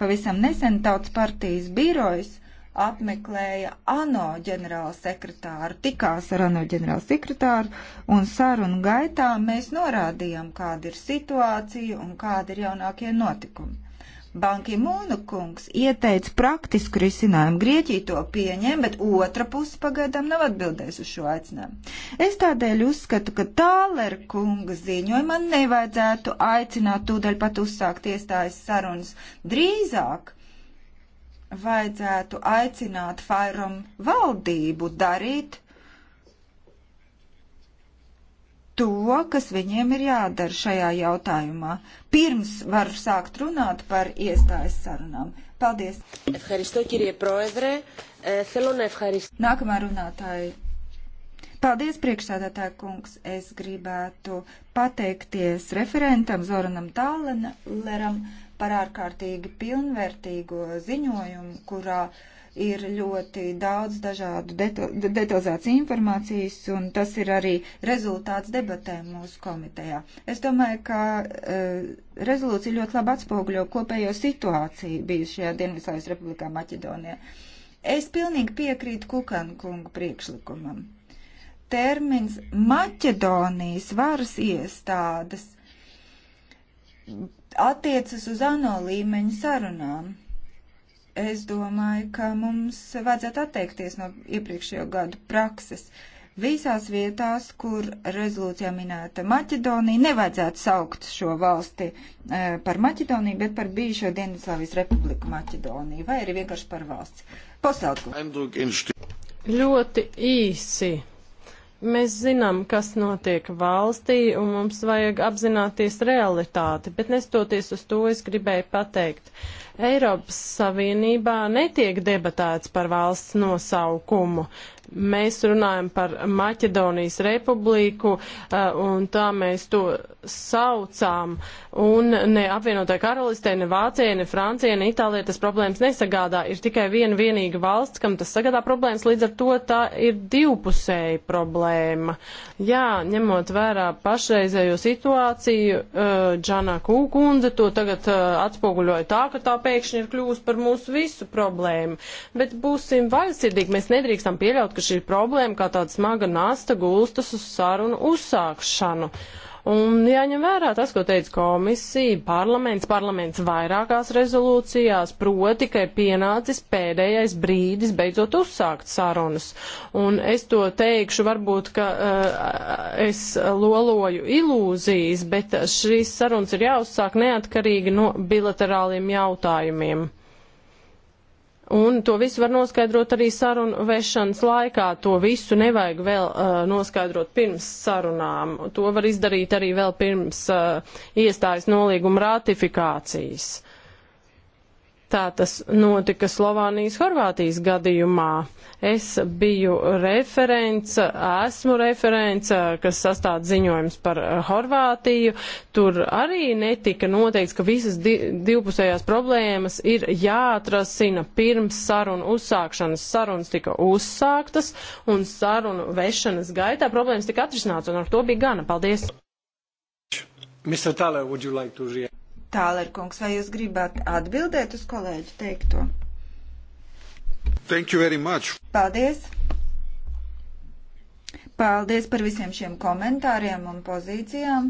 Pavisam nesen Tautas partijas birojas apmeklēja ANO ģenerālsekretāru, tikās ar ANO ģenerālsekretāru, un sarunu gaitā mēs norādījām, kāda ir situācija un kāda ir jaunākie notikumi. Banki Mūna kungs ieteica praktisku risinājumu. Grieķija to pieņem, bet otra puse pagaidām nav atbildējusi uz šo aicinājumu. Es tādēļ uzskatu, ka Tāler kunga ziņojumā nevajadzētu aicināt tūdaļ pat uzsākt iestājas sarunas. Drīzāk vajadzētu aicināt Fairam valdību darīt to, kas viņiem ir jādara šajā jautājumā. Pirms varu sākt runāt par iestājas sarunām. Paldies! Nākamā runātāja. Paldies, priekšsēdētāja kungs. Es gribētu pateikties referentam Zoranam Tāleneram par ārkārtīgi pilnvērtīgo ziņojumu, kurā ir ļoti daudz dažādu deto, detalizētas informācijas, un tas ir arī rezultāts debatēm mūsu komitejā. Es domāju, ka e, rezolūcija ļoti labi atspoguļo kopējo situāciju bijušajā Dienvidslāvijas republikā Maķedonijā. Es pilnīgi piekrītu Kukan kungu priekšlikumam. Termins Maķedonijas varas iestādes attiecas uz ANO līmeņa sarunām. Es domāju, ka mums vajadzētu atteikties no iepriekšējo gadu prakses. Visās vietās, kur rezolūcijā minēta Maķedonija, nevajadzētu saukt šo valsti e, par Maķedoniju, bet par bijušo Dienvidslāvijas republiku Maķedoniju, vai arī vienkārši par valsts. Posauklu. Ļoti īsi. Mēs zinām, kas notiek valstī, un mums vajag apzināties realitāti, bet nestoties uz to, es gribēju pateikt, Eiropas Savienībā netiek debatēts par valsts nosaukumu. Mēs runājam par Maķedonijas republiku, eh, un tā mēs to saucām. Un ne apvienotā karalistē, ne Vācijai, ne Francijai, ne Itālijai tas problēmas nesagādā. Ir tikai viena vienīga valsts, kam tas sagādā problēmas, līdz ar to tā ir divpusēja problēma. Jā, ņemot vērā pašreizējo situāciju, eh, Džana Kūkundze to tagad eh, atspoguļoja tā, ka tā pēkšņi ir kļūst par mūsu visu problēmu. Bet būsim vaļsirdīgi, mēs nedrīkstam pieļaut, ka šī problēma kā tāda smaga nasta gulstas uz sarunu uzsākšanu. Un jāņem vērā tas, ko teica komisija, parlaments, parlaments vairākās rezolūcijās, proti, ka ir pienācis pēdējais brīdis beidzot uzsākt sarunas. Un es to teikšu, varbūt, ka uh, es loloju ilūzijas, bet šīs sarunas ir jāuzsāk neatkarīgi no bilaterāliem jautājumiem. Un to visu var noskaidrot arī sarunu vešanas laikā. To visu nevajag vēl uh, noskaidrot pirms sarunām. To var izdarīt arī vēl pirms uh, iestājas nolīguma ratifikācijas. Tā tas notika Slovānijas-Horvātijas gadījumā. Es biju referents, esmu referents, kas sastāv ziņojums par Horvātiju. Tur arī netika noteikts, ka visas di divpusējās problēmas ir jāatrasina pirms sarunu uzsākšanas. Sarunas tika uzsāktas un sarunu vešanas gaitā problēmas tika atrisināts, un ar to bija gana. Paldies! Mr. Tāler, would you like to react? Tāler kungs, vai jūs gribat atbildēt uz kolēģi teikto? Thank you very much. Paldies! Paldies par visiem šiem komentāriem un pozīcijām.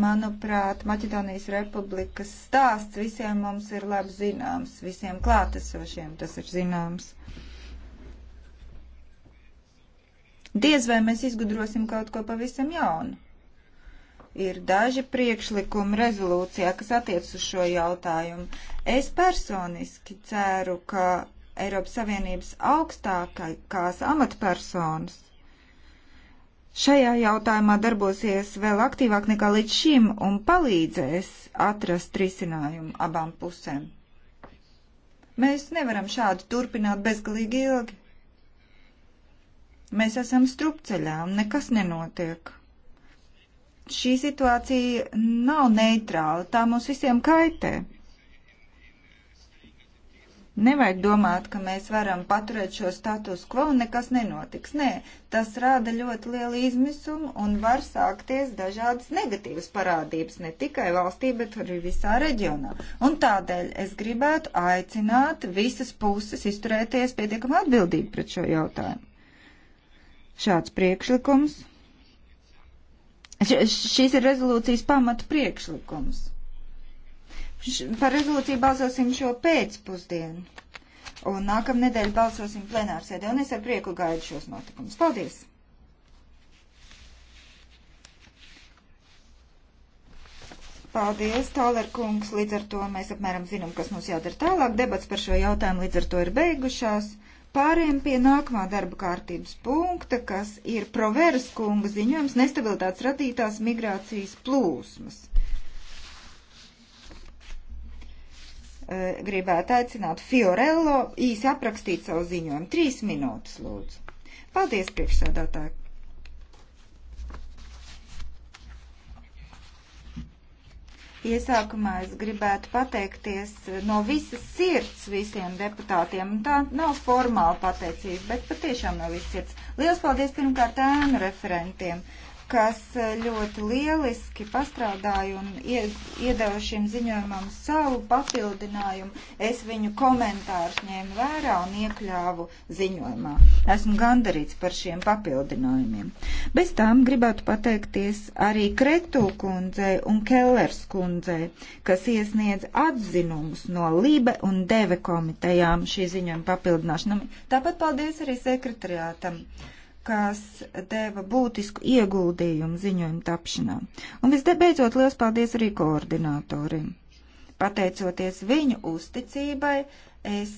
Manuprāt, Maķedonijas republikas stāsts visiem mums ir labi zināms, visiem klātesošiem tas ir zināms. Diez vai mēs izgudrosim kaut ko pavisam jaunu ir daži priekšlikumi rezolūcijā, kas attiec uz šo jautājumu. Es personiski ceru, ka Eiropas Savienības augstākās amatpersonas šajā jautājumā darbosies vēl aktīvāk nekā līdz šim un palīdzēs atrast risinājumu abām pusēm. Mēs nevaram šādi turpināt bezgalīgi ilgi. Mēs esam strupceļā un nekas nenotiek šī situācija nav neitrāla, tā mums visiem kaitē. Nevajag domāt, ka mēs varam paturēt šo status quo un nekas nenotiks. Nē, tas rada ļoti lielu izmisumu un var sākties dažādas negatīvas parādības ne tikai valstī, bet arī visā reģionā. Un tādēļ es gribētu aicināt visas puses izturēties pietiekami atbildīgi pret šo jautājumu. Šāds priekšlikums Šīs ir rezolūcijas pamata priekšlikums. Par rezolūciju balsosim šo pēcpusdienu. Un nākamnedēļ balsosim plenārsēdē. Un es ar prieku gaidu šos notikumus. Paldies! Paldies, Tāler kungs. Līdz ar to mēs apmēram zinām, kas mums jādara tālāk. Debats par šo jautājumu līdz ar to ir beigušās. Pāriem pie nākamā darba kārtības punkta, kas ir Proveras kunga ziņojums nestabilitātes radītās migrācijas plūsmas. Gribētu aicināt Fiorello īsi aprakstīt savu ziņojumu. Trīs minūtes, lūdzu. Paldies, priekšsēdētāji Iesākumā es gribētu pateikties eh, no visas sirds visiem deputātiem. Tā nav formāla pateicība, bet patiešām no visas sirds. Lielas paldies pirmkārt ēnu referentiem. Uh, kas e, ļoti lieliski pastrādāja un iedeva šim ziņojumam savu papildinājumu. Es viņu komentārus ņēmu vērā un iekļāvu ziņojumā. Esmu gandarīts par šiem papildinājumiem. Bez tām gribētu pateikties arī Kretu kundzei un Kellers kundzei, kas iesniedz atzinumus no Lībe un Deve komitejām šī ziņojuma papildināšanam. Tāpat paldies arī sekretariātam. Thank you kas deva būtisku ieguldījumu ziņojumu tapšanā. Un visbeidzot, liels paldies arī koordinātorim. Pateicoties viņu uzticībai, es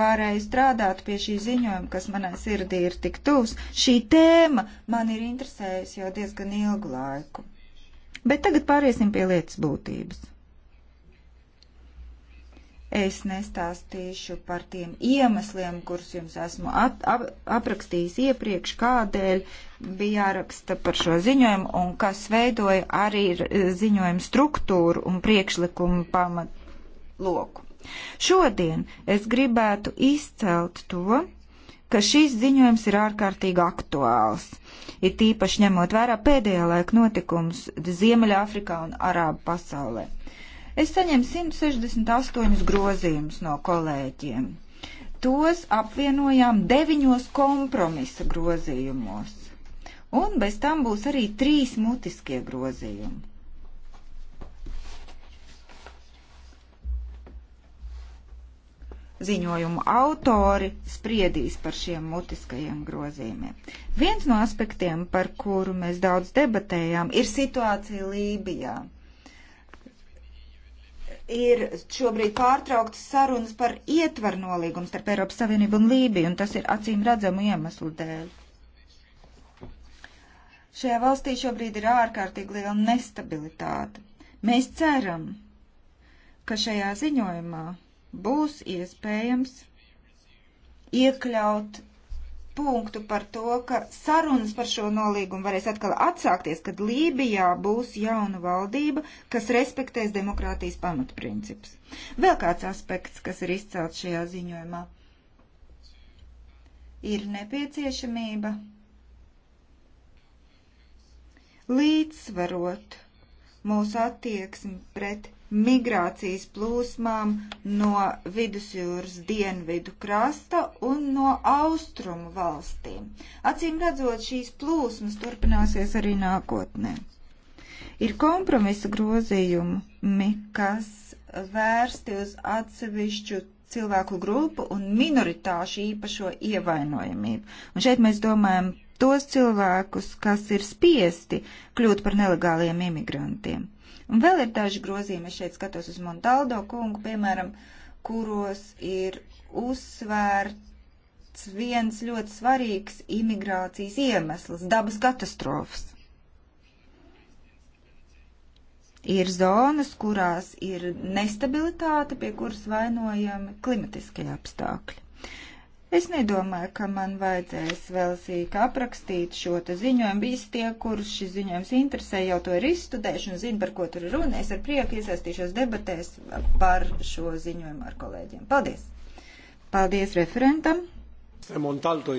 varēju strādāt pie šī ziņojuma, kas manā sirdī ir tik tuvs. Šī tēma man ir interesējusi jau diezgan ilgu laiku. Bet tagad pāriesim pie lietas būtības. Es nestāstīšu par tiem iemesliem, kurus jums esmu at, ap, aprakstījis iepriekš, kādēļ bija jāraksta par šo ziņojumu un kas veidoja arī ziņojumu struktūru un priekšlikumu pamatloku. Šodien es gribētu izcelt to, ka šīs ziņojums ir ārkārtīgi aktuāls, ir tīpaši ņemot vērā pēdējā laika notikums Ziemeļāfrikā un Arābu pasaulē. Es saņemu 168 grozījumus no kolēģiem. Tos apvienojām deviņos kompromisa grozījumos. Un bez tam būs arī trīs mutiskie grozījumi. ziņojumu autori spriedīs par šiem mutiskajiem grozījumiem. Viens no aspektiem, par kuru mēs daudz debatējām, ir situācija Lībijā ir šobrīd pārtrauktas sarunas par ietvaru nolīgumu starp Eiropas Savienību un Lībiju, un tas ir acīm redzamu iemeslu dēļ. Šajā valstī šobrīd ir ārkārtīgi liela nestabilitāte. Mēs ceram, ka šajā ziņojumā būs iespējams iekļaut punktu par to, ka sarunas par šo nolīgumu varēs atkal atsākties, kad Lībijā būs jauna valdība, kas respektēs demokrātijas pamatprincips. Vēl kāds aspekts, kas ir izcelts šajā ziņojumā, ir nepieciešamība līdzsvarot mūsu attieksmi pret migrācijas plūsmām no vidusjūras dienvidu krasta un no austrumu valstīm. Acīm redzot, šīs plūsmas turpināsies arī nākotnē. Ir kompromisa grozījumi, kas vērsti uz atsevišķu cilvēku grupu un minoritāšu īpašo ievainojamību. Un šeit mēs domājam tos cilvēkus, kas ir spiesti kļūt par nelegāliem imigrantiem. Un vēl ir daži grozījumi, es šeit skatos uz Montaldo kungu, piemēram, kuros ir uzsvērts viens ļoti svarīgs imigrācijas iemesls - dabas katastrofas. Ir zonas, kurās ir nestabilitāte, pie kuras vainojami klimatiskie apstākļi. Es nedomāju, ka man vajadzēs vēl sīk aprakstīt šo te ziņojumu. Visi tie, kurus šis ziņojums interesē, jau to ir izstudējuši un zina, par ko tur ir runa. Es ar prieku iesaistīšos debatēs par šo ziņojumu ar kolēģiem. Paldies! Paldies referentam! Montalto,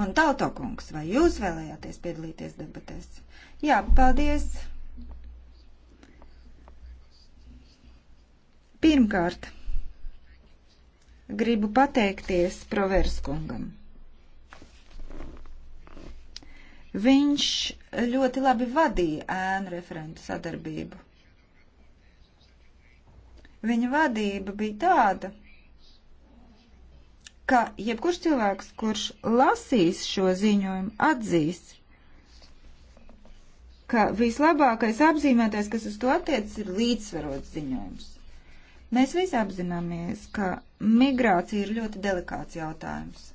Montalto kungs, vai jūs vēlējāties piedalīties debatēs? Jā, paldies. Pirmkārt, gribu pateikties Proverskungam. Viņš ļoti labi vadīja ēnu referentu sadarbību. Viņa vadība bija tāda, ka jebkurš cilvēks, kurš lasīs šo ziņojumu, atzīs, ka vislabākais apzīmētais, kas uz to attiecas, ir līdzsvarots ziņojums. Mēs visi apzināmies, ka migrācija ir ļoti delikāts jautājums.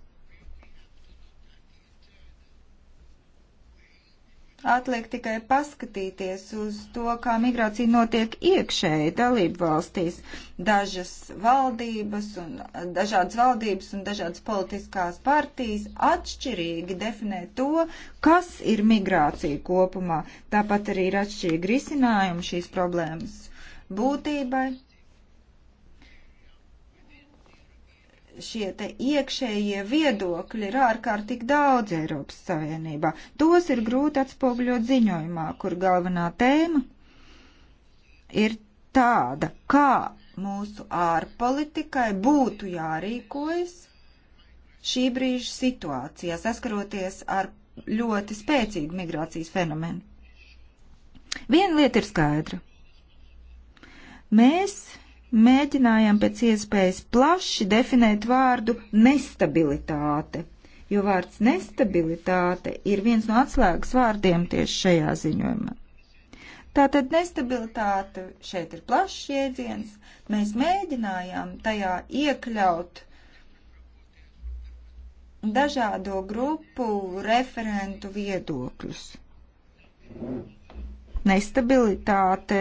Atliek tikai paskatīties uz to, kā migrācija notiek iekšēji dalību valstīs. Dažas valdības un dažādas valdības un dažādas politiskās partijas atšķirīgi definē to, kas ir migrācija kopumā. Tāpat arī ir atšķirīgi risinājumi šīs problēmas būtībai šie te iekšējie viedokļi ir ārkārtīgi daudz Eiropas Savienībā. Tos ir grūti atspoguļot ziņojumā, kur galvenā tēma ir tāda, kā mūsu ārpolitikai būtu jārīkojas šī brīža situācijā, saskaroties ar ļoti spēcīgu migrācijas fenomenu. Viena lieta ir skaidra. Mēs mēģinājām pēc iespējas plaši definēt vārdu nestabilitāte, jo vārds nestabilitāte ir viens no atslēgas vārdiem tieši šajā ziņojumā. Tātad nestabilitāte šeit ir plašs jēdziens. Mēs mēģinājām tajā iekļaut dažādo grupu referentu viedokļus. Nestabilitāte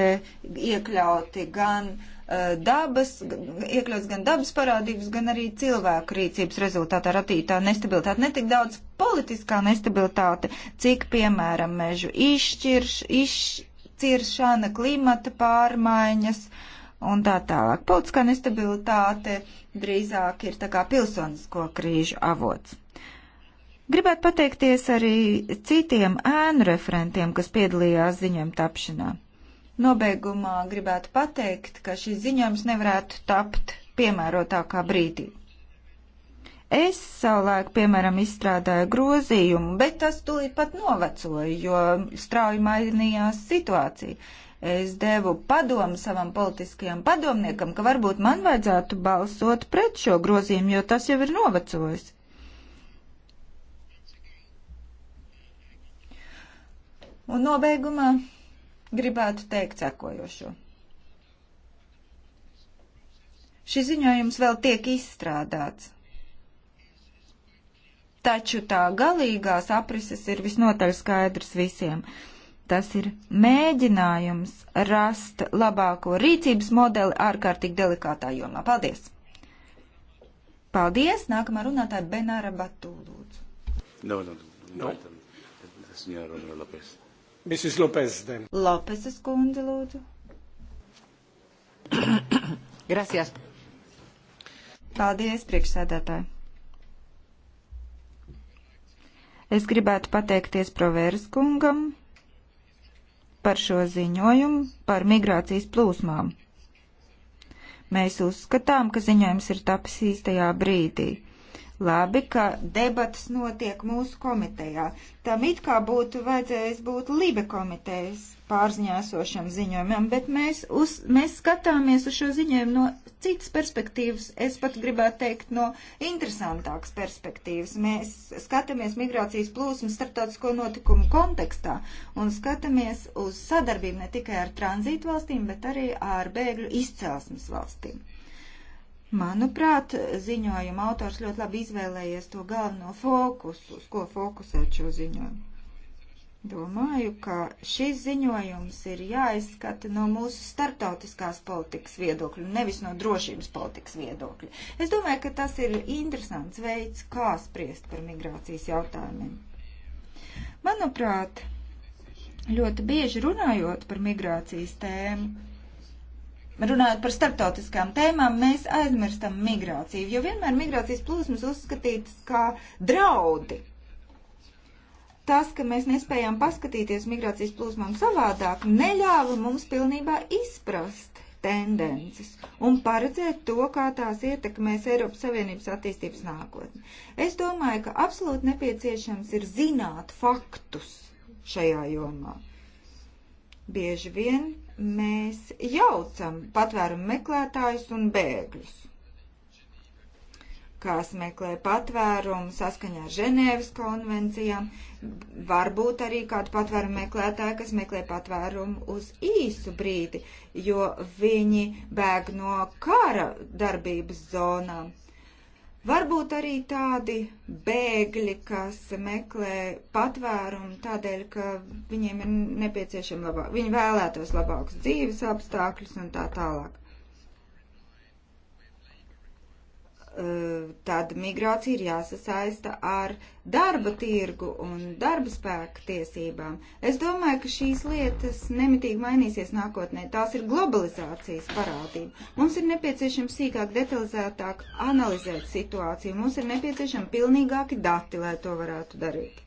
iekļauti gan uh, Eh, dabas, iekļauts gan dabas parādības, gan arī cilvēku rīcības rezultātā radītā nestabilitāte. Netik daudz politiskā nestabilitāte, cik, piemēram, mežu izšķirš, izšķiršana, klimata pārmaiņas un tā tālāk. Politiskā nestabilitāte drīzāk ir tā kā pilsonisko krīžu avots. Gribētu pateikties arī citiem ēnu referentiem, kas piedalījās ziņojuma tapšanā. Nobeigumā gribētu pateikt, ka šis ziņojums nevarētu tapt piemērotākā brīdī. Es savulaik, piemēram, izstrādāju grozījumu, bet tas tūlīt pat novecoja, jo strauji mainījās situācija. Es devu padomu savam politiskajam padomniekam, ka varbūt man vajadzētu balsot pret šo grozījumu, jo tas jau ir novecojis. Un nobeigumā gribētu teikt sekojošo. Šis ziņojums vēl tiek izstrādāts, taču tā galīgās aprises ir visnotaļ skaidrs visiem. Tas ir mēģinājums rast labāko rīcības modeli ārkārtīgi delikātā jomā. Paldies! Paldies! Nākamā runātāja Benāra Batū, lūdzu. No, no, no. no. no. Mrs. Lopez, then. Lopezes kundze, lūdzu. (coughs) Gracias. Paldies, priekšsēdētāji. Es gribētu pateikties Provērs kungam par šo ziņojumu par migrācijas plūsmām. Mēs uzskatām, ka ziņojums ir tapis īstajā brīdī. Labi, ka debatas notiek mūsu komitejā. Tam it kā būtu vajadzējis būt Libe komitejas pārziņāsošam ziņojumam, bet mēs, uz, mēs skatāmies uz šo ziņojumu no citas perspektīvas, es pat gribētu teikt no interesantākas perspektīvas. Mēs skatāmies migrācijas plūsmas starptautisko notikumu kontekstā un skatāmies uz sadarbību ne tikai ar tranzītu valstīm, bet arī ar bēgļu izcelsmes valstīm. Manuprāt, ziņojuma autors ļoti labi izvēlējies to galveno fokusu, uz ko fokusēt šo ziņojumu. Domāju, ka šis ziņojums ir jāizskata no mūsu startautiskās politikas viedokļa, nevis no drošības politikas viedokļa. Es domāju, ka tas ir interesants veids, kā spriest par migrācijas jautājumiem. Manuprāt, ļoti bieži runājot par migrācijas tēmu, Runājot par starptautiskām tēmām, mēs aizmirstam migrāciju, jo vienmēr migrācijas plūsmas uzskatītas kā draudi. Tas, ka mēs nespējām paskatīties migrācijas plūsmām savādāk, neļāva mums pilnībā izprast tendences un paredzēt to, kā tās ietekmēs Eiropas Savienības attīstības nākotni. Es domāju, ka absolūti nepieciešams ir zināt faktus šajā jomā. Bieži vien mēs jaucam patvērumu meklētājus un bēgļus, kas meklē patvērumu saskaņā ar Ženēvas konvencijām, varbūt arī kādu patvērumu meklētāju, kas meklē patvērumu uz īsu brīdi, jo viņi bēg no kara darbības zonām. Varbūt arī tādi bēgļi, kas meklē patvērumu tādēļ, ka viņiem ir nepieciešama labāk, viņi vēlētos labākus dzīves apstākļus un tā tālāk. Eh, tad migrācija ir jāsasaista ar darba tirgu un darba spēka tiesībām. Es domāju, ka šīs lietas nemitīgi mainīsies nākotnē. Tās ir globalizācijas parādība. Mums ir nepieciešams sīkāk, detalizētāk analizēt situāciju. Mums ir nepieciešami pilnīgāki dati, lai to varētu darīt.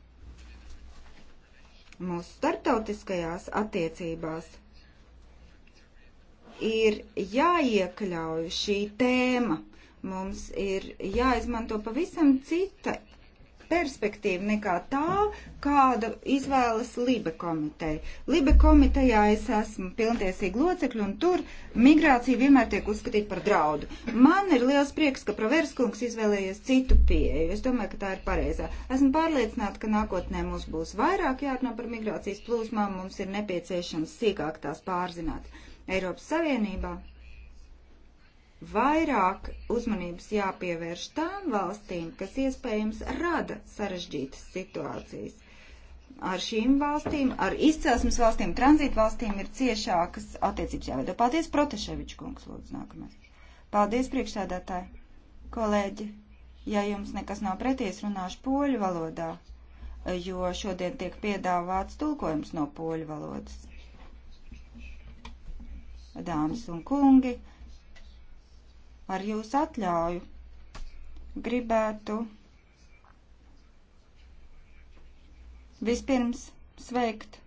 Mūsu starptautiskajās attiecībās ir jāiekļauj šī tēma Mums ir jāizmanto pavisam cita perspektīva nekā tā, kāda izvēlas Libe komiteja. Libe komitejā es esmu pilntiesīgi locekļi, un tur migrācija vienmēr tiek uzskatīta par draudu. Man ir liels prieks, ka Praverskungs izvēlējies citu pieeju. Es domāju, ka tā ir pareizā. Esmu pārliecināta, ka nākotnē mums būs vairāk jārunā par migrācijas plūsmām, mums ir nepieciešams sīkāk tās pārzināt Eiropas Savienībā vairāk uzmanības jāpievērš tām valstīm, kas iespējams rada sarežģītas situācijas. Ar šīm valstīm, ar izcelsmes valstīm, tranzītu valstīm ir ciešākas attiecības jāveido. Paldies, Proteševičs kungs, lūdzu, nākamais. Paldies, priekšsēdētāji. Kolēģi, ja jums nekas nav preties, runāšu poļu valodā, jo šodien tiek piedāvāts tulkojums no poļu valodas. Dāmas un kungi, Ar jūsu atļauju gribētu vispirms sveikt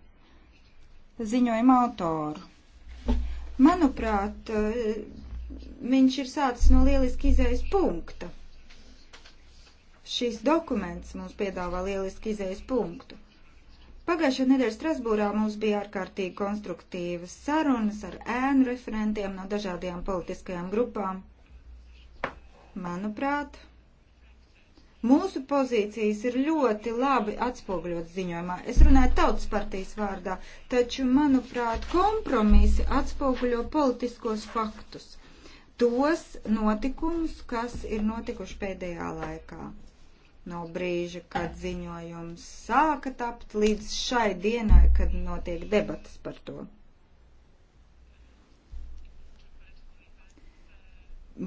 ziņojuma autoru. Manuprāt, viņš ir sācis no lieliski izējas punkta. Šis dokuments mums piedāvā lieliski izējas punktu. Pagājušajā nedēļā Strasbūrā mums bija ārkārtīgi konstruktīvas sarunas ar ēnu referentiem no dažādajām politiskajām grupām. Manuprāt, mūsu pozīcijas ir ļoti labi atspoguļotas ziņojumā. Es runāju tautas partijas vārdā, taču, manuprāt, kompromisi atspoguļo politiskos faktus, tos notikumus, kas ir notikuši pēdējā laikā no brīža, kad ziņojums sāka tapt, līdz šai dienai, kad notiek debatas par to.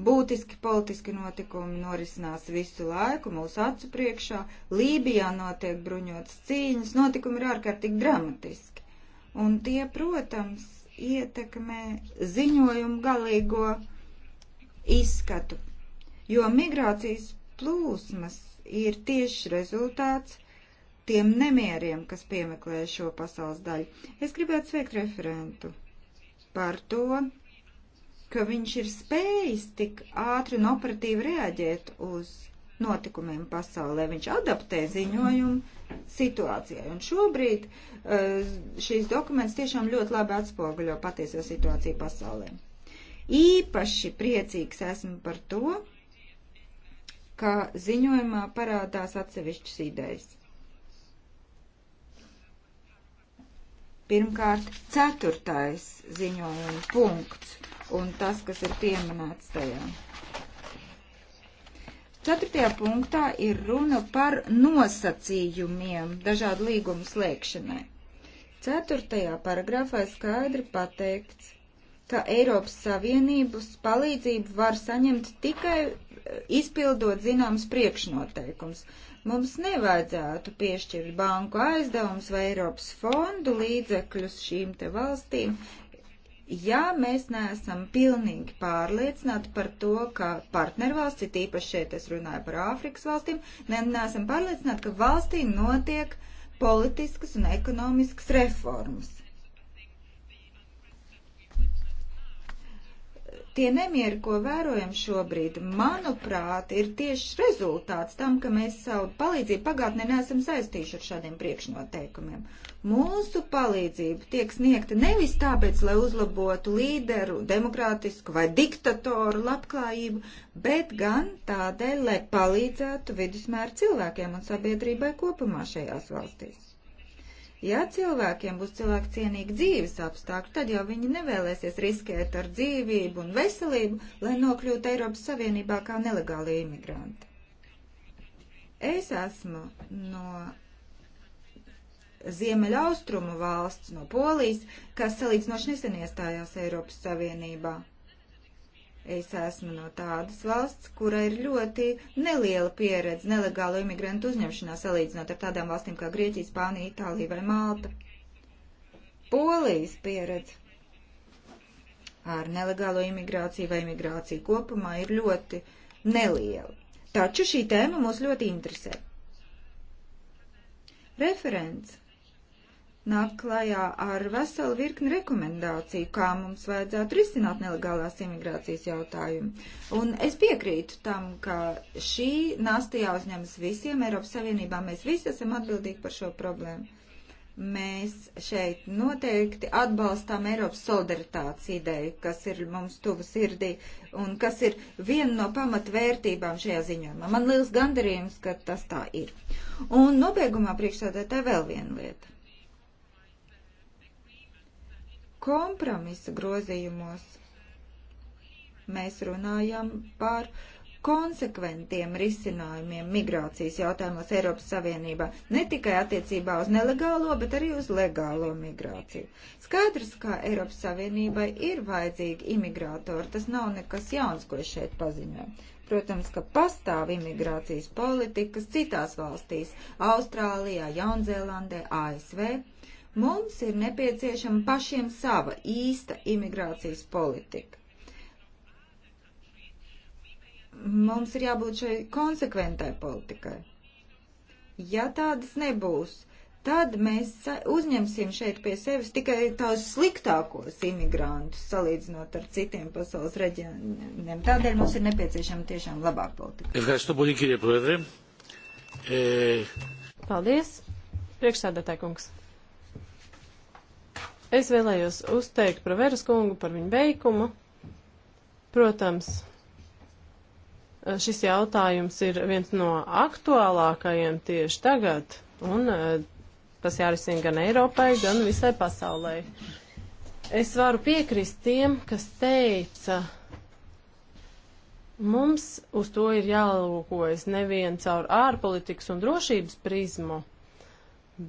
Būtiski politiski notikumi norisinās visu laiku mūsu acu priekšā. Lībijā notiek bruņotas cīņas, notikumi ir ārkārtīgi dramatiski. Un tie, protams, ietekmē ziņojumu galīgo izskatu, jo migrācijas plūsmas ir tieši rezultāts tiem nemieriem, kas piemeklē šo pasaules daļu. Es gribētu sveikt referentu par to, ka viņš ir spējis tik ātri un operatīvi reaģēt uz notikumiem pasaulē. Viņš adaptē ziņojumu situācijai. Un šobrīd eh, šīs dokuments tiešām ļoti labi atspoguļo patieso situāciju pasaulē. Īpaši priecīgs esmu par to, ka ziņojumā parādās atsevišķas idejas. Pirmkārt, ceturtais ziņojuma punkts un tas, kas ir pieminēts tajā. Ceturtajā punktā ir runa par nosacījumiem dažādu līgumu slēgšanai. Ceturtajā paragrāfā skaidri pateikts, ka Eiropas Savienības palīdzību var saņemt tikai eh, izpildot zināmas priekšnoteikums. Mums nevajadzētu piešķirt banku aizdevumus vai Eiropas fondu līdzekļus šīm te valstīm, ja mēs neesam pilnīgi pārliecināti par to, ka partnervalsts, it īpaši šeit es runāju par Āfrikas valstīm, ne, neesam pārliecināti, ka valstī notiek politiskas un ekonomiskas reformas. Tie nemieri, ko vērojam šobrīd, manuprāt, ir tieši rezultāts tam, ka mēs savu palīdzību pagātnē neesam saistījuši ar šādiem priekšnoteikumiem. Mūsu palīdzība tiek sniegta nevis tāpēc, lai uzlabotu līderu, demokrātisku vai diktatoru labklājību, bet gan tādēļ, lai palīdzētu vidusmēra cilvēkiem un sabiedrībai kopumā šajās valstīs. Ja cilvēkiem būs cilvēki cienīgi dzīves apstākļi, tad jau viņi nevēlēsies riskēt ar dzīvību un veselību, lai nokļūtu Eiropas Savienībā kā nelegāli imigranti. Es esmu no Ziemeļaustrumu valsts, no Polijas, kas salīdzinoši nesen iestājās Eiropas Savienībā. Es esmu no tādas valsts, kura ir ļoti neliela pieredze nelegālo imigrantu uzņemšanā salīdzinot ar tādām valstīm kā Grieķija, Spānija, Itālija vai Malta. Polijas pieredze ar nelegālo imigrāciju vai imigrāciju kopumā ir ļoti neliela. Taču šī tēma mūs ļoti interesē. Referents nāk klajā ar veselu virkni rekomendāciju, kā mums vajadzētu risināt nelegālās imigrācijas jautājumu. Un es piekrītu tam, ka šī nasta jāuzņemas visiem Eiropas Savienībā. Mēs visi esam atbildīgi par šo problēmu mēs šeit noteikti atbalstām Eiropas solidaritātes ideju, kas ir mums tuvu sirdī un kas ir viena no pamatvērtībām šajā ziņojumā. Man liels gandarījums, ka tas tā ir. Un nobeigumā priekšsēdētāji vēl viena lieta. kompromisa grozījumos mēs runājam par konsekventiem risinājumiem migrācijas jautājumos Eiropas Savienībā, ne tikai attiecībā uz nelegālo, bet arī uz legālo migrāciju. Skaidrs, ka Eiropas Savienībai ir vajadzīgi imigrātori, tas nav nekas jauns, ko šeit paziņoju. Protams, ka pastāv imigrācijas politikas citās valstīs - Austrālijā, Jaunzēlandē, ASV Mums ir nepieciešama pašiem sava īsta imigrācijas politika. Mums ir jābūt šai konsekventai politikai. Ja tādas nebūs, tad mēs uzņemsim šeit pie sevis tikai tās sliktākos imigrantus, salīdzinot ar citiem pasaules reģioniem. Tādēļ mums ir nepieciešama tiešām labāka politika. Paldies, priekšsēdētāji kungs. Es vēlējos uzteikt par Veras kungu, par viņu veikumu. Protams, e, šis jautājums ir viens no aktuālākajiem tieši tagad, un e, tas jārisina gan Eiropai, gan visai pasaulē. Es varu piekrist tiem, kas teica, mums uz to ir jālūkojas nevien caur ārpolitikas un drošības prizmu,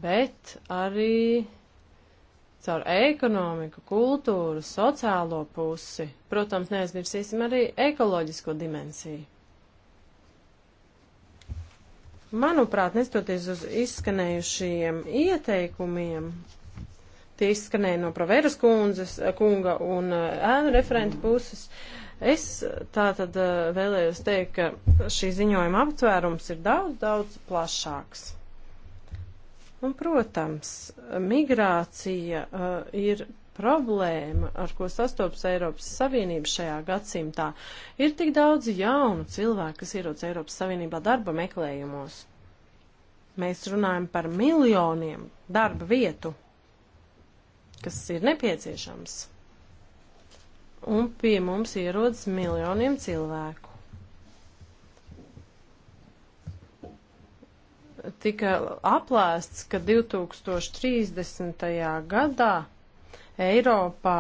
bet arī caur ekonomiku, kultūru, sociālo pusi. Protams, neaizmirsīsim arī ekoloģisko dimensiju. Manuprāt, nestoties uz izskanējušajiem ieteikumiem, tie izskanēja no Proveras kundzes, kunga un eh, ēnu referenta puses, es tā tad eh, vēlējos teikt, ka šī ziņojuma aptvērums ir daudz, daudz plašāks. Un, protams, migrācija uh, ir problēma, ar ko sastopas Eiropas Savienība šajā gadsimtā. Ir tik daudz jaunu cilvēku, kas ierodas Eiropas Savienībā darba meklējumos. Mēs runājam par miljoniem darba vietu, kas ir nepieciešams. Un pie mums ierodas miljoniem cilvēku. tika aplēsts, ka 2030. gadā Eiropā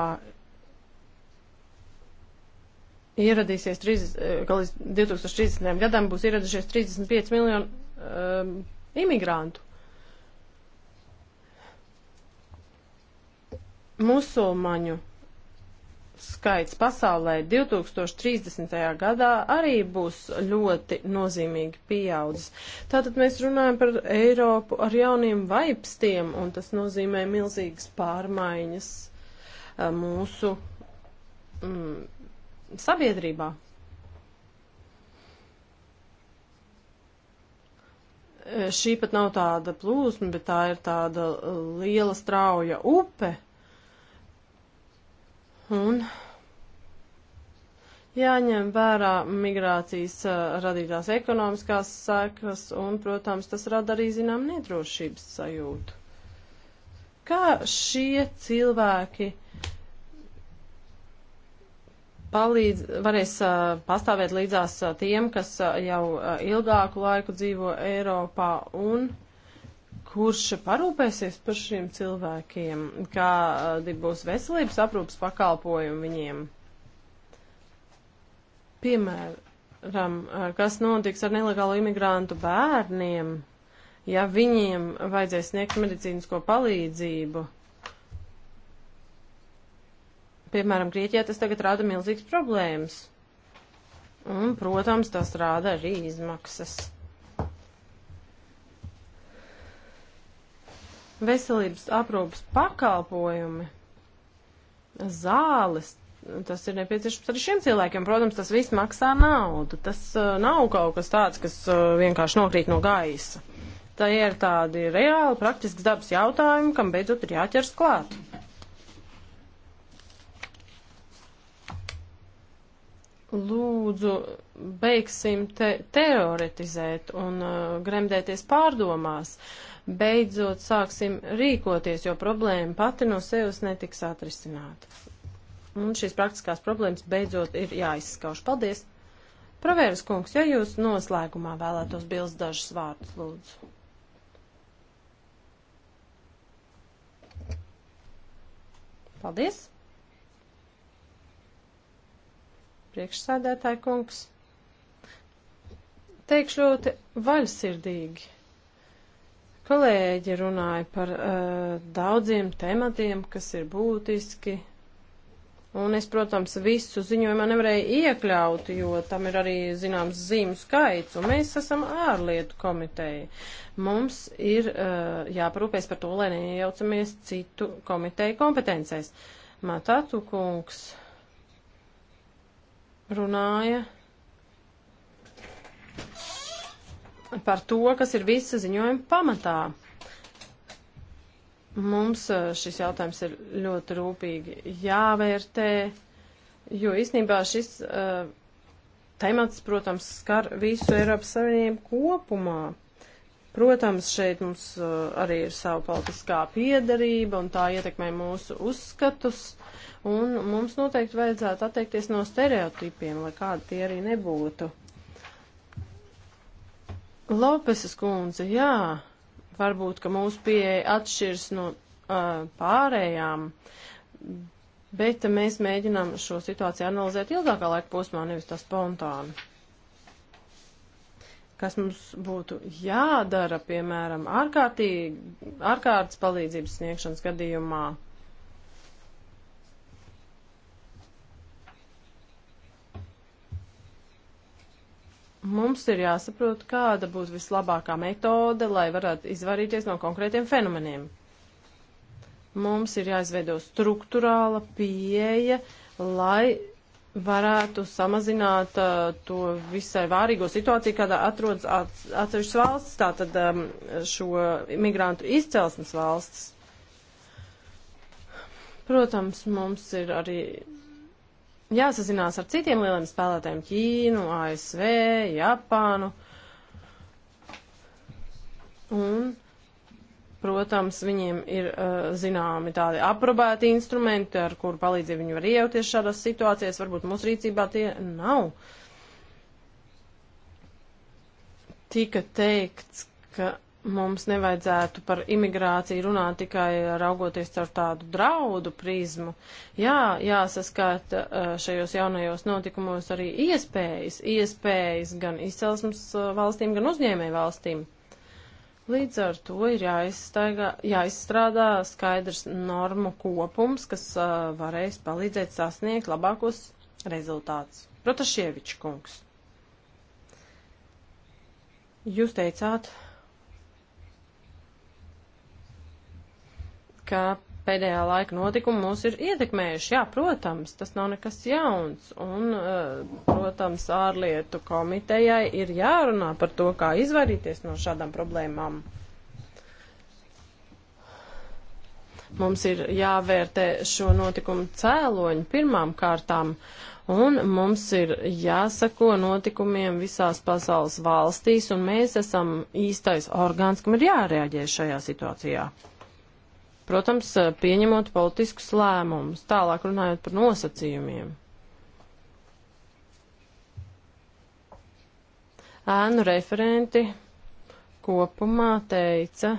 ieradīsies 30, ka līdz 2030. gadam būs ieradušies 35 miljonu um, imigrantu. Musulmaņu skaits pasaulē 2030. gadā arī būs ļoti nozīmīgi pieaudzis. Tātad mēs runājam par Eiropu ar jauniem vaipstiem, un tas nozīmē milzīgas pārmaiņas eh, mūsu mm, sabiedrībā. Eh, šī pat nav tāda plūsma, bet tā ir tāda eh, liela strauja upe, Un jāņem vērā migrācijas radītās ekonomiskās sekas un, protams, tas rada arī zinām nedrošības sajūtu. Kā šie cilvēki palīdz, varēs uh, pastāvēt līdzās uh, tiem, kas uh, jau ilgāku laiku dzīvo Eiropā un. Uh, kurš parūpēsies par šiem cilvēkiem, kādi eh, būs veselības aprūpas pakalpojumi viņiem. Piemēram, eh, kas notiks ar nelegālu imigrantu bērniem, ja viņiem vajadzēs sniegt medicīnisko palīdzību. Piemēram, Grieķijā tas tagad rada milzīgas problēmas. Un, protams, tas rada arī izmaksas. Veselības aprūpas pakalpojumi, zāles, tas ir nepieciešams arī šiem cilvēkiem. Protams, tas viss maksā naudu. Tas uh, nav kaut kas tāds, kas uh, vienkārši nokrīt no gaisa. Tā ir tādi reāli, praktiski dabas jautājumi, kam beidzot ir jāķers klāt. Lūdzu, beigsim te teoretizēt un uh, gremdēties pārdomās. Uh, beidzot sāksim rīkoties, jo problēma pati no sevis netiks atrisināta. Un šīs praktiskās problēmas beidzot ir jāizskauž. Paldies! Pravērs kungs, ja jūs noslēgumā vēlētos bildes dažas vārdus, lūdzu. Paldies! Priekšsēdētāji kungs. Teikšu ļoti vaļsirdīgi Kolēģi runāja par uh, daudziem tematiem, kas ir būtiski. Un es, protams, visu ziņojumā nevarēju iekļaut, jo tam ir arī zināms zīmju skaits, un mēs esam ārlietu komiteja. Mums ir uh, jāparūpēs par to, lai neiejaucamies citu komiteju kompetencēs. Matatu kungs runāja par to, kas ir visa ziņojuma pamatā. Mums eh, šis jautājums ir ļoti rūpīgi jāvērtē, jo īstenībā šis uh, temats, protams, skar visu Eiropas Savienību kopumā. Protams, šeit mums eh, arī ir sava politiskā piedarība, un tā ietekmē mūsu uzskatus, un mums noteikti vajadzētu atteikties no stereotipiem, lai kādi tie arī nebūtu. Lopesas kundze, jā, varbūt, ka mūsu pieeja atšķirs no uh, pārējām, bet mēs mēģinām šo situāciju analizēt ilgākā laika posmā, nevis tā spontāni. Kas mums būtu jādara, piemēram, ārkārtīgi, ārkārtas palīdzības sniegšanas gadījumā? Mums ir jāsaprot, kāda būs vislabākā metode, lai varētu izvairīties no konkrētiem fenomeniem. Mums ir jāizveido struktūrāla pieeja, lai varētu samazināt uh, to visai vārīgo situāciju, kādā atrodas atsevišķas valsts, tātad um, šo migrantu izcelsmes valsts. Protams, mums ir arī jāsazinās ar citiem lieliem spēlētājiem - Ķīnu, ASV, Japānu. Un, protams, viņiem ir uh, zināmi tādi aprobēti instrumenti, ar kuru palīdzību viņi var iejauties šādās situācijās. Varbūt mūsu rīcībā tie nav. Tika teikts, ka mums nevajadzētu par imigrāciju runāt tikai raugoties caur tādu draudu prizmu. Jā, jāsaskata šajos jaunajos notikumos arī iespējas, iespējas gan izcelsmes valstīm, gan uzņēmēju valstīm. Līdz ar to ir jāizstrādā skaidrs normu kopums, kas uh, varēs palīdzēt sasniegt labākos rezultātus. Protašievičs kungs. Jūs teicāt, ka pēdējā laika notikumi mūs ir ietekmējuši. Jā, protams, tas nav nekas jauns. Un, eh, protams, ārlietu komitejai ir jārunā par to, kā izvairīties no šādām problēmām. Mums ir jāvērtē šo notikumu cēloņu pirmām kārtām, un mums ir jāsako notikumiem visās pasaules valstīs, un mēs esam īstais orgāns, kam ir jārēģē šajā situācijā protams, pieņemot politiskus lēmumus, tālāk runājot par nosacījumiem. Ēnu referenti kopumā teica,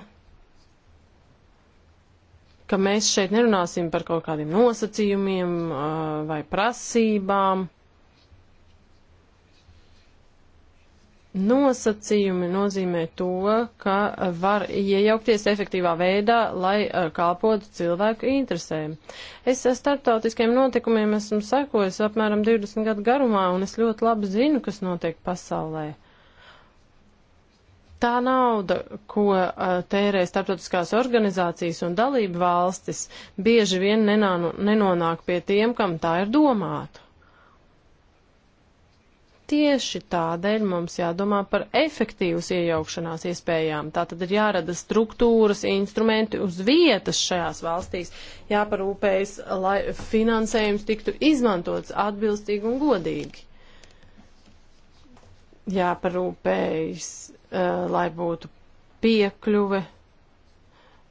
ka mēs šeit nerunāsim par kaut kādiem nosacījumiem vai prasībām. Nosacījumi nozīmē to, ka var iejaukties efektīvā veidā, lai eh, kalpotu cilvēku interesēm. Es starptautiskiem notikumiem esmu sekojis apmēram 20 gadu garumā, un es ļoti labi zinu, kas notiek pasaulē. Tā nauda, ko eh, tērē starptautiskās organizācijas un dalību valstis, bieži vien nenonāk pie tiem, kam tā ir domāta. Tieši tādēļ mums jādomā par efektīvas iejaukšanās iespējām. Tā tad ir jārada struktūras, instrumenti uz vietas šajās valstīs, jāparūpējas, lai finansējums tiktu izmantots atbilstīgi un godīgi. Jāparūpējas, eh, lai būtu piekļuve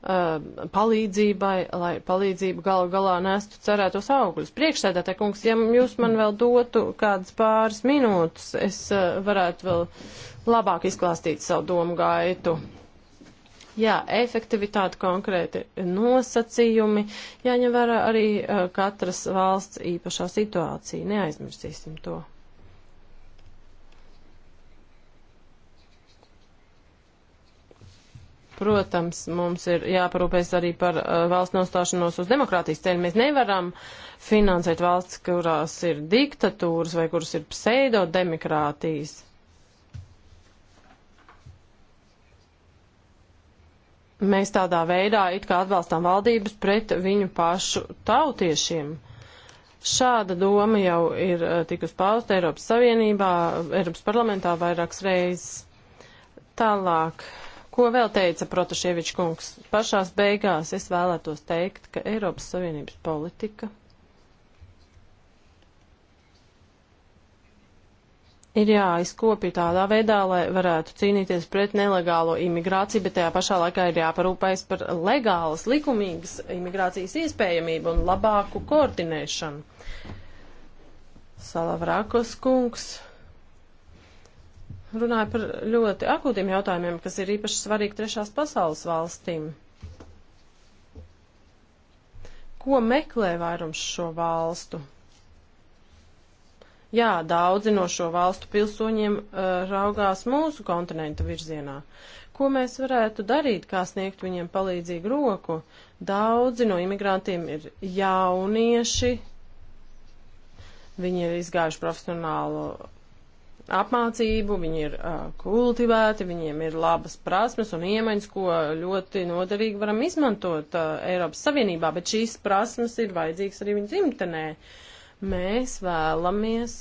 Uh, palīdzībai, lai palīdzība galu galā nestu cerētos augļus. Priekšsēdētāj, kungs, ja jūs man vēl dotu kādas pāris minūtes, es uh, varētu vēl labāk izklāstīt savu domu gaitu. Jā, efektivitāte konkrēti nosacījumi, jāņem vērā arī uh, katras valsts īpašā situācija. Neaizmirsīsim to. Protams, mums ir jāparūpēs arī par uh, valsts nostāšanos uz demokrātijas ceļu. Mēs nevaram finansēt valsts, kurās ir diktatūras vai kuras ir pseidodemokrātijas. Mēs tādā veidā it kā atbalstām valdības pret viņu pašu tautiešiem. Šāda doma jau ir uh, tikus pausta Eiropas Savienībā, Eiropas parlamentā vairākas reizes. Tālāk Ko vēl teica Protaševičs kungs? Pašās beigās es vēlētos teikt, ka Eiropas Savienības politika ir jāizkopja tādā veidā, lai varētu cīnīties pret nelegālo imigrāciju, bet tajā pašā laikā ir jāparūpējas par legālas, likumīgas imigrācijas iespējamību un labāku koordinēšanu. Salavrākos kungs runāja par ļoti akūtiem jautājumiem, kas ir īpaši svarīgi trešās pasaules valstīm. Ko meklē vairums šo valstu? Jā, daudzi no šo valstu pilsoņiem uh, raugās mūsu kontinentu virzienā. Ko mēs varētu darīt, kā sniegt viņiem palīdzīgu roku? Daudzi no imigrantiem ir jaunieši, viņi ir izgājuši profesionālo apmācību, viņi ir uh, kultivēti, viņiem ir labas prasmes un iemaņas, ko ļoti noderīgi varam izmantot uh, Eiropas Savienībā, bet šīs prasmes ir vajadzīgas arī viņu dzimtenē. Mēs vēlamies.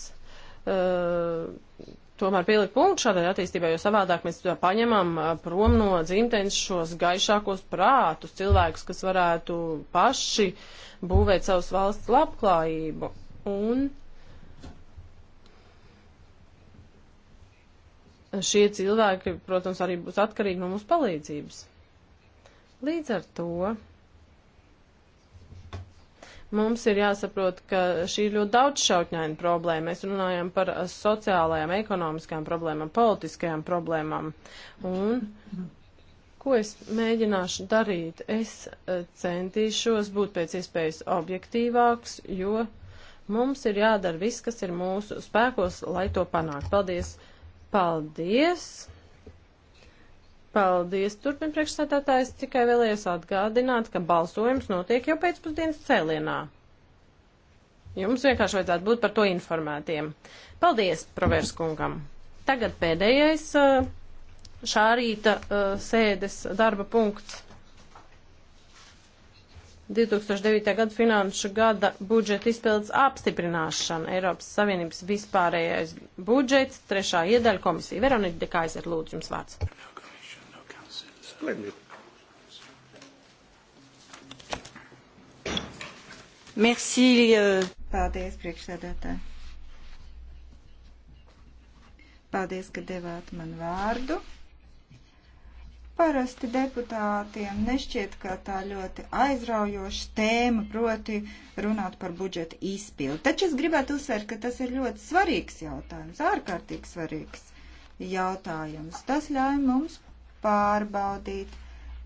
Uh, tomēr pielikt punktu šādai attīstībai, jo savādāk mēs paņemam prom no dzimtenes šos gaišākos prātus, cilvēkus, kas varētu paši būvēt savus valsts labklājību. Un šie cilvēki, protams, arī būs atkarīgi no mūsu palīdzības. Līdz ar to mums ir jāsaprot, ka šī ir ļoti daudzšķautņaina problēma. Mēs runājam par sociālajām, ekonomiskām problēmām, politiskajām problēmām. Un ko es mēģināšu darīt? Es eh, centīšos būt pēc iespējas objektīvāks, jo mums ir jādara viss, kas ir mūsu spēkos, lai to panāktu. Paldies! Paldies! Paldies, turpin priekšsētātājs. Tikai vēlējos atgādināt, ka balsojums notiek jau pēcpusdienas cēlienā. Jums vienkārši vajadzētu būt par to informētiem. Paldies, provērs kungam. Tagad pēdējais šā rīta sēdes darba punkts. 2009. gada finanšu gada budžeta izpildes apstiprināšana, Eiropas Savienības vispārējais budžets, trešā iedaļa komisija. Veronika Dekaiser, lūdzu, jums vārds. Merci. Euh. Paldies, priekšsēdētāji. Paldies, ka devāt man vārdu. Parasti deputātiem nešķiet, ka tā ļoti aizraujoša tēma, proti runāt par budžeta izpildu. Taču es gribētu uzsvērt, ka tas ir ļoti svarīgs jautājums, ārkārtīgi svarīgs jautājums. Tas ļauj mums pārbaudīt,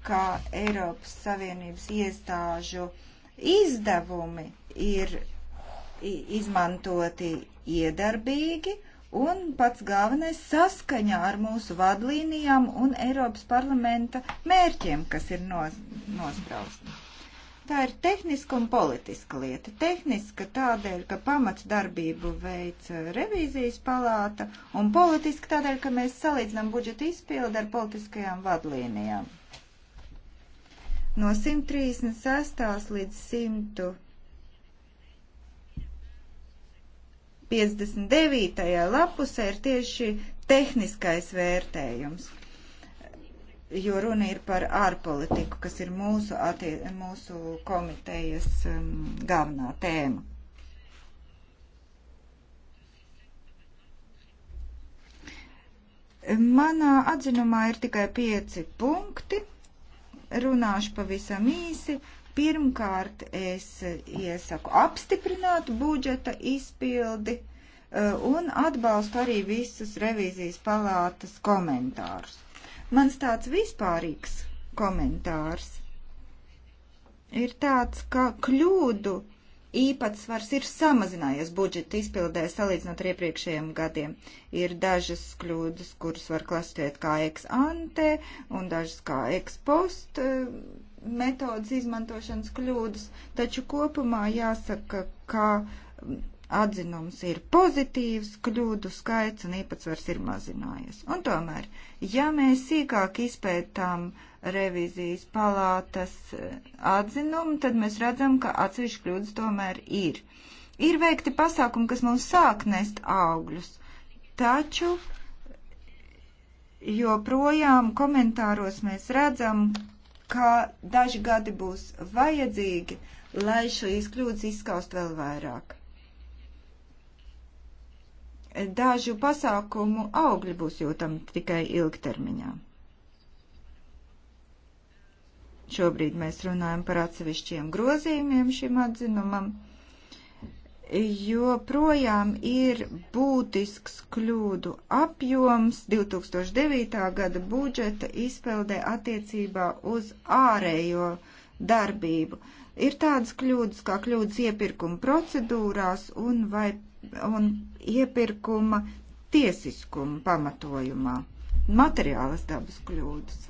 kā Eiropas Savienības iestāžu izdevumi ir izmantoti iedarbīgi un pats galvenais saskaņā ar mūsu vadlīnijām un Eiropas parlamenta mērķiem, kas ir nos, nosprausti. Tā ir tehniska un politiska lieta. Tehniska tādēļ, ka pamatdarbību veic revīzijas palāta, un politiska tādēļ, ka mēs salīdzinām budžeta izpildu ar politiskajām vadlīnijām. No 136. līdz 100. 59. lapusē ir tieši tehniskais vērtējums, jo runa ir par ārpolitiku, kas ir mūsu, attie, mūsu komitejas um, galvenā tēma. Manā atzinumā ir tikai pieci punkti. Runāšu pavisam īsi. Uh, Pirmkārt, es eh, iesaku apstiprināt budžeta izpildi eh, un atbalstu arī visus revīzijas palātas komentārus. Mans tāds vispārīgs komentārs ir tāds, ka kļūdu īpatsvars ir samazinājies budžeta izpildē salīdzinot ar iepriekšējiem gadiem. Ir dažas kļūdas, kuras var klasificēt kā ex ante un dažas kā ex post eh, metodas izmantošanas kļūdas, taču kopumā jāsaka, ka mm, atzinums ir pozitīvs, kļūdu skaits un īpatsvars ir mazinājies. Un tomēr, ja mēs sīkāk izpētām revizijas palātas eh, atzinumu, tad mēs redzam, ka atsevišķi kļūdas tomēr ir. Ir veikti pasākumi, kas mums sāk nest augļus, taču joprojām komentāros mēs redzam, ka daži gadi būs vajadzīgi, lai šīs kļūdas izskaust vēl vairāk. Dažu pasākumu augļi būs jūtami tikai ilgtermiņā. Šobrīd mēs runājam par atsevišķiem grozījumiem šim atzinumam joprojām ir būtisks kļūdu apjoms 2009. gada budžeta izpildē attiecībā uz ārējo darbību. Ir tādas kļūdas kā kļūdas iepirkuma procedūrās un, vai, un iepirkuma tiesiskuma pamatojumā, materiālas dabas kļūdas.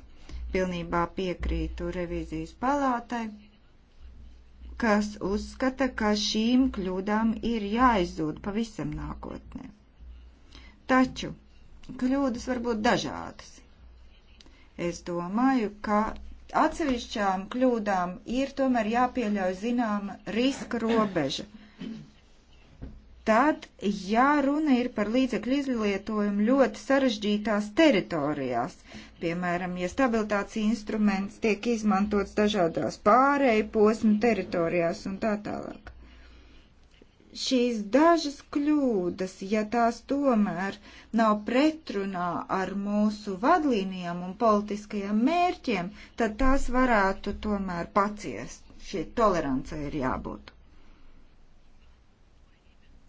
Pilnībā piekrītu revīzijas palātai kas uzskata, ka šīm kļūdām ir jāizzūd pavisam nākotnē. Taču kļūdas var būt dažādas. Es domāju, ka atsevišķām kļūdām ir tomēr jāpieļauj zināma riska robeža. Tad, ja runa ir par līdzekļu izlietojumu ļoti sarežģītās teritorijās, Piemēram, ja stabilitātes instruments tiek izmantots dažādās pārēju posmu teritorijās un tā tālāk. Šīs dažas kļūdas, ja tās tomēr nav pretrunā ar mūsu vadlīnijām un politiskajiem mērķiem, tad tās varētu tomēr paciest. Šī tolerance ir jābūt.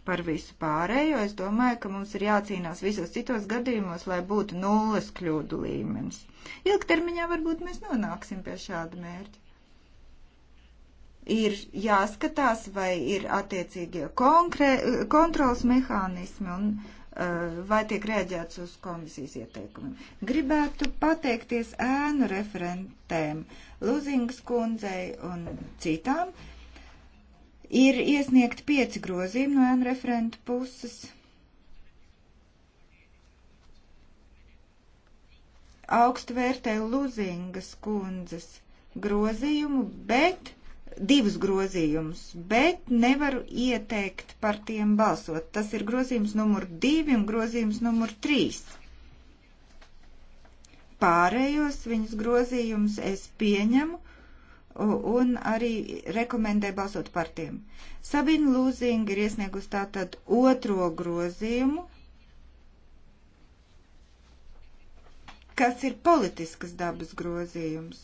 Par visu pārējo es domāju, ka mums ir jācīnās visos citos gadījumos, lai būtu nulles kļūdu līmenis. Ilgtermiņā varbūt mēs nonāksim pie šāda mērķa. Ir jāskatās, vai ir attiecīgie konkrē, kontrols mehānismi un uh, vai tiek rēģēts uz komisijas ieteikumiem. Gribētu pateikties ēnu referentēm Luzingas kundzei un citām. Uh, Ir iesniegti pieci grozījumi no ēnu referentu puses. Augstu vērtēju Luzingas kundzes grozījumu, bet divus grozījumus, bet nevaru ieteikt par tiem balsot. Tas ir grozījums numur divi un grozījums numur trīs. Pārējos viņas grozījumus es pieņemu un arī rekomendē balsot par tiem. Sabina Lūzinga ir iesniegusi tātad otro grozījumu, kas ir politiskas dabas grozījums.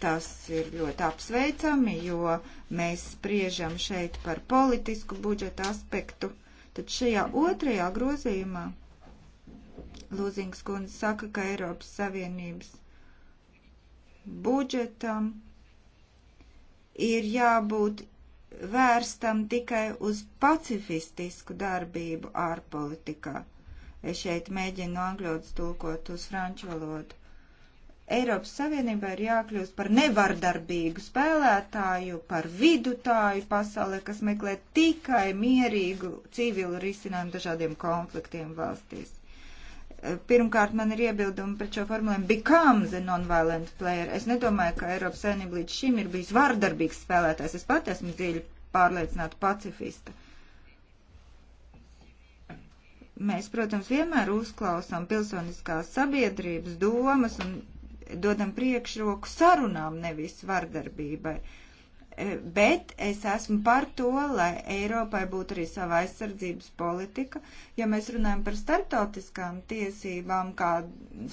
Tas ir ļoti apsveicami, jo mēs spriežam šeit par politisku budžeta aspektu. Tad šajā otrajā grozījumā Lūzingas kundze saka, ka Eiropas Savienības budžetam ir jābūt vērstam tikai uz pacifistisku darbību ārpolitikā. Es šeit mēģinu angļots tulkot uz franču valodu. Eiropas Savienībai ir jākļūst par nevardarbīgu spēlētāju, par vidutāju pasaulē, kas meklē tikai mierīgu civilu risinājumu dažādiem konfliktiem valstīs. Pirmkārt, man ir iebildumi pret šo formulējumu become the non-violent player. Es nedomāju, ka Eiropas saimnība līdz šim ir bijis vardarbīgs spēlētājs. Es pat esmu dziļi pārliecināta pacifista. Mēs, protams, vienmēr uzklausām pilsoniskās sabiedrības domas un dodam priekšroku sarunām, nevis vardarbībai. Uh, E, bet es esmu par to, lai Eiropai būtu arī sava aizsardzības politika. Ja mēs runājam par starptautiskām tiesībām, kā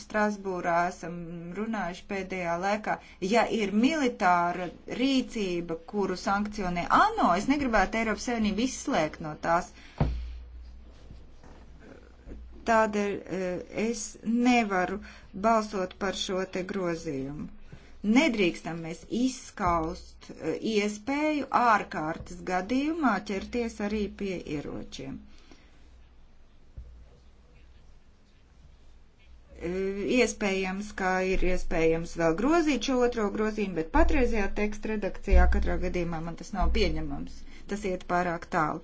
Strasbūrā esam runājuši pēdējā laikā, ja ir militāra rīcība, kuru sankcionē ANO, es negribētu Eiropas Savienību izslēgt no tās. Tādēļ e, es nevaru balsot par šo te grozījumu. Nedrīkstam mēs izskaust e, iespēju ārkārtas gadījumā ķerties arī pie ieročiem. E, iespējams, ka ir iespējams vēl grozīt šo otro grozījumu, bet patreizajā teksta redakcijā katrā gadījumā man tas nav pieņemams. Tas iet pārāk tālu.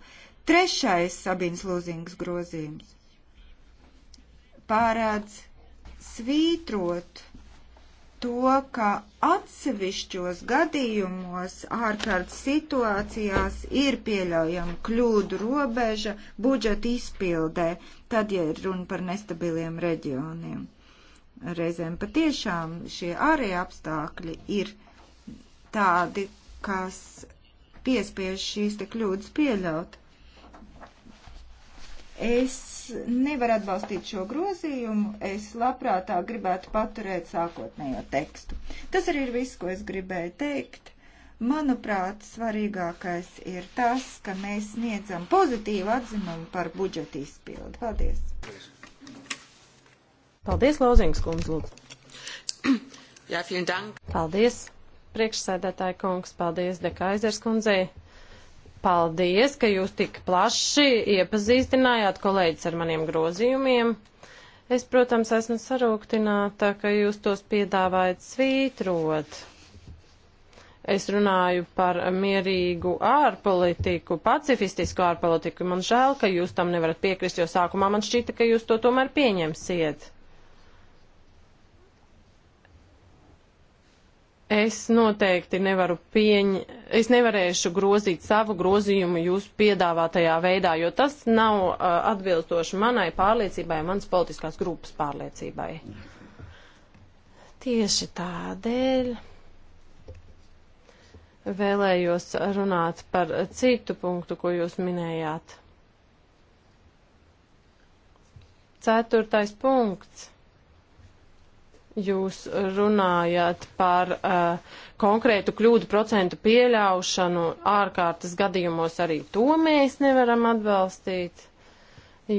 Trešais Sabīnas Lūzīngas grozījums pārādz svītrot to, ka atsevišķos gadījumos ārkārtas situācijās ir pieļaujama kļūdu robeža budžeta izpildē, tad, ja ir runa par nestabiliem reģioniem. Reizēm patiešām šie ārēji apstākļi ir tādi, kas piespiež šīs te kļūdas pieļaut. Es nevaru atbalstīt šo grozījumu, es labprāt tā gribētu paturēt sākotnējo tekstu. Tas arī ir viss, ko es gribēju teikt. Manuprāt, svarīgākais ir tas, ka mēs sniedzam pozitīvu atzinumu par budžeta izpildu. Paldies! Paldies, Lozings kundze, lūdzu! (clears throat) Jā, vielen dank! Paldies, priekšsēdētāja kungs, paldies Dekaizers kundzei! Paldies, ka jūs tik plaši iepazīstinājāt kolēģis ar maniem grozījumiem. Es, protams, esmu sarūktināta, ka jūs tos piedāvājat svītrot. Es runāju par mierīgu ārpolitiku, pacifistisku ārpolitiku. Man žēl, ka jūs tam nevarat piekrist, jo sākumā man šķita, ka jūs to tomēr pieņemsiet. Es noteikti nevaru pieņ... es nevarēšu grozīt savu grozījumu jūsu piedāvātajā veidā, jo tas nav uh, atbilstoši manai pārliecībai, manas politiskās grupas pārliecībai. Tieši tādēļ vēlējos runāt par citu punktu, ko jūs minējāt. Ceturtais punkts. Jūs runājat par uh, konkrētu kļūdu procentu pieļaušanu ārkārtas gadījumos arī to mēs nevaram atbalstīt,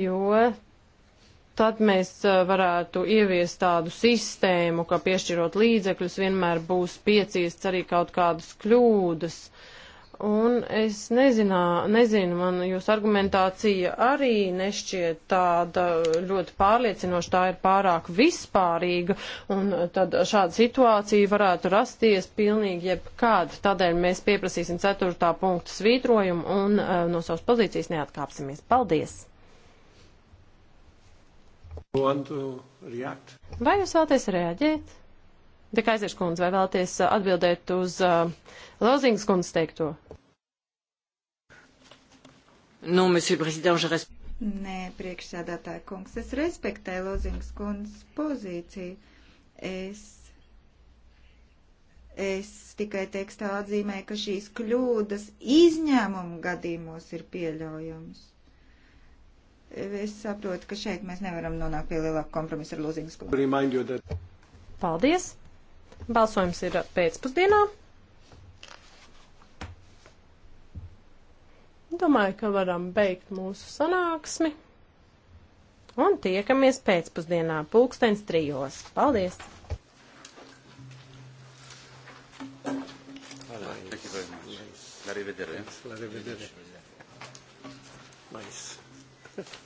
jo tad mēs eh, varētu ieviest tādu sistēmu, ka piešķirot līdzekļus vienmēr būs pieciests arī kaut kādas kļūdas. Uh, Un es nezinā, nezinu, man jūsu argumentācija arī nešķiet tāda ļoti pārliecinoša, tā ir pārāk vispārīga, un tad šāda situācija varētu rasties pilnīgi jebkād. Tādēļ mēs pieprasīsim ceturtā punktu svītrojumu un uh, no savas pozīcijas neatkāpsimies. Paldies! Vai jūs vēlaties reaģēt? Dekaizieškundze, vai vēlaties atbildēt uz uh, Lozingas kundzes teikto? Nu, monsieur le président, je respecte. Nē, priekšsēdētāja kungs, es respektēju Lozingas kundzes pozīciju. Es, es tikai tekstā atzīmēju, ka šīs kļūdas izņēmumu gadījumos ir pieļaujams. Es saprotu, ka šeit mēs nevaram nonākt pie lielāka kompromisa ar Lozingas kundzes. Paldies! Balsojums ir pēcpusdienā. Domāju, ka varam beigt mūsu sanāksmi un tiekamies pēcpusdienā pulkstens trijos. Paldies! Arrivederci. Arrivederci. Nice. (laughs)